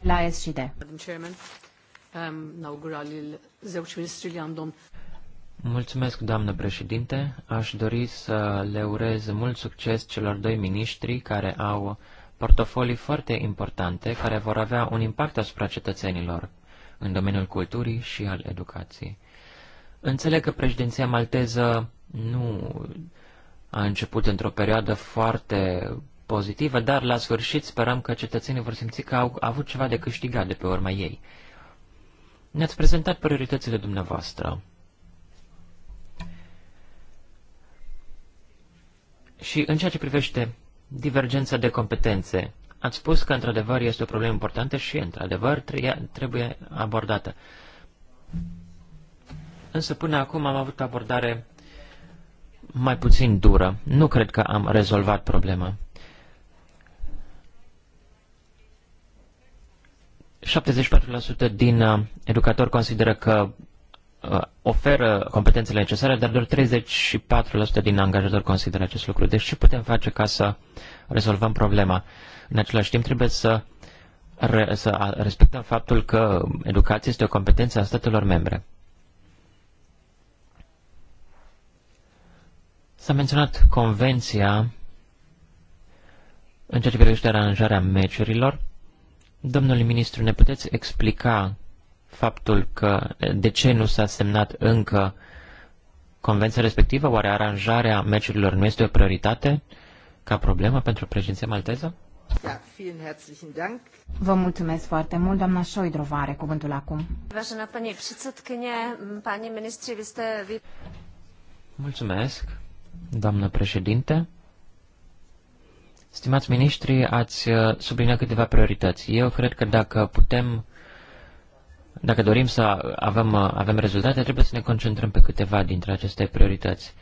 Speaker 3: La SGD.
Speaker 2: Mulțumesc, doamnă președinte. Aș dori să le urez mult succes celor doi miniștri care au portofolii foarte importante care vor avea un impact asupra cetățenilor în domeniul culturii și al educației. Înțeleg că președinția malteză nu a început într-o perioadă foarte pozitivă, dar la sfârșit sperăm că cetățenii vor simți că au avut ceva de câștigat de pe urma ei. Ne-ați prezentat prioritățile dumneavoastră. Și în ceea ce privește divergența de competențe, ați spus că într-adevăr este o problemă importantă și într-adevăr trebuie abordată. Însă până acum am avut o abordare mai puțin dură. Nu cred că am rezolvat problema. 74% din uh, educatori consideră că uh, oferă competențele necesare, dar doar 34% din angajatori consideră acest lucru. Deci ce putem face ca să rezolvăm problema? În același timp trebuie să, re, să respectăm faptul că educația este o competență a statelor membre. S-a menționat convenția în ceea ce privește aranjarea meciurilor. Domnule ministru, ne puteți explica faptul că de ce nu s-a semnat încă convenția respectivă? Oare aranjarea meciurilor nu este o prioritate ca problemă pentru președinția malteză?
Speaker 1: Vă
Speaker 3: mulțumesc foarte mult, doamna Șoidrova are cuvântul acum.
Speaker 2: Mulțumesc, doamnă președinte. Stimați miniștri, ați uh, subliniat câteva priorități. Eu cred că dacă putem, dacă dorim să avem, uh, avem rezultate, trebuie să ne concentrăm pe câteva dintre aceste priorități.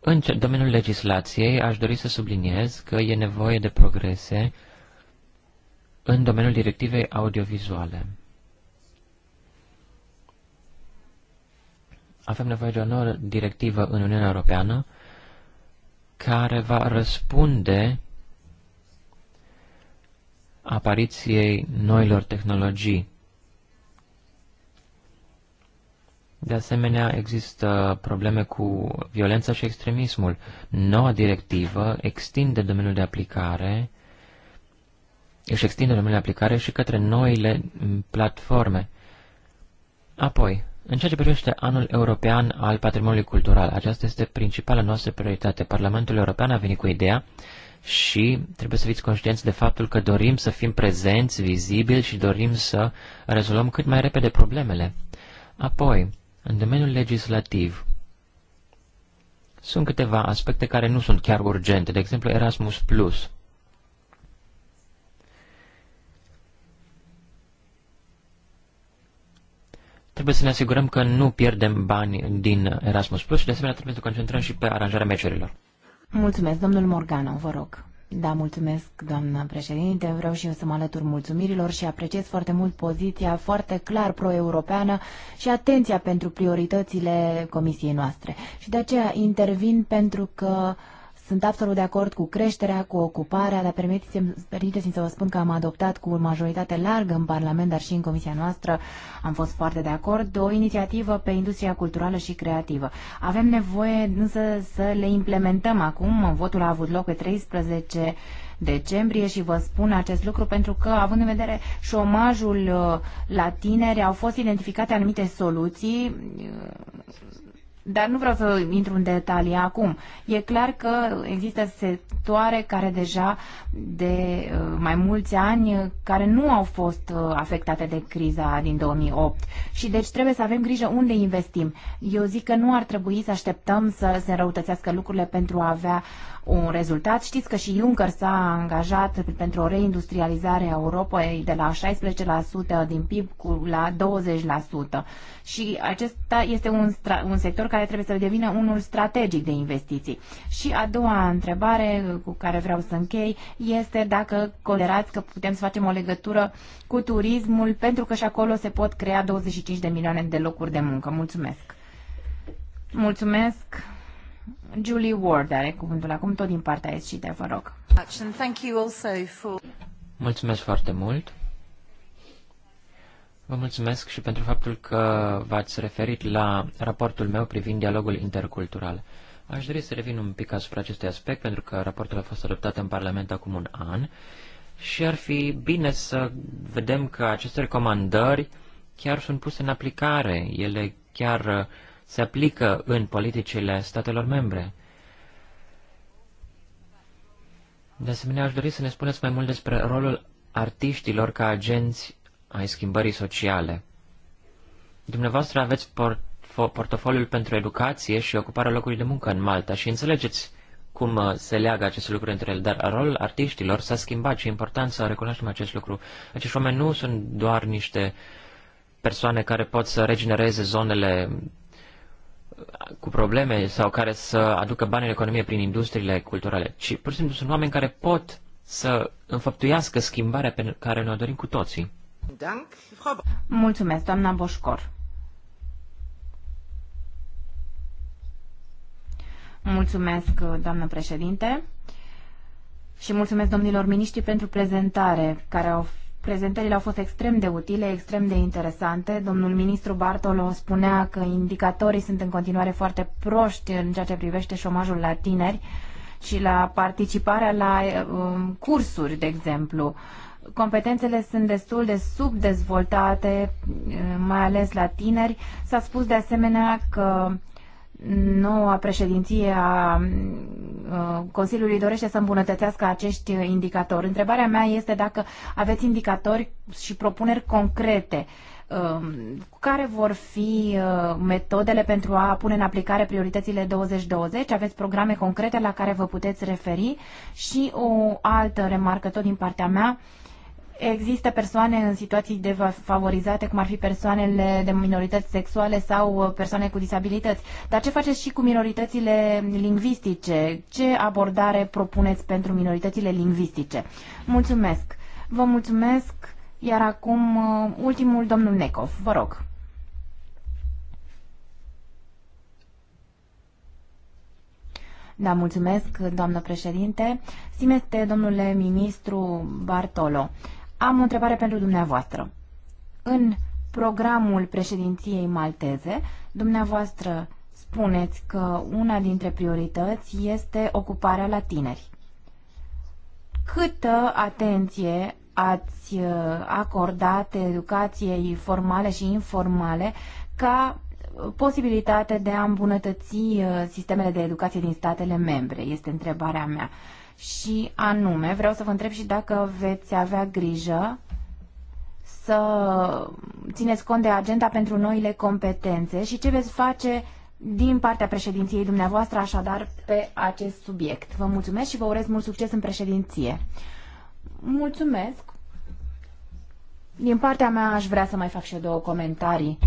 Speaker 2: În domeniul legislației, aș dori să subliniez că e nevoie de progrese în domeniul directivei audiovizuale. Avem nevoie de o nouă directivă în Uniunea Europeană care va răspunde apariției noilor tehnologii. De asemenea, există probleme cu violența și extremismul. Noua directivă extinde domeniul de aplicare, își extinde domeniul de aplicare și către noile platforme. Apoi, în ceea ce privește anul european al patrimoniului cultural, aceasta este principala noastră prioritate. Parlamentul European a venit cu ideea și trebuie să fiți conștienți de faptul că dorim să fim prezenți, vizibili și dorim să rezolvăm cât mai repede problemele. Apoi, în domeniul legislativ, sunt câteva aspecte care nu sunt chiar urgente, de exemplu Erasmus+. Plus. Trebuie să ne asigurăm că nu pierdem bani din Erasmus Plus și de asemenea trebuie să concentrăm și pe aranjarea meciurilor.
Speaker 3: Mulțumesc, domnul Morgano, vă rog. Da, mulțumesc, doamnă președinte. Vreau și eu să mă alătur mulțumirilor și apreciez foarte mult poziția foarte clar pro-europeană și atenția pentru prioritățile comisiei noastre. Și de aceea intervin pentru că uh, sunt absolut de acord cu creșterea, cu ocuparea, dar permiteți-mi, permiteți să vă spun că am adoptat cu majoritate largă în Parlament, dar și în Comisia noastră, am fost foarte de acord, o inițiativă pe industria culturală și creativă. Avem nevoie însă să le implementăm acum. Votul a avut loc pe 13 decembrie și vă spun acest lucru pentru că, având în vedere șomajul uh, la tineri, au fost identificate anumite soluții uh, dar nu vreau să intru în detalii acum. E clar că există sectoare care deja de uh, mai mulți ani uh, care nu au fost uh, afectate de criza din 2008 și deci trebuie să avem grijă unde investim. Eu zic că nu ar trebui să așteptăm să se înrăutățească lucrurile pentru a avea un rezultat. Știți că și Juncker s-a angajat pentru o reindustrializare a Europei de la 16% din PIB cu la 20%. Și acesta este un, un sector care trebuie să devină unul strategic de investiții. Și a doua întrebare cu care vreau să închei este dacă considerați că putem să facem o legătură cu turismul, pentru că și acolo se pot crea 25 de milioane de locuri de muncă. Mulțumesc! Mulțumesc! Julie Ward are cuvântul acum, tot din partea SCT, vă rog.
Speaker 2: Mulțumesc foarte mult. Vă mulțumesc și pentru faptul că v-ați referit la raportul meu privind dialogul intercultural. Aș dori să revin un pic asupra acestui aspect, pentru că raportul a fost adoptat în Parlament acum un an și ar fi bine să vedem că aceste recomandări chiar sunt puse în aplicare. Ele chiar uh, se aplică în politicile statelor membre. De asemenea, aș dori să ne spuneți mai mult despre rolul artiștilor ca agenți ai schimbării sociale. Dumneavoastră aveți portofoliul pentru educație și ocuparea locului de muncă în Malta și înțelegeți cum uh, se leagă aceste lucruri între ele, dar rolul artiștilor s-a schimbat și e important să recunoaștem acest lucru. Acești oameni nu sunt doar niște persoane care pot să regenereze zonele cu probleme sau care să aducă bani în economie prin industriile culturale, ci pur și simplu sunt oameni care pot să înfăptuiască schimbarea pe care ne-o dorim cu toții.
Speaker 3: Mulțumesc, doamna Boșcor.
Speaker 2: Mulțumesc,
Speaker 3: doamnă președinte. Și mulțumesc domnilor miniștri pentru prezentare, care au Prezentările au fost extrem de utile, extrem de interesante. Domnul ministru Bartolo spunea că indicatorii sunt în continuare foarte proști în ceea ce privește șomajul la tineri și la participarea la um, cursuri, de exemplu. Competențele sunt destul de subdezvoltate, um, mai ales la tineri. S-a spus de asemenea că uh, noua președinție a uh, Consiliului dorește să îmbunătățească acești indicatori. Întrebarea mea este dacă aveți indicatori și propuneri concrete um, care vor fi uh, metodele pentru a pune în aplicare prioritățile 2020? Aveți programe concrete la care vă puteți referi? Și o altă remarcă tot din partea mea, Există persoane în situații defavorizate, cum ar fi persoanele de minorități sexuale sau uh, persoane cu disabilități. Dar ce faceți și cu minoritățile lingvistice? Ce abordare propuneți pentru minoritățile lingvistice? Mulțumesc! Vă mulțumesc! Iar acum uh, ultimul, domnul Necov, vă rog. Da, mulțumesc, doamnă președinte. Simeste, domnule ministru Bartolo, am o întrebare pentru dumneavoastră. În programul președinției malteze, dumneavoastră spuneți că una dintre priorități este ocuparea la tineri. Câtă atenție ați uh, acordat educației formale și informale ca uh, posibilitate de a îmbunătăți uh, sistemele de educație din statele membre? Este întrebarea mea și anume, vreau să vă întreb și dacă veți avea grijă să țineți cont de agenda pentru noile competențe și ce veți face din partea președinției dumneavoastră, așadar, pe acest subiect. Vă mulțumesc și vă urez mult succes în președinție. Mulțumesc! Din partea mea aș vrea să mai fac și eu două comentarii.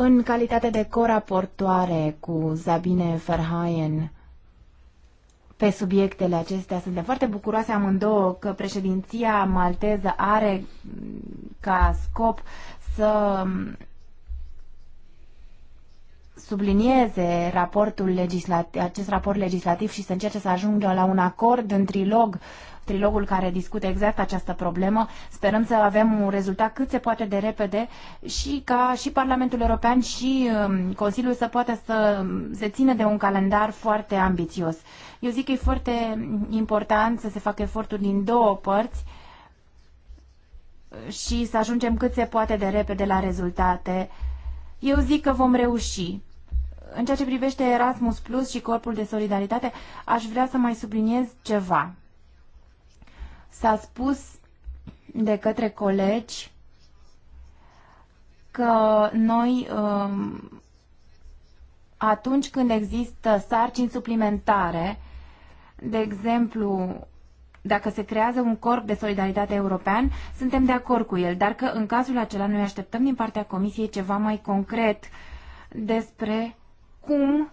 Speaker 3: În calitate de coraportoare cu Zabine Ferhaien pe subiectele acestea, suntem foarte bucuroase amândouă că președinția malteză are mm, ca scop să mm, sublinieze raportul legislativ, acest raport legislativ și să încerce să ajungă la un acord în trilog trilogul care discute exact această problemă. Sperăm să avem un rezultat cât se poate de repede și ca și Parlamentul European și um, Consiliul să poată să um, se țină de un calendar foarte ambițios. Eu zic că e foarte important să se facă eforturi din două părți și să ajungem cât se poate de repede la rezultate. Eu zic că vom reuși. În ceea ce privește Erasmus Plus și Corpul de Solidaritate, aș vrea să mai subliniez ceva. S-a spus de către colegi că noi um, atunci când există sarcini suplimentare, de exemplu, dacă se creează un corp de solidaritate european, suntem de acord cu el, dar că în cazul acela noi așteptăm din partea Comisiei ceva mai concret despre cum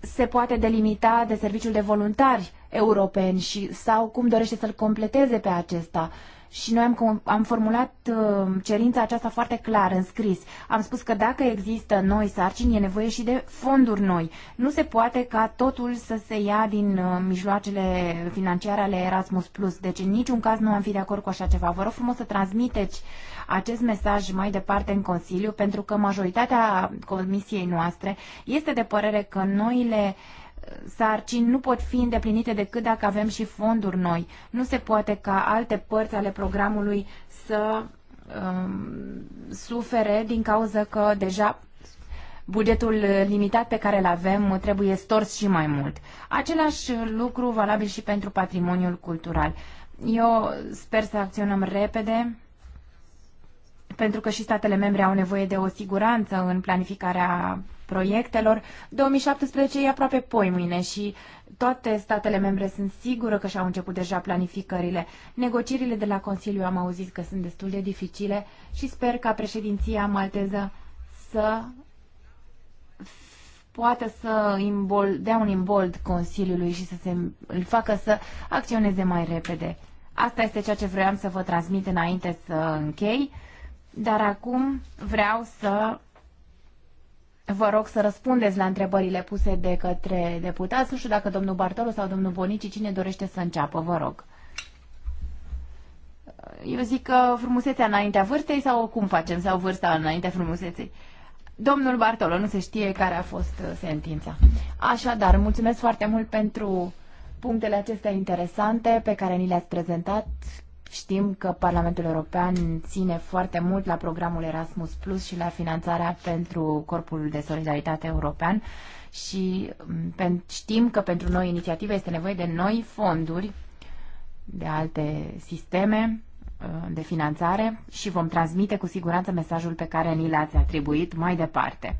Speaker 3: se poate delimita de serviciul de voluntari europeni și sau cum dorește să-l completeze pe acesta. Și noi am, am formulat uh, cerința aceasta foarte clar în scris. Am spus că dacă există noi sarcini, e nevoie și de fonduri noi. Nu se poate ca totul să se ia din uh, mijloacele financiare ale Erasmus+. Deci în niciun caz nu am fi de acord cu așa ceva. Vă rog frumos să transmiteți acest mesaj mai departe în Consiliu, pentru că majoritatea comisiei noastre este de părere că noile uh, sarcini nu pot fi îndeplinite decât dacă avem și fonduri noi. Nu se poate ca alte părți ale programului să um, sufere din cauza că deja bugetul limitat pe care îl avem trebuie stors și mai mult. Același lucru valabil și pentru patrimoniul cultural. Eu sper să acționăm repede pentru că și statele membre au nevoie de o siguranță în planificarea proiectelor. 2017 e aproape poi mâine și toate statele membre sunt sigură că și-au început deja planificările. Negocierile de la Consiliu am auzit că sunt destul de dificile și sper ca președinția malteză să poată să imbold, dea un imbold Consiliului și să se, îl facă să acționeze mai repede. Asta este ceea ce vreau să vă transmit înainte să închei, dar acum vreau să Vă rog să răspundeți la întrebările puse de către deputați. Nu știu dacă domnul Bartolo sau domnul Bonici, cine dorește să înceapă, vă rog. Eu zic că frumusețea înaintea vârstei sau cum facem, sau vârsta înaintea frumuseței. Domnul Bartolo, nu se știe care a fost uh, sentința. Așadar, mulțumesc foarte mult pentru punctele acestea interesante pe care ni le-ați prezentat. Știm că Parlamentul European ține foarte mult la programul Erasmus Plus și la finanțarea pentru Corpul de Solidaritate European și mm, știm că pentru noi inițiative este nevoie de noi fonduri, de alte sisteme ă, de finanțare și vom transmite cu siguranță mesajul pe care ni l-ați atribuit mai departe.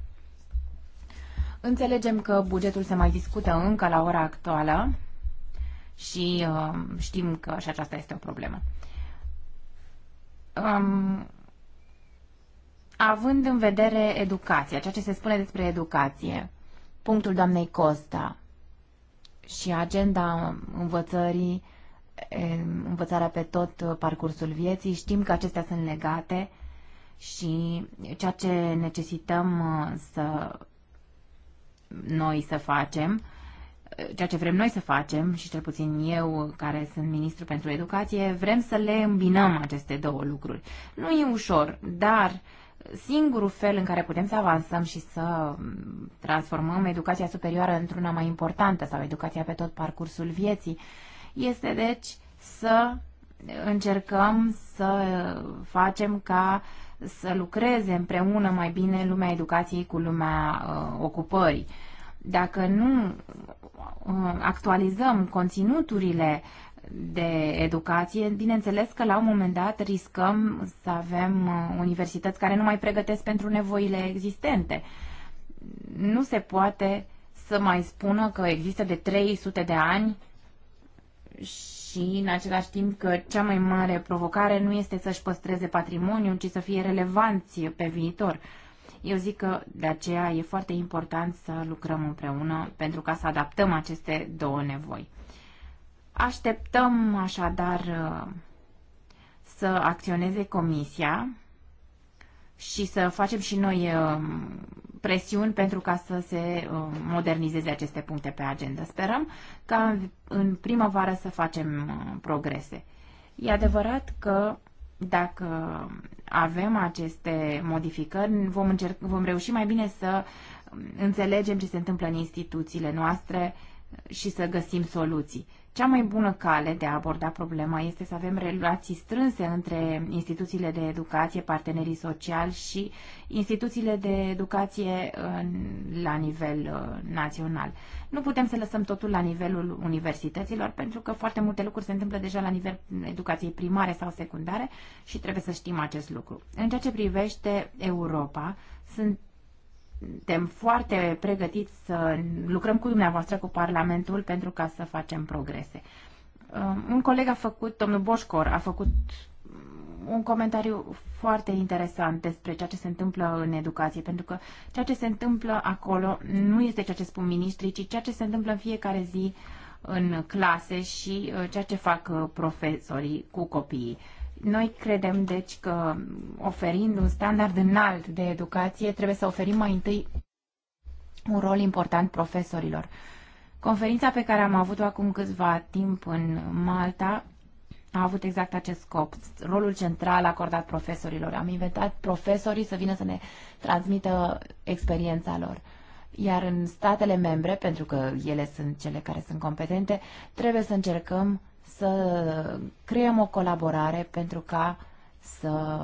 Speaker 3: Înțelegem că bugetul se mai discută încă la ora actuală, și uh, știm că și aceasta este o problemă. Um, având în vedere educația, ceea ce se spune despre educație, punctul doamnei Costa și agenda învățării, eh, învățarea pe tot parcursul vieții, știm că acestea sunt legate și ceea ce necesităm uh, să noi să facem ceea ce vrem noi să facem, și cel puțin eu, care sunt ministru pentru educație, vrem să le îmbinăm aceste două lucruri. Nu e ușor, dar singurul fel în care putem să avansăm și să transformăm educația superioară într-una mai importantă sau educația pe tot parcursul vieții este, deci, să încercăm să facem ca să lucreze împreună mai bine lumea educației cu lumea uh, ocupării. Uh, dacă nu uh, actualizăm conținuturile de educație, bineînțeles că la un moment dat riscăm să avem uh, universități care nu mai pregătesc pentru nevoile existente. Nu se poate să mai spună că există de 300 de ani și în același timp că cea mai mare provocare nu este să-și păstreze patrimoniul, ci să fie relevanți pe viitor. Eu zic că de aceea e foarte important să lucrăm împreună pentru ca să adaptăm aceste două nevoi. Așteptăm așadar uh, să acționeze comisia și să facem și noi uh, presiuni pentru ca să se uh, modernizeze aceste puncte pe agenda. Sperăm ca în primăvară să facem progrese. E adevărat că dacă avem aceste modificări, vom, încerc, vom reuși mai bine să um, înțelegem ce se întâmplă în instituțiile noastre uh, și să găsim soluții. Cea mai bună cale de a aborda problema este să avem relații strânse între instituțiile de educație, partenerii sociali și instituțiile de educație uh, la nivel uh, național. Nu putem să lăsăm totul la nivelul universităților, pentru că foarte multe lucruri se întâmplă deja la nivel educației primare sau secundare și trebuie să știm acest lucru. În ceea ce privește Europa, sunt suntem foarte pregătiți să lucrăm cu dumneavoastră, cu Parlamentul, pentru ca să facem progrese. Um, un coleg a făcut, domnul Boșcor, a făcut un comentariu foarte interesant despre ceea ce se întâmplă în educație, pentru că ceea ce se întâmplă acolo nu este ceea ce spun ministrii, ci ceea ce se întâmplă în fiecare zi în clase și uh, ceea ce fac uh, profesorii cu copiii. Noi credem, deci, că oferind un standard înalt de educație, trebuie să oferim mai întâi un rol important profesorilor. Conferința pe care am avut-o acum câțiva timp în Malta a avut exact acest scop, rolul central acordat profesorilor. Am inventat profesorii să vină să ne transmită experiența lor. Iar în statele membre, pentru că ele sunt cele care sunt competente, trebuie să încercăm să creăm o colaborare pentru ca să,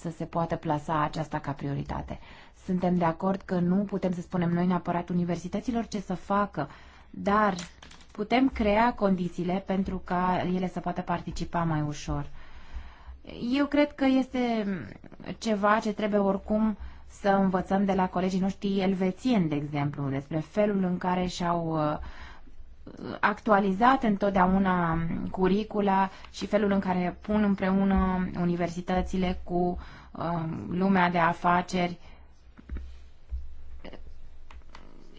Speaker 3: să se poată plasa aceasta ca prioritate. Suntem de acord că nu putem să spunem noi neapărat universităților ce să facă, dar putem crea condițiile pentru ca ele să poată participa mai ușor. Eu cred că este ceva ce trebuie oricum să învățăm de la colegii noștri elvețieni, de exemplu, despre felul în care și-au uh, actualizat întotdeauna curicula și felul în care pun împreună universitățile cu uh, lumea de afaceri.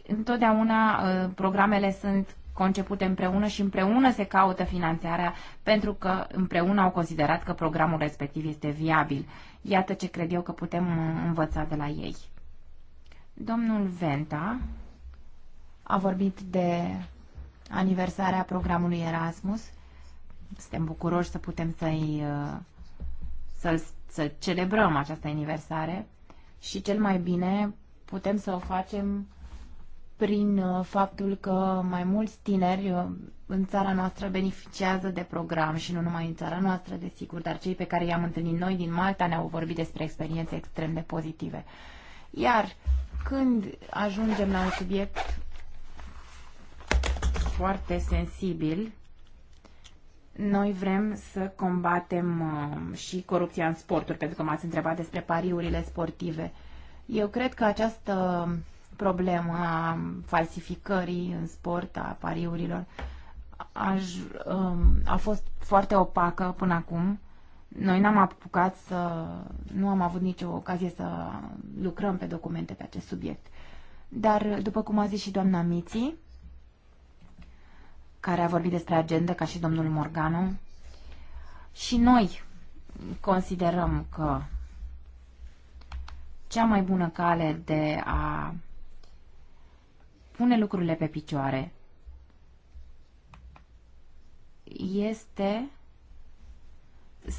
Speaker 3: Întotdeauna uh, programele sunt concepute împreună și împreună se caută finanțarea pentru că împreună au considerat că programul respectiv este viabil. Iată ce cred eu că putem uh, învăța de la ei. Domnul Venta a vorbit de aniversarea programului Erasmus. Suntem bucuroși să putem să-i uh, să, să celebrăm această aniversare și cel mai bine putem să o facem prin uh, faptul că mai mulți tineri uh, în țara noastră beneficiază de program și nu numai în țara noastră, desigur, dar cei pe care i-am întâlnit noi din Malta ne-au vorbit despre experiențe extrem de pozitive. Iar când ajungem la un subiect foarte sensibil, noi vrem să combatem uh, și corupția în sporturi, pentru că m-ați întrebat despre pariurile sportive. Eu cred că această problemă a falsificării în sport, a pariurilor, aș, um, a fost foarte opacă până acum. Noi n-am apucat să... nu am avut nicio ocazie să lucrăm pe documente pe acest subiect. Dar, după cum a zis și doamna Miții, care a vorbit despre agenda, ca și domnul Morgano, și noi considerăm că cea mai bună cale de a pune lucrurile pe picioare este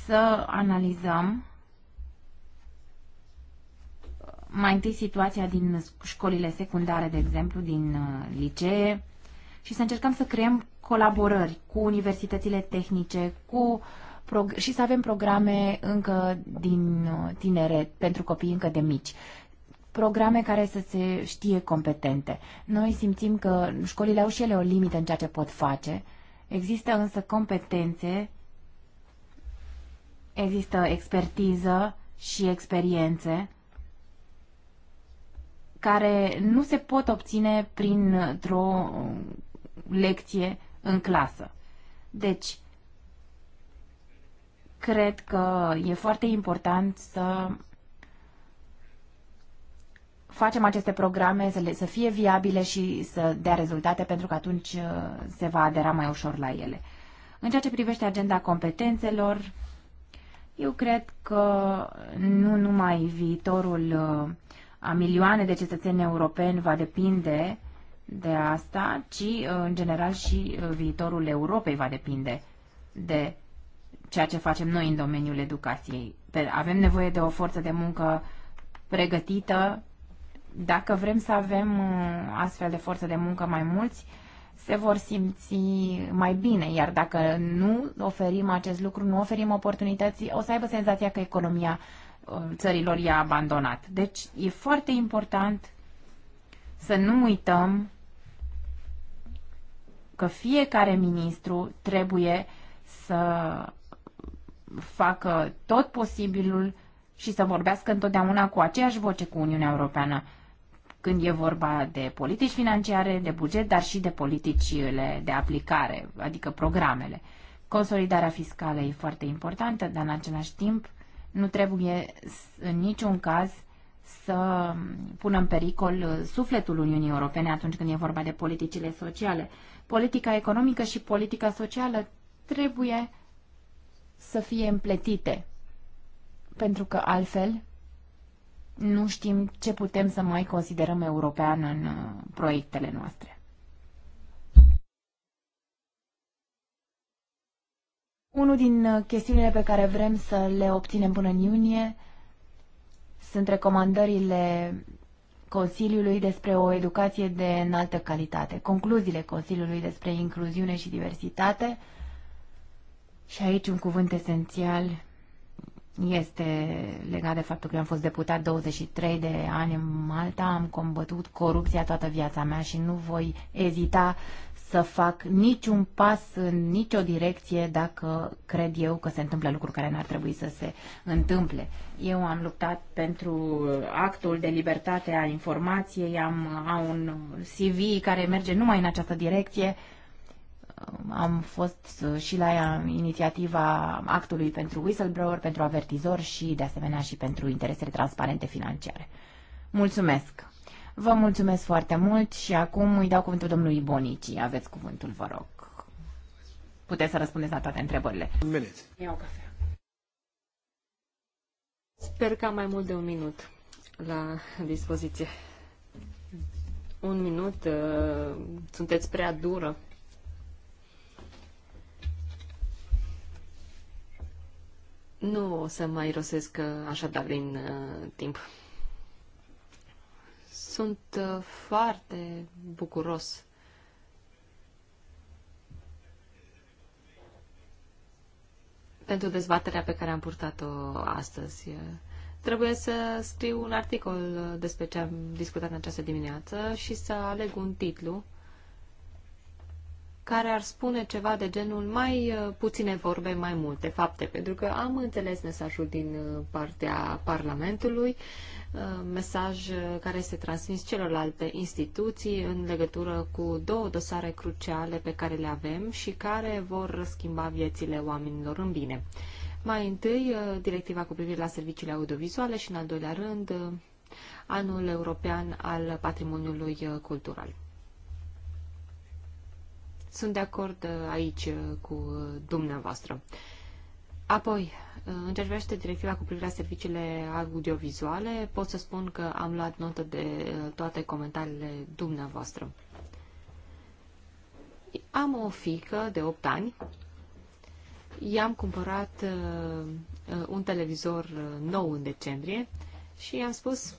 Speaker 3: să analizăm mai întâi situația din școlile secundare, de exemplu, din uh, licee și să încercăm să creăm colaborări cu universitățile tehnice, cu și să avem programe încă din uh, tineret pentru copii încă de mici programe care să se știe competente. Noi simțim că școlile au și ele o limită în ceea ce pot face. Există însă competențe, există expertiză și experiențe care nu se pot obține printr-o lecție în clasă. Deci, cred că e foarte important să facem aceste programe să, le, să fie viabile și să dea rezultate, pentru că atunci uh, se va adera mai ușor la ele. În ceea ce privește agenda competențelor, eu cred că nu numai viitorul uh, a milioane de cetățeni europeni va depinde de asta, ci uh, în general și viitorul Europei va depinde de ceea ce facem noi în domeniul educației. Avem nevoie de o forță de muncă pregătită dacă vrem să avem uh, astfel de forță de muncă mai mulți, se vor simți mai bine, iar dacă nu oferim acest lucru, nu oferim oportunități, o să aibă senzația că economia uh, țărilor i-a abandonat. Deci e foarte important să nu uităm că fiecare ministru trebuie să facă tot posibilul și să vorbească întotdeauna cu aceeași voce cu Uniunea Europeană când e vorba de politici financiare, de buget, dar și de politicile de aplicare, adică programele. Consolidarea fiscală e foarte importantă, dar în același timp nu trebuie în niciun caz să pună în pericol sufletul Uniunii Europene atunci când e vorba de politicile sociale. Politica economică și politica socială trebuie să fie împletite, pentru că altfel nu știm ce putem să mai considerăm european în uh, proiectele noastre. Unul din uh, chestiunile pe care vrem să le obținem până în iunie sunt recomandările Consiliului despre o educație de înaltă calitate, concluziile Consiliului despre incluziune și diversitate și aici un cuvânt esențial este legat de faptul că eu am fost deputat 23 de ani în Malta, am combătut corupția toată viața mea și nu voi ezita să fac niciun pas în nicio direcție dacă cred eu că se întâmplă lucruri care n-ar trebui să se întâmple. Eu am luptat pentru actul de libertate a informației, am, am un CV care merge numai în această direcție am fost uh, și la inițiativa actului pentru whistleblower, pentru avertizor și, de asemenea, și pentru interesele transparente financiare. Mulțumesc! Vă mulțumesc foarte mult și acum îi dau cuvântul domnului Bonici. Aveți cuvântul, vă rog. Puteți să răspundeți la toate întrebările.
Speaker 2: Un minut.
Speaker 4: Iau cafea. Sper că am mai mult de un minut la dispoziție. Un minut, uh, sunteți prea dură. Nu o să mai rosesc uh, așadar din uh, timp. Sunt uh, foarte bucuros pentru dezbaterea pe care am purtat-o astăzi. Uh, trebuie să scriu un articol uh, despre ce am discutat în această dimineață și să aleg un titlu care ar spune ceva de genul mai uh, puține vorbe, mai multe fapte, pentru că am înțeles mesajul din uh, partea Parlamentului, uh, mesaj care este transmis celorlalte instituții în legătură cu două dosare cruciale pe care le avem și care vor schimba viețile oamenilor în bine. Mai întâi, directiva cu privire la serviciile audiovizuale și, în al doilea rând, anul european al patrimoniului cultural. Sunt de acord uh, aici uh, cu uh, dumneavoastră. Apoi, în ce privește directiva cu privire la serviciile audiovizuale, pot să spun că am luat notă de toate comentariile dumneavoastră. Am o fică de 8 ani. I-am cumpărat un televizor nou în decembrie și i-am spus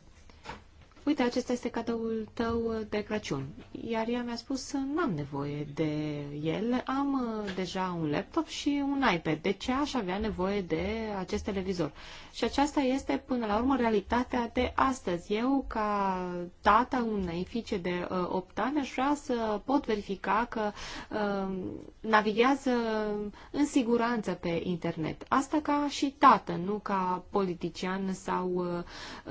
Speaker 4: uite, acesta este cadoul tău de Crăciun. Iar ea mi-a spus, n-am nevoie de el, am uh, deja un laptop și un iPad. De ce aș avea nevoie de acest televizor? Și aceasta este, până la urmă, realitatea de astăzi. Eu, ca tata unei fiice de uh, 8 ani, aș vrea să pot verifica că uh, navighează în siguranță pe internet. Asta ca și tată, nu ca politician sau uh,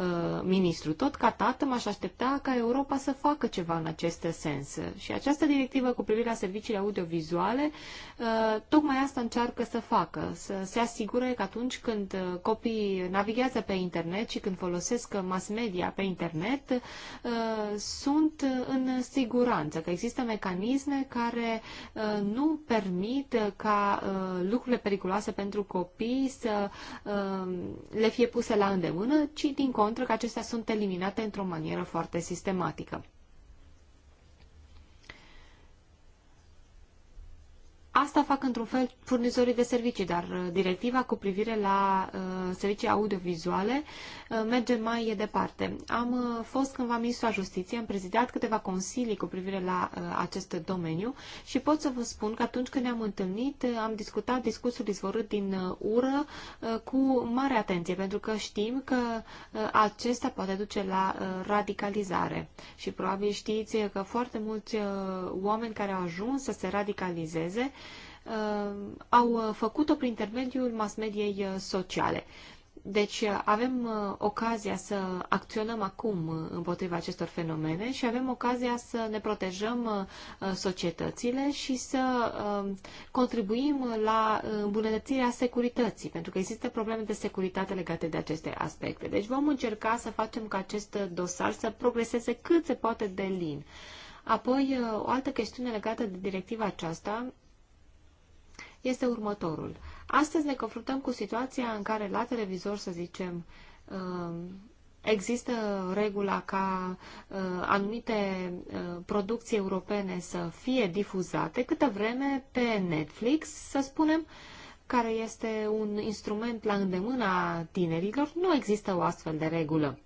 Speaker 4: uh ministru. Tot ca tată Totodată m-aș aștepta ca Europa să facă ceva în acest sens. Și această directivă cu privire la serviciile audiovizuale, uh, tocmai asta încearcă să facă, să se asigure că atunci când uh, copiii navighează pe internet și când folosesc mass media pe internet, uh, sunt în siguranță, că există mecanisme care nu permit ca lucrurile periculoase pentru copii să le fie puse la îndemână, ci din contră că acestea sunt eliminate într-o manieră foarte sistematică. Asta fac într-un fel furnizorii de servicii, dar uh, directiva cu privire la uh, servicii audiovizuale uh, merge mai departe. Am uh, fost cândva ministru a justiției, am prezidat câteva consilii cu privire la uh, acest domeniu și pot să vă spun că atunci când ne-am întâlnit am discutat discursul izvorât din ură cu mare atenție, pentru că știm că acesta poate duce la radicalizare. Și probabil știți că foarte mulți oameni care au ajuns să se radicalizeze, Uh, au uh, făcut-o prin intermediul mass mediei uh, sociale. Deci avem ocazia să acționăm acum împotriva acestor fenomene și avem ocazia să ne protejăm societățile și să contribuim la îmbunătățirea securității, pentru că există probleme de securitate legate de aceste aspecte. Deci vom încerca să facem ca acest dosar să progreseze cât se poate de lin. Apoi, o altă chestiune legată de directiva aceasta este următorul. Astăzi ne confruntăm cu situația în care la televizor, să zicem, um, există regula ca uh, anumite uh, producții europene să fie difuzate câtă vreme pe Netflix, să spunem, care este un instrument la îndemâna tinerilor, nu există o astfel de regulă.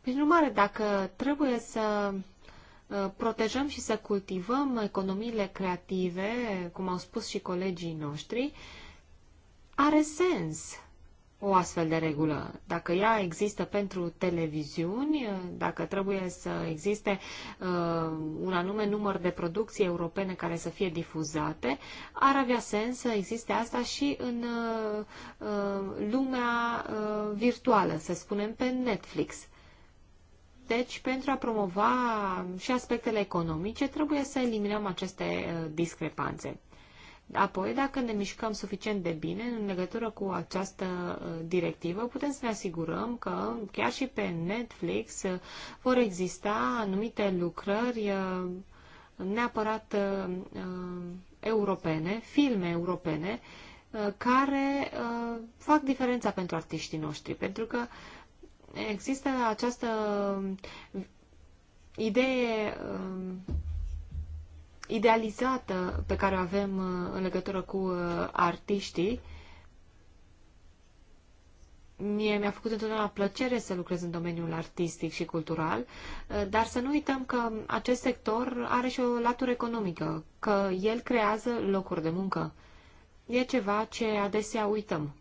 Speaker 4: Prin urmare, dacă trebuie să Uh, protejăm și să cultivăm economiile creative, cum au spus și colegii noștri, are sens o astfel de regulă. Dacă ea există pentru televiziuni, uh, dacă trebuie să existe uh, un anume număr de producții europene care să fie difuzate, ar avea sens să existe asta și în uh, uh lumea uh, virtuală, să spunem pe Netflix. Deci, pentru a promova și aspectele economice, trebuie să eliminăm aceste uh, discrepanțe. Apoi, dacă ne mișcăm suficient de bine în legătură cu această uh, directivă, putem să ne asigurăm că chiar și pe Netflix uh, vor exista anumite lucrări neapărat europene, filme europene, care fac diferența pentru artiștii noștri, pentru că uh, există această idee um, idealizată pe care o avem uh, în legătură cu uh, artiștii. Mie mi-a făcut întotdeauna plăcere să lucrez în domeniul artistic și cultural, uh, dar să nu uităm că acest sector are și o latură economică, că el creează locuri de muncă. E ceva ce adesea uităm.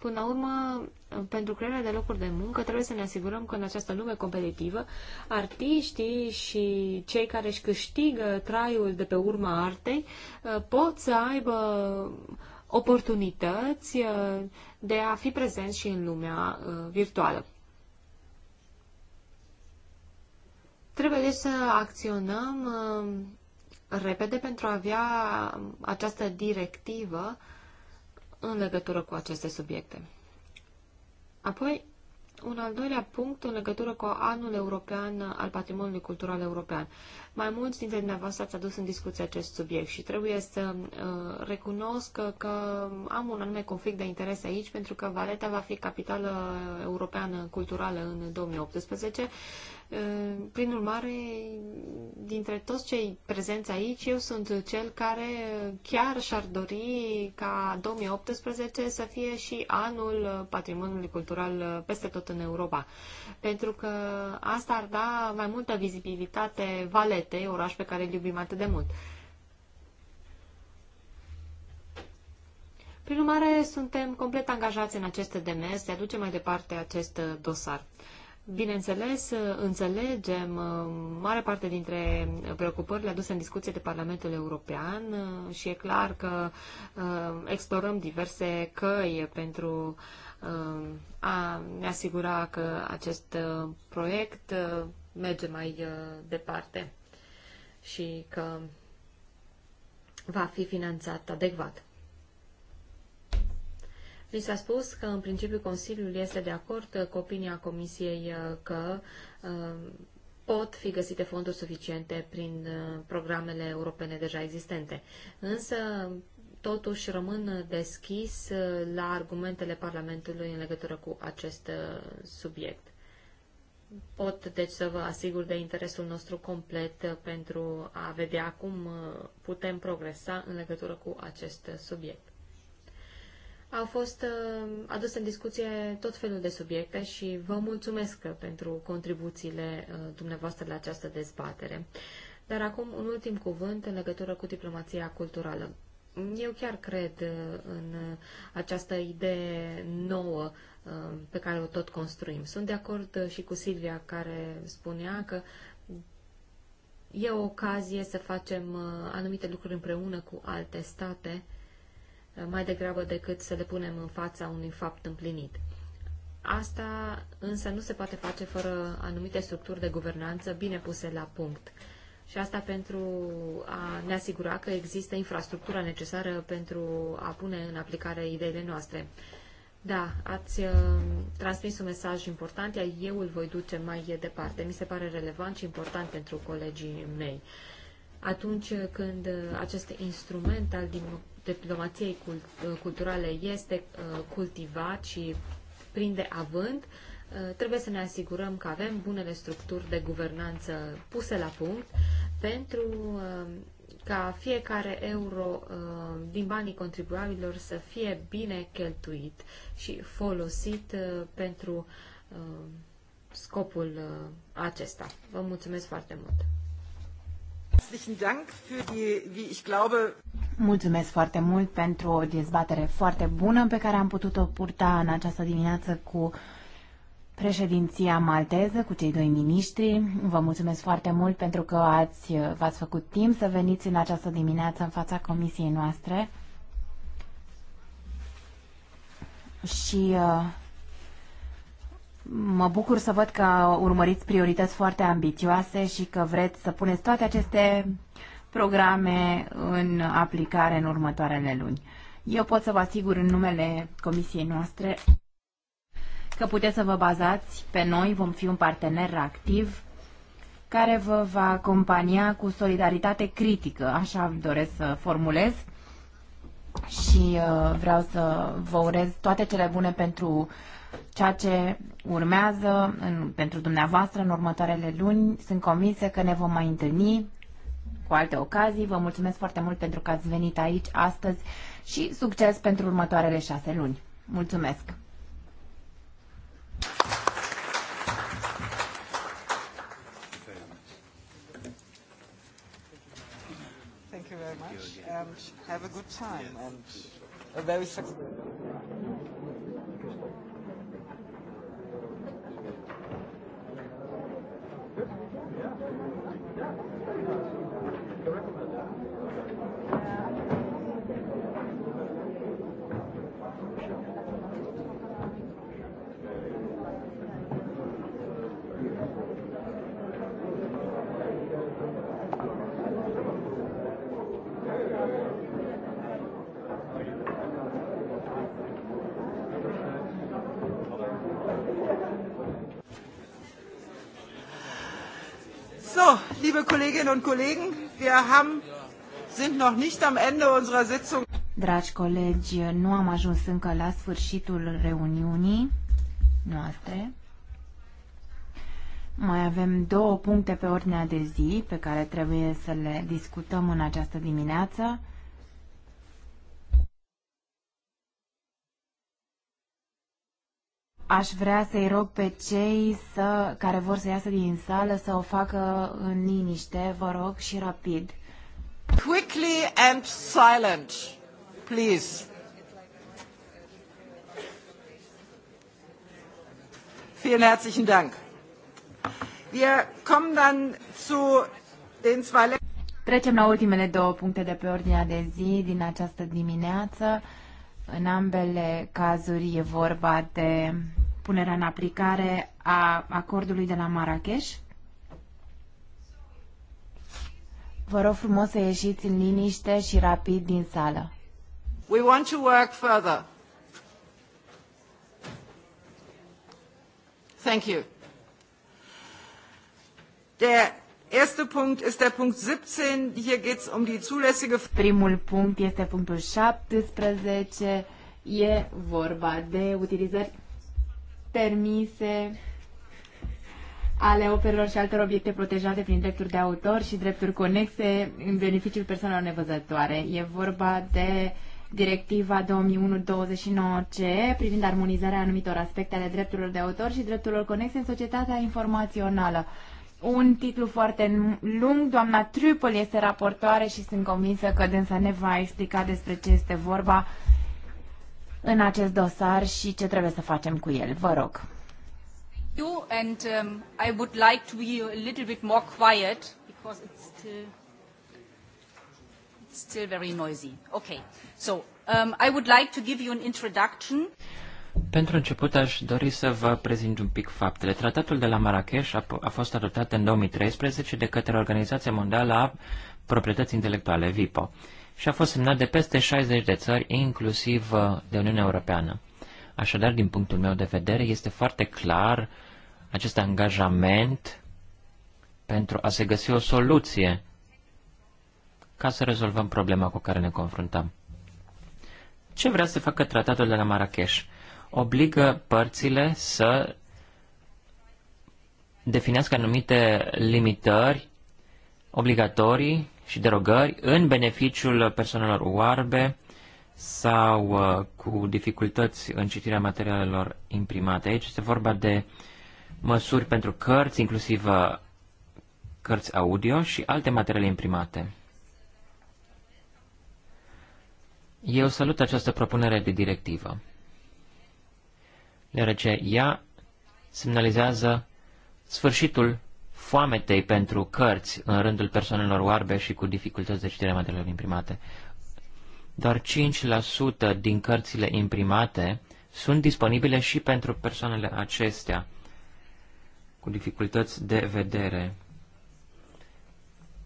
Speaker 4: Până la urmă, pentru crearea de locuri de muncă, trebuie să ne asigurăm că în această lume competitivă, artiștii și cei care își câștigă traiul de pe urma artei uh, pot să aibă oportunități uh, de a fi prezenți și în lumea uh, virtuală. Trebuie deci să acționăm repede pentru a avea această directivă uh, în legătură cu aceste subiecte. Apoi, un al doilea punct în legătură cu anul european al patrimoniului cultural european. Mai mulți dintre dumneavoastră ați adus în discuție acest subiect și trebuie să uh, recunosc că, că am un anume conflict de interese aici pentru că Valeta va fi capitală europeană culturală în 2018 prin urmare, dintre toți cei prezenți aici, eu sunt cel care chiar și-ar dori ca 2018 să fie și anul patrimoniului cultural peste tot în Europa. Pentru că asta ar da mai multă vizibilitate Valetei, oraș pe care îl iubim atât de mult. Prin urmare, suntem complet angajați în aceste demers de a duce mai departe acest dosar. Bineînțeles, înțelegem uh, mare parte dintre preocupările aduse în discuție de Parlamentul European uh, și e clar că uh, explorăm diverse căi pentru a ne asigura că acest proiect merge mai departe și că va fi finanțat adecvat. Li s-a spus că, în principiu, Consiliul este de acord cu opinia Comisiei uh, că uh, pot fi găsite fonduri suficiente prin uh, programele europene deja existente. Însă, totuși, rămân deschis la argumentele Parlamentului în legătură cu acest subiect. Pot, deci, să vă asigur de interesul nostru complet pentru a vedea cum putem progresa în legătură cu acest subiect. Au fost uh, aduse în discuție tot felul de subiecte și vă mulțumesc pentru contribuțiile uh, dumneavoastră la această dezbatere. Dar acum un ultim cuvânt în legătură cu diplomația culturală. Eu chiar cred uh, în această idee nouă pe care o tot construim. Sunt de acord și cu Silvia care spunea că e o ocazie să facem anumite lucruri împreună cu alte state mai degrabă decât să le punem în fața unui fapt împlinit. Asta însă nu se poate face fără anumite structuri de guvernanță bine puse la punct. Și asta pentru a ne asigura că există infrastructura necesară pentru a pune în aplicare ideile noastre. Da, ați uh, transmis un mesaj important, iar eu îl voi duce mai departe. Mi se pare relevant și important pentru colegii mei. Atunci când uh, acest instrument al diplomației uh, culturale este uh, cultivat și prinde avânt, uh, trebuie să ne asigurăm că avem bunele structuri de guvernanță puse la punct pentru ca fiecare euro din banii contribuabililor să fie bine cheltuit și folosit pentru scopul
Speaker 1: acesta. Vă mulțumesc foarte mult!
Speaker 3: Mulțumesc foarte mult pentru o dezbatere foarte bună pe care am putut-o purta în această dimineață cu președinția malteză, cu cei doi miniștri. Vă mulțumesc foarte mult pentru că ați, v-ați făcut timp să veniți în această dimineață în fața comisiei noastre. Și uh, Mă bucur să văd că urmăriți priorități foarte ambițioase și că vreți să puneți toate aceste programe în aplicare în următoarele luni. Eu pot să vă asigur în numele comisiei noastre că puteți să vă bazați pe noi, vom fi un partener activ care vă va acompania cu solidaritate critică, așa doresc să formulez și uh, vreau să vă urez toate cele bune pentru ceea ce urmează în, pentru dumneavoastră în următoarele luni. Sunt convinsă că ne vom mai întâlni cu alte ocazii. Vă mulțumesc foarte mult pentru că ați venit aici astăzi și succes pentru următoarele șase luni. Mulțumesc!
Speaker 1: Thank you very much and have a good time and a very successful Yeah. Kolleginnen und Kollegen, wir haben, sind
Speaker 3: noch nicht am Ende unserer Sitzung. Dragi colegi, nu am ajuns încă la sfârșitul reuniunii noastre. Mai avem două puncte pe ordinea de zi pe care trebuie să le discutăm în această dimineață. aș vrea să-i rog pe cei să, care vor să iasă din sală să o facă în liniște, vă rog, și rapid. Quickly
Speaker 1: and silent, please. Vielen herzlichen Dank. Wir kommen dann zu den zwei Trecem la ultimele două puncte de pe
Speaker 3: ordinea de zi din această dimineață. În ambele cazuri e vorba de punerea în aplicare a acordului de la Marrakesh. Vă rog frumos să ieșiți în liniște și rapid din sală.
Speaker 1: We want to work further. Thank you. Der erste Punkt ist der Punkt 17. Hier geht es um die zulässige...
Speaker 3: Primul punct este punctul 17. E vorba de utilizări permise ale operelor și altor obiecte protejate prin drepturi de autor și drepturi conexe în beneficiul persoanelor nevăzătoare. E vorba de Directiva 2001-29C privind armonizarea anumitor aspecte ale drepturilor de autor și drepturilor conexe în societatea informațională. Un titlu foarte lung, doamna Trupel este raportoare și sunt convinsă că dânsa ne va explica despre ce este vorba în acest dosar și ce trebuie să facem cu el. Vă rog.
Speaker 4: You and um, I would like to be a little bit more quiet because it's still it's still very noisy. Okay. So, um, I would like to give you an introduction.
Speaker 2: Pentru început aș dori să vă prezint un pic faptele. Tratatul de la Marrakesh a, a fost adoptat în 2013 de către Organizația Mondială a Proprietății Intelectuale, VIPO. Uh, și a fost semnat de peste 60 de țări, inclusiv uh, de Uniunea Europeană. Așadar, din punctul meu de vedere, este foarte clar acest angajament pentru a se găsi o soluție ca să rezolvăm problema cu care ne confruntăm. Ce vrea să facă tratatul de la Marrakesh? Obligă părțile să definească anumite limitări obligatorii și derogări în beneficiul persoanelor oarbe sau uh, cu dificultăți în citirea materialelor imprimate. Aici este vorba de măsuri pentru cărți, inclusiv uh, cărți audio și alte materiale imprimate. Eu salut această propunere de directivă, deoarece ea semnalizează sfârșitul foametei pentru cărți în rândul persoanelor oarbe și cu dificultăți de citire a materialelor imprimate. Doar 5% din cărțile imprimate sunt disponibile și pentru persoanele acestea cu dificultăți de vedere.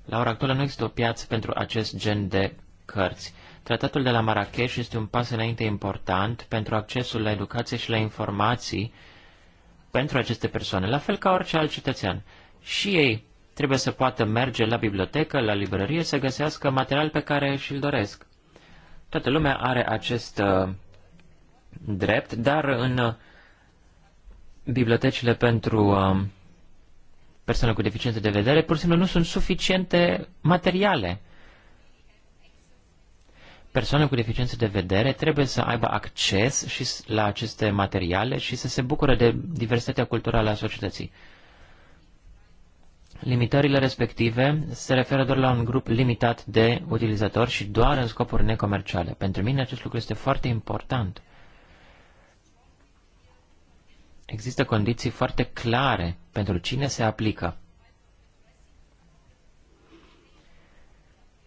Speaker 2: La ora actuală nu există o piață pentru acest gen de cărți. Tratatul de la Marrakesh este un pas înainte important pentru accesul la educație și la informații pentru aceste persoane, la fel ca orice alt cetățean și ei trebuie să poată merge la bibliotecă, la librărie, să găsească material pe care și-l doresc. Toată lumea are acest uh, drept, dar în uh, bibliotecile pentru uh, persoane cu deficiențe de vedere, pur și simplu nu sunt suficiente materiale. Persoane cu deficiențe de vedere trebuie să aibă acces și la aceste materiale și să se bucure de diversitatea culturală a societății. Limitările respective se referă doar la un grup limitat de utilizatori și doar în scopuri necomerciale. Pentru mine acest lucru este foarte important. Există condiții foarte clare pentru cine se aplică.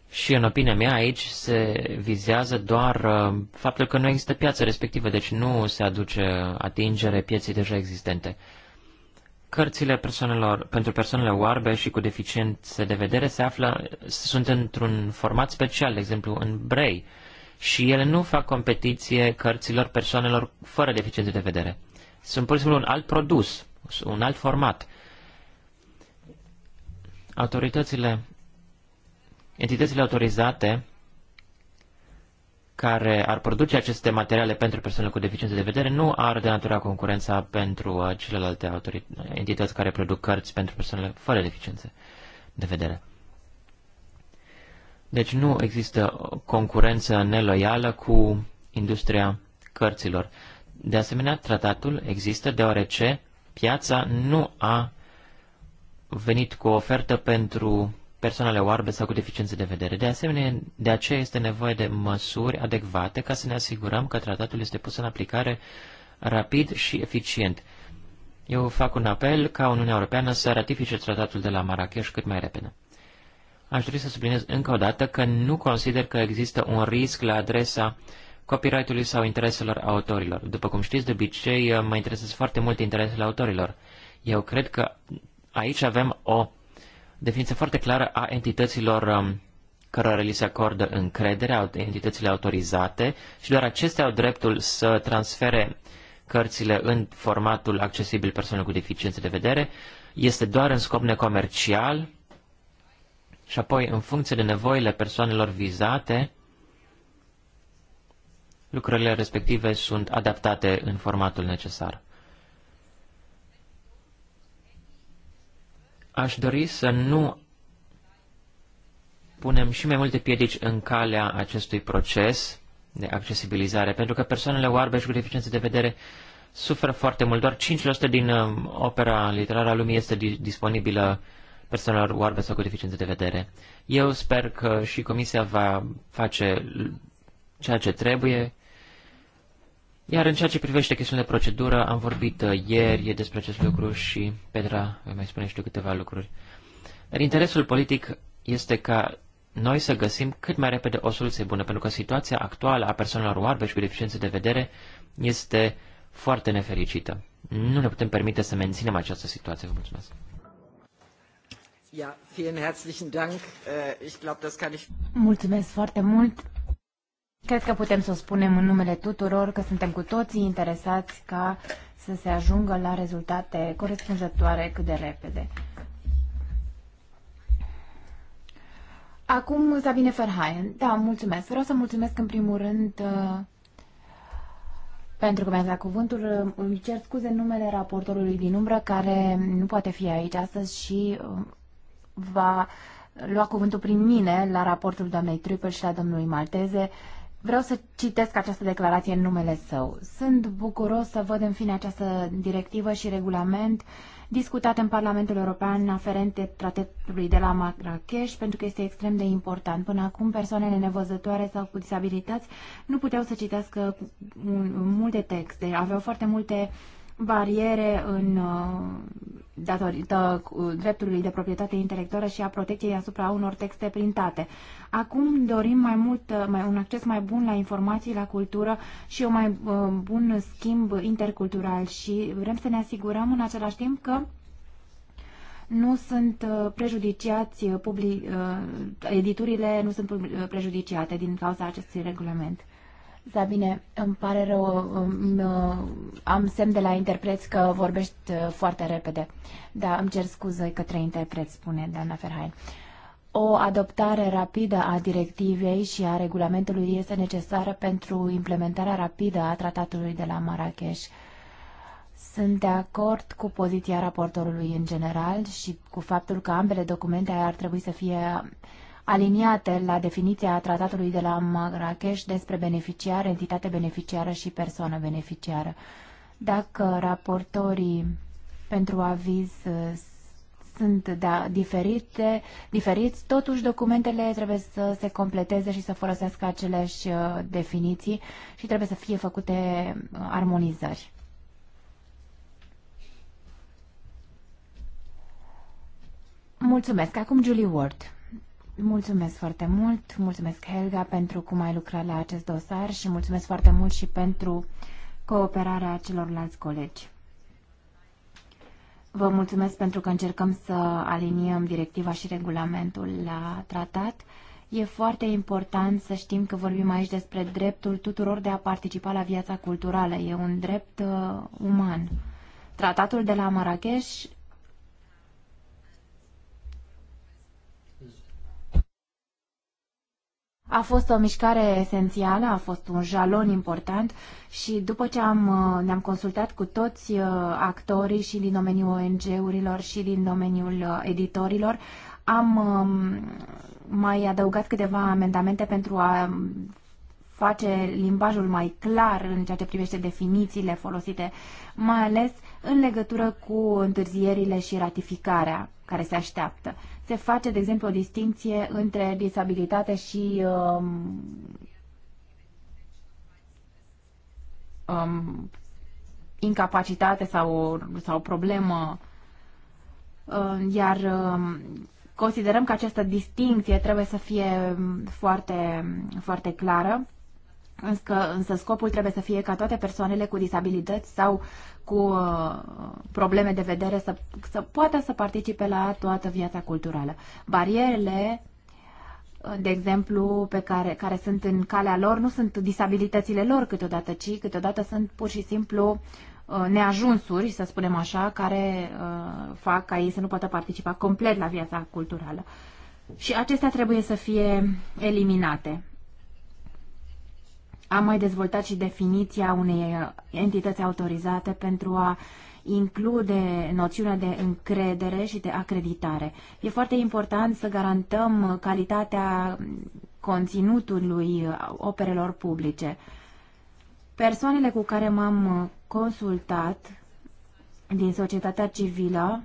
Speaker 2: Și în opinia mea aici se vizează doar uh, faptul că nu există piață respectivă, deci nu se aduce atingere pieței deja existente. Cărțile persoanelor, pentru persoanele oarbe și cu deficiențe de vedere se află, sunt într-un format special, de exemplu în Braille, și ele nu fac competiție cărților persoanelor fără deficiențe de vedere. Sunt pur și simplu un alt produs, un alt format. Autoritățile, entitățile autorizate care ar produce aceste materiale pentru persoanele cu deficiențe de vedere nu ar denatura concurența pentru uh, celelalte entități care produc cărți pentru persoanele fără deficiențe de vedere. Deci nu există concurență neloială cu industria cărților. De asemenea, tratatul există deoarece piața nu a venit cu o ofertă pentru persoanele oarbe sau cu deficiențe de vedere. De asemenea, de aceea este nevoie de măsuri adecvate ca să ne asigurăm că tratatul este pus în aplicare rapid și eficient. Eu fac un apel ca Uniunea Europeană să ratifice tratatul de la Marrakesh cât mai repede. Aș dori să subliniez încă o dată că nu consider că există un risc la adresa copyright-ului sau intereselor autorilor. După cum știți, de obicei mă interesează foarte mult interesele autorilor. Eu cred că aici avem o definiție foarte clară a entităților um, cărora li se acordă încredere, entitățile autorizate și doar acestea au dreptul să transfere cărțile în formatul accesibil persoanelor cu deficiențe de vedere, este doar în scop necomercial și apoi în funcție de nevoile persoanelor vizate, lucrările respective sunt adaptate în formatul necesar. Aș dori să nu punem și mai multe piedici în calea acestui proces de accesibilizare, pentru că persoanele oarbe și cu deficiențe de vedere suferă foarte mult. Doar 5% din um, opera literară a lumii este disponibilă persoanelor oarbe sau cu deficiențe de vedere. Eu sper că și Comisia va face ceea ce trebuie iar în ceea ce privește chestiunea de procedură, am vorbit uh, ieri despre acest lucru și Petra îi mai spune și tu câteva lucruri. Dar interesul politic este ca noi să găsim cât mai repede o soluție bună, pentru că situația actuală a persoanelor oarbe și cu deficiențe de vedere este foarte nefericită. Nu ne putem permite să menținem această situație. Vă mulțumesc.
Speaker 1: Äh,
Speaker 3: mulțumesc foarte mult. Cred că putem să o spunem în numele tuturor că suntem cu toții interesați ca să se ajungă la rezultate corespunzătoare cât de repede. Acum, Sabine Ferhaien. Da, mulțumesc. Vreau să mulțumesc în primul rând uh, pentru că mi a dat cuvântul. Uh, îmi cer scuze numele raportorului din umbră care nu poate fi aici astăzi și uh, va lua cuvântul prin mine la raportul doamnei Trupel și la domnului Malteze. Uh, Vreau să citesc această declarație în numele său. Sunt bucuros să văd în fine această directivă și regulament discutate în Parlamentul European aferente tratatului de la Marrakesh, pentru că este extrem de important. Până acum, persoanele nevăzătoare sau cu disabilități nu puteau să citească multe texte, aveau foarte multe uh, bariere în uh, datorită uh, dreptului de proprietate intelectuală și a protecției asupra unor texte printate. Acum dorim mai mult, uh, mai, un acces mai bun la informații, la cultură și un mai bun schimb intercultural și vrem să ne asigurăm în același timp că nu sunt prejudiciați public, editurile, nu sunt prejudiciate din cauza acestui regulament. Da, bine, îmi pare rău, uh, am semn de la interpreți că vorbești uh, foarte repede. Da, îmi cer scuze către interpreți, spune Dana Ferhain. O adoptare rapidă a directivei și a regulamentului este necesară pentru implementarea rapidă a tratatului de la Marrakesh. Sunt de acord cu poziția raportorului în general și cu faptul că ambele documente ar trebui să fie aliniate la definiția tratatului de la Marrakesh despre beneficiar, entitate beneficiară și persoană beneficiară. Dacă raportorii pentru aviz uh, sunt da, diferite, diferiți, totuși documentele trebuie să se completeze și să folosească aceleași uh, definiții și trebuie să fie făcute uh, armonizări. Mulțumesc. Acum Julie Ward. Mulțumesc foarte mult, mulțumesc Helga pentru cum ai lucrat la acest dosar și mulțumesc foarte mult și pentru cooperarea celorlalți colegi. Vă mulțumesc pentru că încercăm să aliniem directiva și regulamentul la tratat. E foarte important să știm că vorbim aici despre dreptul tuturor de a participa la viața culturală. E un drept uh, uman. Tratatul de la Marrakesh A fost o mișcare esențială, a fost un jalon important și după ce am, uh, ne-am consultat cu toți uh, actorii și din domeniul ONG-urilor și din domeniul uh, editorilor, am um, mai adăugat câteva amendamente pentru a um, face limbajul mai clar în ceea ce privește definițiile folosite, mai ales în legătură cu întârzierile și ratificarea care se așteaptă se face, de exemplu, o distinție între disabilitate și um, um, incapacitate sau, sau problemă, Um, iar um, considerăm că această distinție trebuie să fie foarte, foarte clară Însă, însă scopul trebuie să fie ca toate persoanele cu disabilități sau cu uh, probleme de vedere să, să poată să participe la toată viața culturală. Barierele, uh, de exemplu, pe care, care sunt în calea lor, nu sunt disabilitățile lor câteodată, ci câteodată sunt pur și simplu uh, neajunsuri, să spunem așa, care uh, fac ca ei să nu poată participa complet la viața culturală. Și acestea trebuie să fie eliminate. Am mai dezvoltat și definiția unei entități autorizate pentru a include noțiunea de încredere și de acreditare. E foarte important să garantăm calitatea conținutului operelor publice. Persoanele cu care m-am consultat din societatea civilă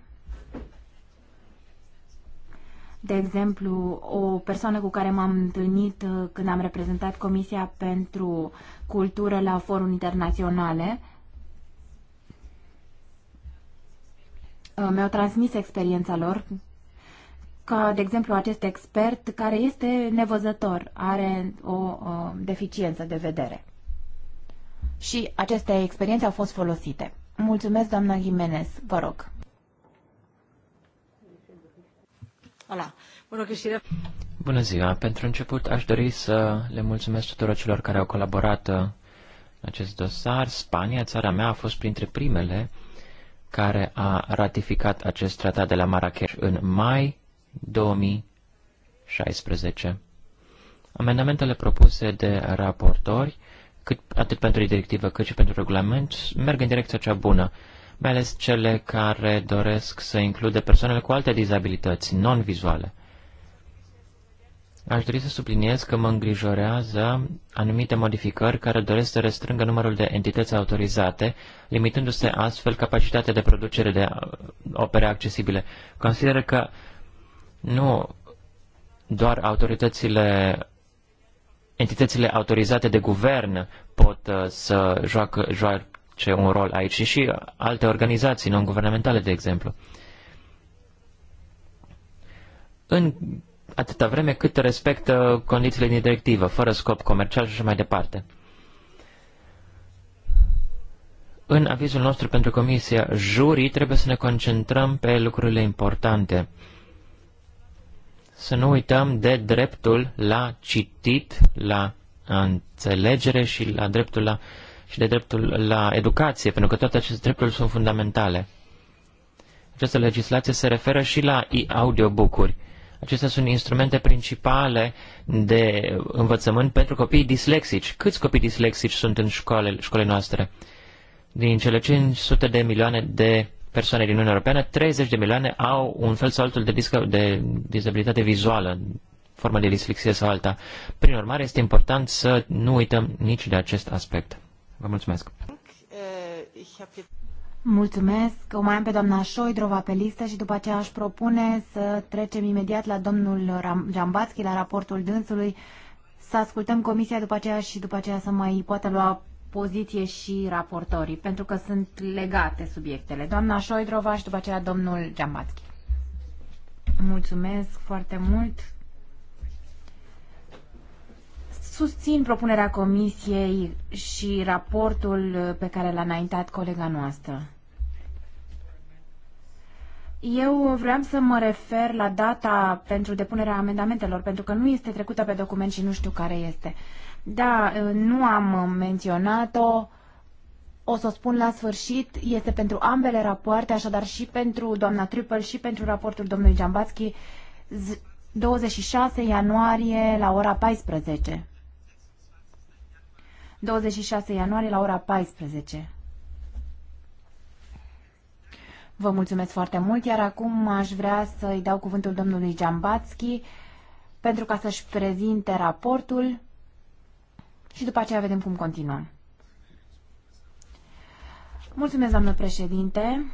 Speaker 3: de exemplu, o persoană cu care m-am întâlnit uh, când am reprezentat Comisia pentru Cultură la forum internaționale, uh, mi-au transmis experiența lor, ca, de exemplu, acest expert care este nevăzător, are o, o uh, deficiență de vedere. Și aceste experiențe au fost folosite. Mulțumesc, doamna Jimenez, vă rog.
Speaker 4: Bună, Cristina.
Speaker 2: Bună ziua! Pentru început aș dori să le mulțumesc tuturor celor care au colaborat uh, în acest dosar. Spania, țara mea, a fost printre primele care a ratificat acest tratat de la Marrakech în mai 2016. Amendamentele propuse de raportori, cât, atât pentru directivă cât și pentru regulament, merg în direcția cea bună mai ales cele care doresc să includă persoanele cu alte dizabilități non-vizuale. Aș dori să subliniez că mă îngrijorează anumite modificări care doresc să restrângă numărul de entități autorizate, limitându-se astfel capacitatea de producere de uh, opere accesibile. Consider că nu doar autoritățile, entitățile autorizate de guvern pot uh, să joacă, joacă joace un rol aici și, și alte organizații non-guvernamentale, de exemplu. În atâta vreme cât respectă condițiile din directivă, fără scop comercial și așa mai departe. În avizul nostru pentru Comisia Jurii trebuie să ne concentrăm pe lucrurile importante. Să nu uităm de dreptul la citit, la înțelegere și la dreptul la și de dreptul la educație, pentru că toate aceste drepturi sunt fundamentale. Această legislație se referă și la audiobook-uri. Acestea sunt instrumente principale de învățământ pentru copiii dislexici. Câți copii dislexici sunt în școale, școlile noastre? Din cele 500 de milioane de persoane din Uniunea Europeană, 30 de milioane au un fel sau altul de, disc- de dizabilitate vizuală, formă de dislexie sau alta. Prin urmare, este important să nu uităm nici de acest aspect. Vă mulțumesc!
Speaker 3: Mulțumesc! O mai am pe doamna Șoidrova pe listă și după aceea aș propune să trecem imediat la domnul Jambatski, la raportul dânsului, să ascultăm comisia după aceea și după aceea să mai poată lua poziție și raportorii, pentru că sunt legate subiectele. Doamna Șoidrova și după aceea domnul Jambatski. Mulțumesc foarte mult, Susțin propunerea comisiei și raportul pe care l-a înaintat colega noastră. Eu vreau să mă refer la data pentru depunerea amendamentelor, pentru că nu este trecută pe document și nu știu care este. Da, nu am menționat-o, o să o spun la sfârșit, este pentru ambele rapoarte, așadar și pentru doamna Triple și pentru raportul domnului Giambatski, 26 ianuarie la ora 14. 26 ianuarie la ora 14. Vă mulțumesc foarte mult, iar acum aș vrea să-i dau cuvântul domnului Giambatski pentru ca să-și prezinte raportul și după aceea vedem cum continuăm. Mulțumesc, doamnă președinte.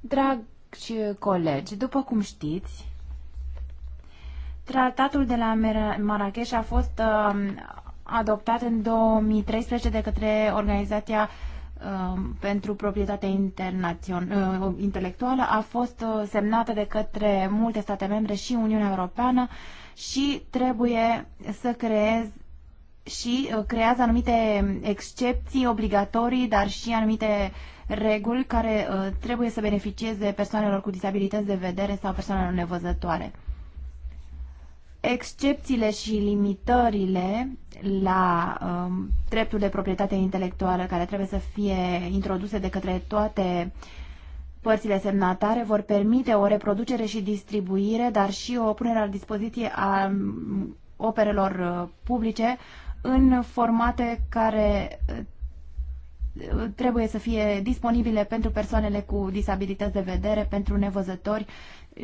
Speaker 3: Dragi colegi, după cum știți, Tratatul de la Marrakesh a fost uh, adoptat în 2013 de către Organizația uh, pentru proprietatea uh, intelectuală a fost uh, semnată de către multe state membre și Uniunea Europeană și trebuie să creez și uh, creează anumite excepții obligatorii, dar și anumite reguli care uh, trebuie să beneficieze persoanelor cu disabilități de vedere sau persoanelor nevăzătoare excepțiile și limitările la um, dreptul de proprietate intelectuală care trebuie să fie introduse de către toate părțile semnatare vor permite o reproducere și distribuire, dar și o punere la dispoziție a um, operelor uh, publice în formate care uh, trebuie să fie disponibile pentru persoanele cu disabilități de vedere, pentru nevăzători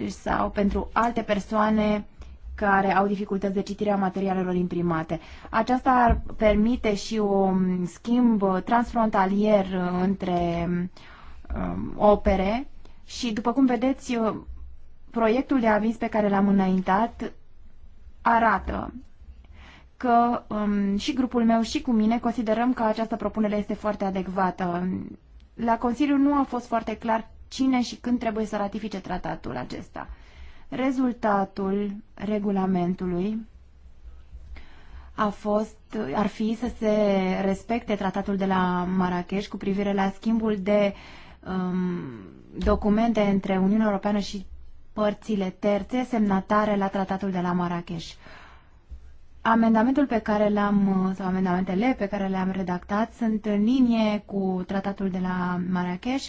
Speaker 3: uh, sau pentru alte persoane care au dificultăți de citire a materialelor imprimate. Aceasta ar permite și o um, schimb transfrontalier uh, între um, opere și, după cum vedeți, uh, proiectul de aviz pe care l-am înaintat arată că um, și grupul meu și cu mine considerăm că această propunere este foarte adecvată. La Consiliu nu a fost foarte clar cine și când trebuie să ratifice tratatul acesta. Rezultatul regulamentului a fost, ar fi să se respecte tratatul de la Marrakesh cu privire la schimbul de um, documente între Uniunea Europeană și părțile terțe semnatare la tratatul de la Marrakesh. Amendamentul pe care l-am, sau amendamentele pe care le-am redactat sunt în linie cu tratatul de la Marrakesh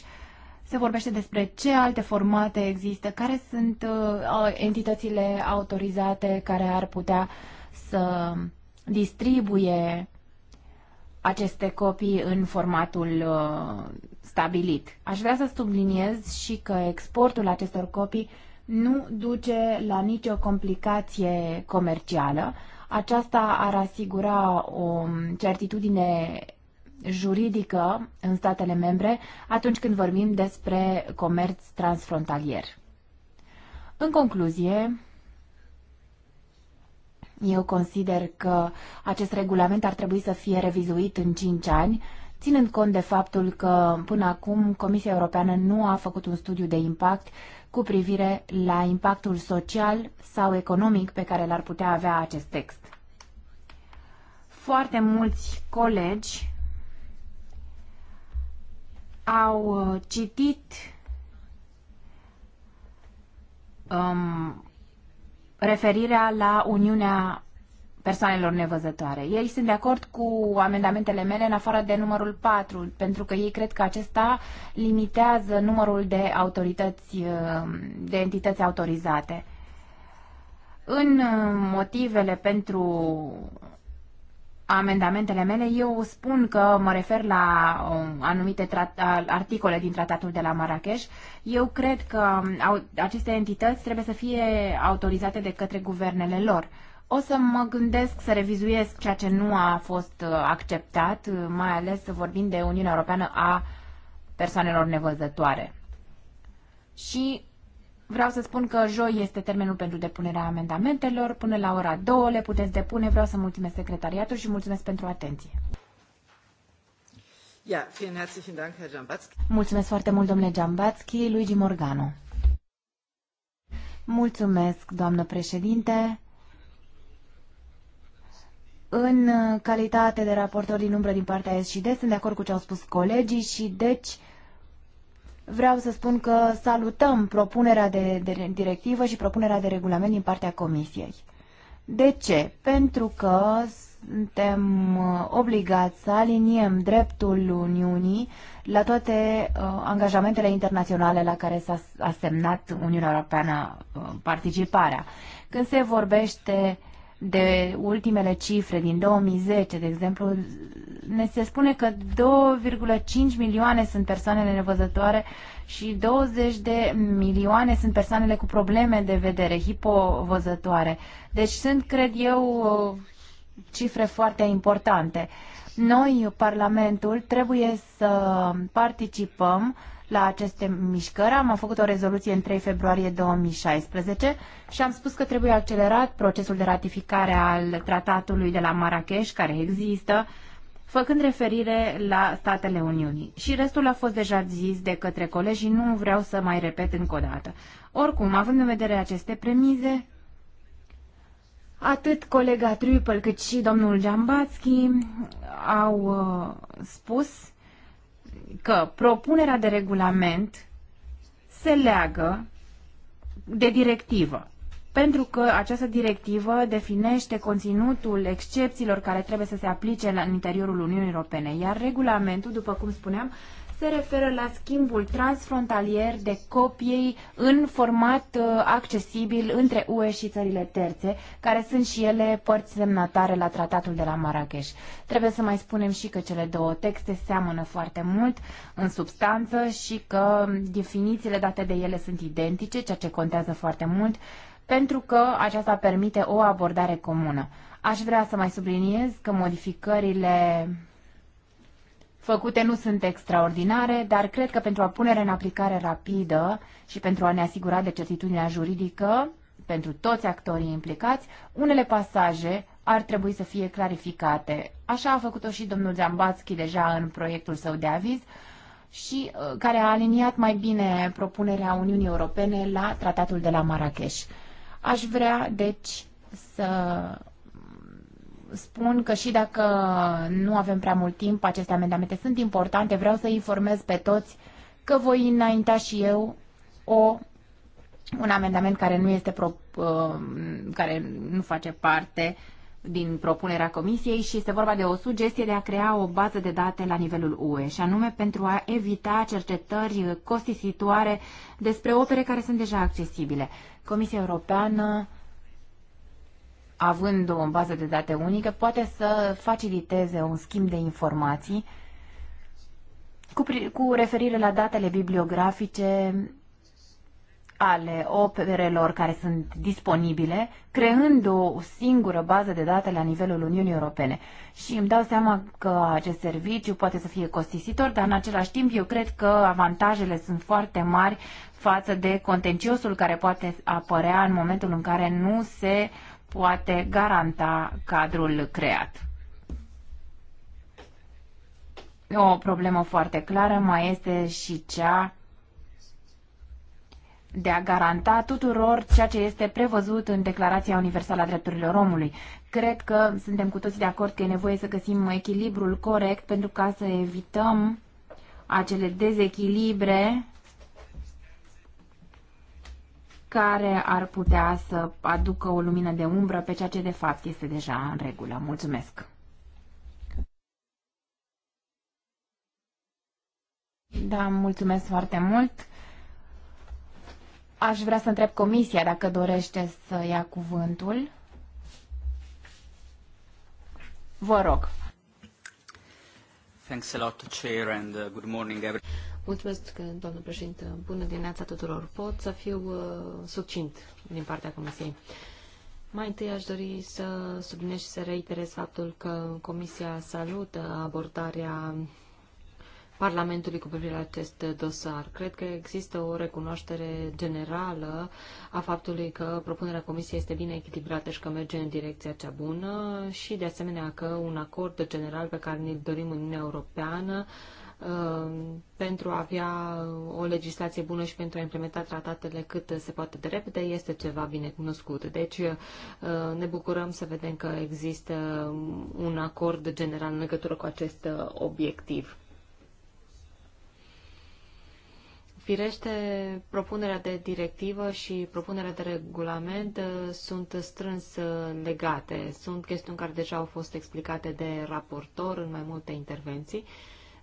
Speaker 3: se vorbește despre ce alte formate există, care sunt uh, entitățile autorizate care ar putea să distribuie aceste copii în formatul uh, stabilit. Aș vrea să subliniez și că exportul acestor copii nu duce la nicio complicație comercială. Aceasta ar asigura o certitudine juridică în statele membre atunci când vorbim despre comerț transfrontalier. În concluzie, eu consider că acest regulament ar trebui să fie revizuit în 5 ani, ținând cont de faptul că până acum Comisia Europeană nu a făcut un studiu de impact cu privire la impactul social sau economic pe care l-ar putea avea acest text. Foarte mulți colegi au uh, citit um, referirea la Uniunea persoanelor nevăzătoare. Ei sunt de acord cu amendamentele mele în afară de numărul 4, pentru că ei cred că acesta limitează numărul de autorități, uh, de entități autorizate. În uh, motivele pentru amendamentele mele, eu spun că mă refer la um, anumite articole din tratatul de la Marrakesh. Eu cred că um, aceste entități trebuie să fie autorizate de către guvernele lor. O să mă gândesc să revizuiesc ceea ce nu a fost uh, acceptat, uh, mai ales vorbind de Uniunea Europeană a persoanelor nevăzătoare. Și Vreau să spun că joi este termenul pentru depunerea amendamentelor. Până la ora 2 le puteți depune. Vreau să mulțumesc secretariatul și mulțumesc pentru atenție.
Speaker 1: Ja, vielen herzlichen Dank, Herr Mulțumesc
Speaker 3: foarte mult, domnule Jambatski. Luigi Morgano. Mulțumesc, doamnă președinte. În calitate de raportor din umbră din partea SD, sunt de acord cu ce au spus colegii și deci Vreau să spun că salutăm propunerea de, de directivă și propunerea de regulament din partea Comisiei. De ce? Pentru că suntem uh, obligați să aliniem dreptul Uniunii la toate uh, angajamentele internaționale la care s-a asemnat Uniunea Europeană uh, participarea. Când se vorbește uh, de ultimele cifre din 2010, de exemplu, ne se spune că 2,5 milioane sunt persoanele nevăzătoare și 20 de milioane sunt persoanele cu probleme de vedere, hipovăzătoare. Deci sunt, cred eu, cifre foarte importante. Noi, Parlamentul, trebuie să participăm la aceste mișcări. Am făcut o rezoluție în 3 februarie 2016 și am spus că trebuie accelerat procesul de ratificare al tratatului de la Marrakesh, care există, făcând referire la Statele Uniunii. Și restul a fost deja zis de către colegi nu vreau să mai repet încă o dată. Oricum, având în vedere aceste premize, atât colega Trupel cât și domnul Giambatski au uh, spus că propunerea de regulament se leagă de directivă, pentru că această directivă definește conținutul excepțiilor care trebuie să se aplice în interiorul Uniunii Europene, iar regulamentul, după cum spuneam, se referă la schimbul transfrontalier de copii în format uh, accesibil între UE și țările terțe, care sunt și ele părți semnatare la tratatul de la Marrakesh. Trebuie să mai spunem și că cele două texte seamănă foarte mult în substanță și că definițiile date de ele sunt identice, ceea ce contează foarte mult, pentru că aceasta permite o abordare comună. Aș vrea să mai subliniez că modificările făcute nu sunt extraordinare, dar cred că pentru a punere în aplicare rapidă și pentru a ne asigura de certitudinea juridică pentru toți actorii implicați, unele pasaje ar trebui să fie clarificate. Așa a făcut-o și domnul Zambatski deja în proiectul său de aviz și uh, care a aliniat mai bine propunerea Uniunii Europene la tratatul de la Marrakesh. Aș vrea, deci, să spun că și dacă nu avem prea mult timp, aceste amendamente sunt importante. Vreau să informez pe toți că voi înainta și eu o, un amendament care nu este pro, uh, care nu face parte din propunerea comisiei și este vorba de o sugestie de a crea o bază de date la nivelul UE și anume pentru a evita cercetări costisitoare despre opere care sunt deja accesibile. Comisia Europeană având o bază de date unică, poate să faciliteze un schimb de informații cu, cu referire la datele bibliografice ale operelor care sunt disponibile, creând o singură bază de date la nivelul Uniunii Europene. Și îmi dau seama că acest serviciu poate să fie costisitor, dar în același timp eu cred că avantajele sunt foarte mari față de contenciosul care poate apărea în momentul în care nu se uh, poate garanta cadrul creat. O problemă foarte clară mai este și cea de a garanta tuturor ceea ce este prevăzut în Declarația Universală a Drepturilor Omului. Cred că suntem cu toții de acord că e nevoie să găsim echilibrul corect pentru ca să evităm acele dezechilibre care ar putea să aducă o lumină de umbră pe ceea ce de fapt este deja în regulă. Mulțumesc! Da, mulțumesc foarte mult! Aș vrea să întreb comisia dacă dorește să ia cuvântul.
Speaker 4: Vă rog!
Speaker 2: Thanks a lot, Chair, and uh, good morning, everyone.
Speaker 4: Mulțumesc, doamnă președinte. Bună dimineața tuturor. Pot să fiu uh, succint din partea Comisiei. Mai întâi aș dori să subliniez și să reiterez faptul că Comisia salută abordarea Parlamentului cu privire la acest dosar. Cred că există o recunoaștere generală a faptului că propunerea Comisiei este bine echilibrată și că merge în direcția cea bună și, de asemenea, că un acord general pe care ne-l dorim în Uniunea Europeană uh, Um, pentru a avea o legislație bună și pentru a implementa tratatele cât se poate de repede este ceva bine cunoscut. Deci uh, ne bucurăm să vedem că există un acord general în legătură cu acest uh, obiectiv. Firește, propunerea de directivă și propunerea de regulament uh, sunt strâns legate. Sunt chestiuni care deja au fost explicate de raportor în mai multe intervenții.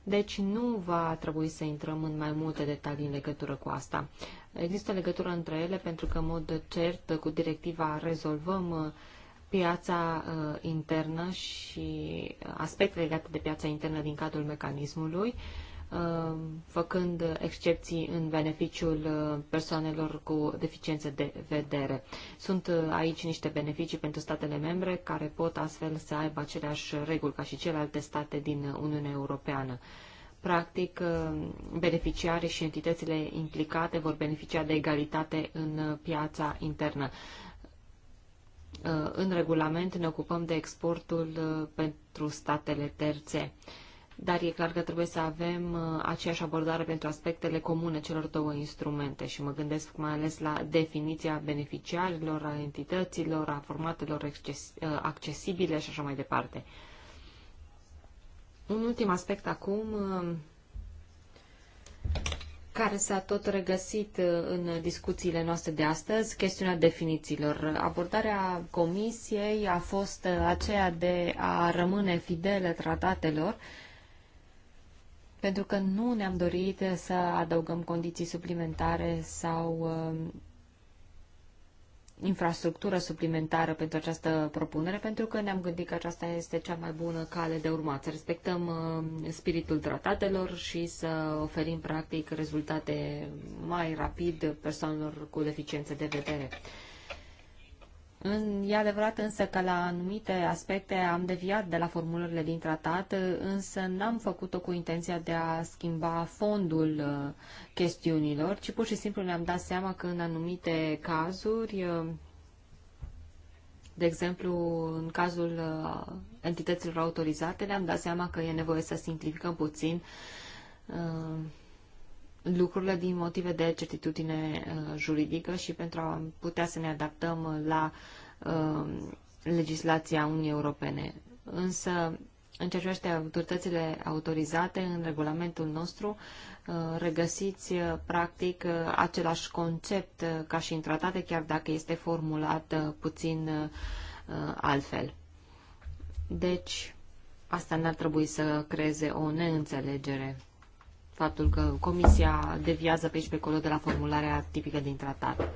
Speaker 4: Deci nu va trebui să intrăm în mai multe detalii în legătură cu asta. Există legătură între ele pentru că, în mod cert, cu directiva rezolvăm uh, piața uh, internă și uh, aspecte legate de piața internă din cadrul mecanismului. Uh, făcând excepții în beneficiul uh, persoanelor cu deficiențe de vedere. Sunt uh, aici niște beneficii pentru statele membre care pot astfel să aibă aceleași reguli ca și celelalte state din Uniunea Europeană. Practic, beneficiarii și entitățile implicate vor beneficia de egalitate în piața internă. În regulament ne ocupăm de exportul pentru statele terțe dar e clar că trebuie să avem uh, aceeași abordare pentru aspectele comune celor două instrumente și mă gândesc mai ales la definiția beneficiarilor, a entităților, a formatelor uh, accesibile și așa mai departe. Un ultim aspect acum uh, care s-a tot regăsit în discuțiile noastre de astăzi, chestiunea definițiilor. Abordarea comisiei a fost aceea de a rămâne fidelă tratatelor pentru că nu ne-am dorit să adăugăm condiții suplimentare sau um, infrastructură suplimentară pentru această propunere, pentru că ne-am gândit că aceasta este cea mai bună cale de urmat, să respectăm um, spiritul tratatelor și să oferim, practic, rezultate mai rapid persoanelor cu deficiențe de vedere. În, e adevărat însă că la anumite aspecte am deviat de la formulările din tratat, însă n-am făcut-o cu intenția de a schimba fondul uh, chestiunilor, ci pur și simplu ne-am dat seama că în anumite cazuri, uh, de exemplu în cazul uh, entităților autorizate, ne-am dat seama că e nevoie să simplificăm puțin lucrurile din motive de certitudine uh, juridică și pentru a putea să ne adaptăm la uh, legislația unii Europene. Însă, în ceea ce privește autoritățile autorizate, în regulamentul nostru uh, regăsiți practic același concept ca și în tratate, chiar dacă este formulat puțin altfel. Deci, asta n-ar trebui să creeze o neînțelegere faptul că Comisia deviază pe aici pe acolo de la formularea tipică din tratat.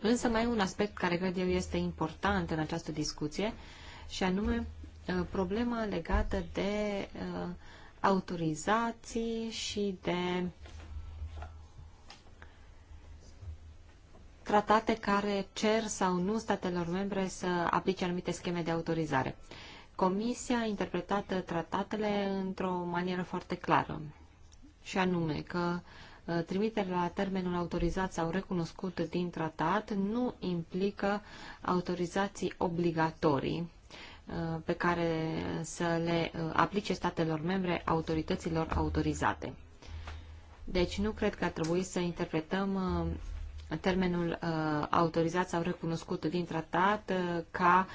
Speaker 4: Însă mai e un aspect care cred eu este important în această discuție și anume uh, problema legată de uh, autorizații și de tratate care cer sau nu statelor membre să aplice anumite scheme de autorizare. Uh, Comisia a interpretat tratatele într-o manieră foarte clară, și anume că uh, trimiterea la termenul autorizat sau recunoscut din tratat nu implică autorizații obligatorii uh, pe care să le uh, aplice statelor membre autorităților autorizate. Deci nu cred că ar trebui să interpretăm termenul autorizat sau recunoscut din tratat ca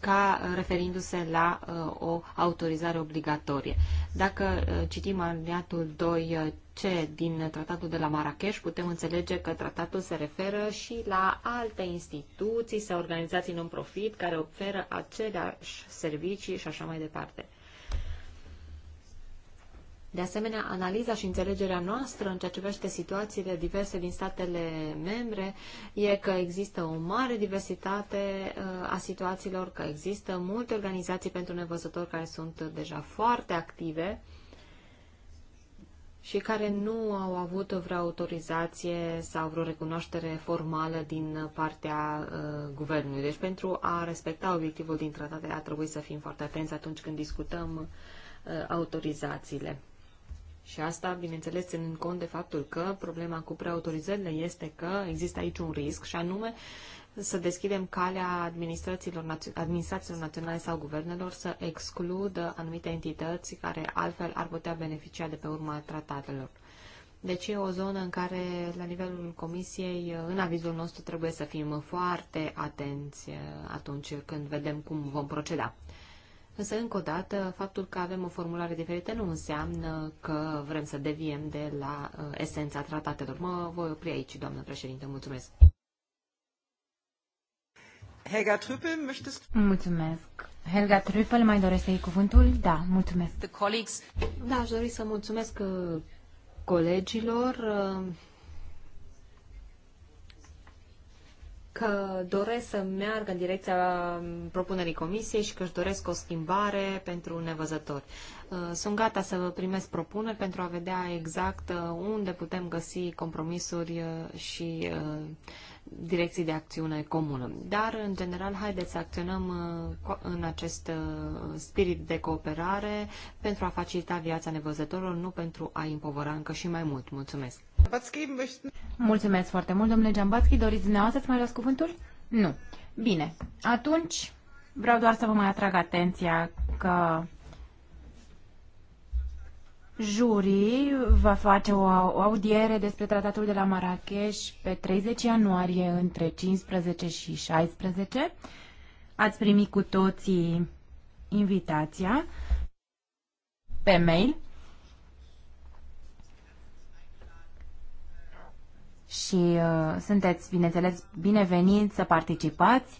Speaker 4: ca uh, referindu-se la uh, o autorizare obligatorie. Dacă uh, citim aliniatul 2 C din tratatul de la Marrakesh, putem înțelege că tratatul se referă și la alte instituții sau organizații non-profit care oferă aceleași servicii și așa mai departe. De asemenea, analiza și înțelegerea noastră în ceea ce privește situațiile diverse din statele membre e că există o mare diversitate uh, a situațiilor, că există multe organizații pentru nevăzători care sunt deja foarte active și care nu au avut vreo autorizație sau vreo recunoaștere formală din partea uh, guvernului. Deci pentru a respecta obiectivul din tratate a trebuit să fim foarte atenți atunci când discutăm uh, autorizațiile. Și asta, bineînțeles, în cont de faptul că problema cu preautorizările este că există aici un risc și anume să deschidem calea administrațiilor, administrațiilor naționale sau guvernelor să excludă anumite entități care altfel ar putea beneficia de pe urma tratatelor. Deci e o zonă în care, la nivelul comisiei, în avizul nostru trebuie să fim foarte atenți eh, atunci când vedem cum vom proceda. Însă, încă o dată, faptul că avem o formulare diferită nu înseamnă că vrem să deviem de la uh, esența tratatelor. Mă voi opri aici,
Speaker 1: doamnă președinte. Mulțumesc. Helga Trüppel, möchtest...
Speaker 3: Mulțumesc. Helga Trüppel, mai doresc să iei cuvântul? Da, mulțumesc. The
Speaker 1: colleagues...
Speaker 4: Da, aș dori să mulțumesc uh, colegilor uh, că doresc să meargă în direcția propunerii comisiei și că își doresc o schimbare pentru nevăzători. Uh, sunt gata să vă primesc propuneri pentru a vedea exact uh, unde putem găsi compromisuri uh, și direcții de acțiune comună. Dar, în general, haideți să acționăm uh, în acest uh, spirit de cooperare pentru a facilita viața nevăzătorilor, nu pentru a împovăra încă și mai mult. Mulțumesc!
Speaker 1: Mulțumesc
Speaker 3: foarte mult, domnule Giambatski. Doriți dumneavoastră să mai luați cuvântul? Nu. Bine. Atunci, vreau doar să vă mai atrag atenția că Jurii va face o audiere despre tratatul de la Marrakesh pe 30 ianuarie între 15 și 16. Ați primit cu toții invitația pe mail. Și uh, sunteți, bineînțeles, bineveniți să participați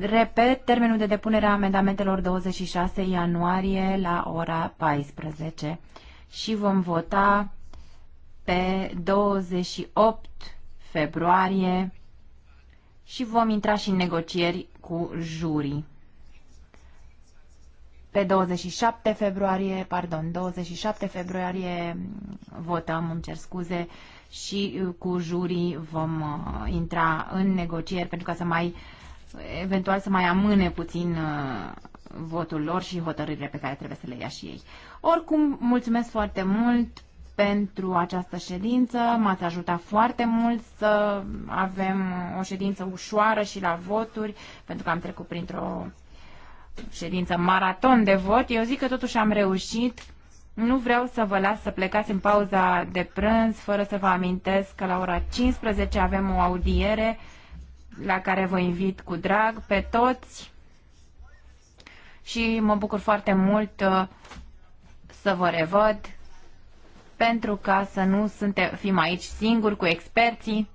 Speaker 3: Repet, termenul de depunere a amendamentelor 26 ianuarie la ora 14 și vom vota pe 28 februarie și vom intra și în negocieri cu jurii. Pe 27 februarie, pardon, 27 februarie votăm, îmi cer scuze, și cu jurii vom uh, intra în negocieri pentru ca să mai uh, eventual să mai amâne puțin uh, votul lor și hotărârile pe care trebuie să le ia și ei. Oricum, mulțumesc foarte mult pentru această ședință. M-ați ajutat foarte mult să avem o ședință ușoară și la voturi, pentru că am trecut printr-o ședință maraton de vot. Eu zic că totuși am reușit. Nu vreau să vă las să plecați în pauza de prânz fără să vă amintesc că la ora 15 avem o audiere la care vă invit cu drag pe toți și mă bucur foarte mult uh, să vă revăd pentru ca să nu suntem, fim aici singuri cu experții,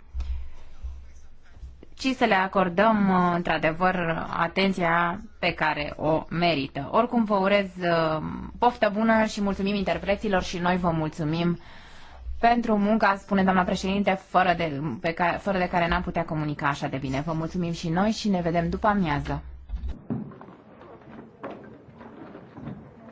Speaker 3: ci să le acordăm uh, într-adevăr atenția pe care o merită. Oricum vă urez uh, poftă bună și mulțumim interpreților și noi vă mulțumim pentru munca, spune doamna președinte, fără de, pe care, fără de care n-am putea comunica așa de bine. Vă mulțumim și noi și ne vedem după amiază.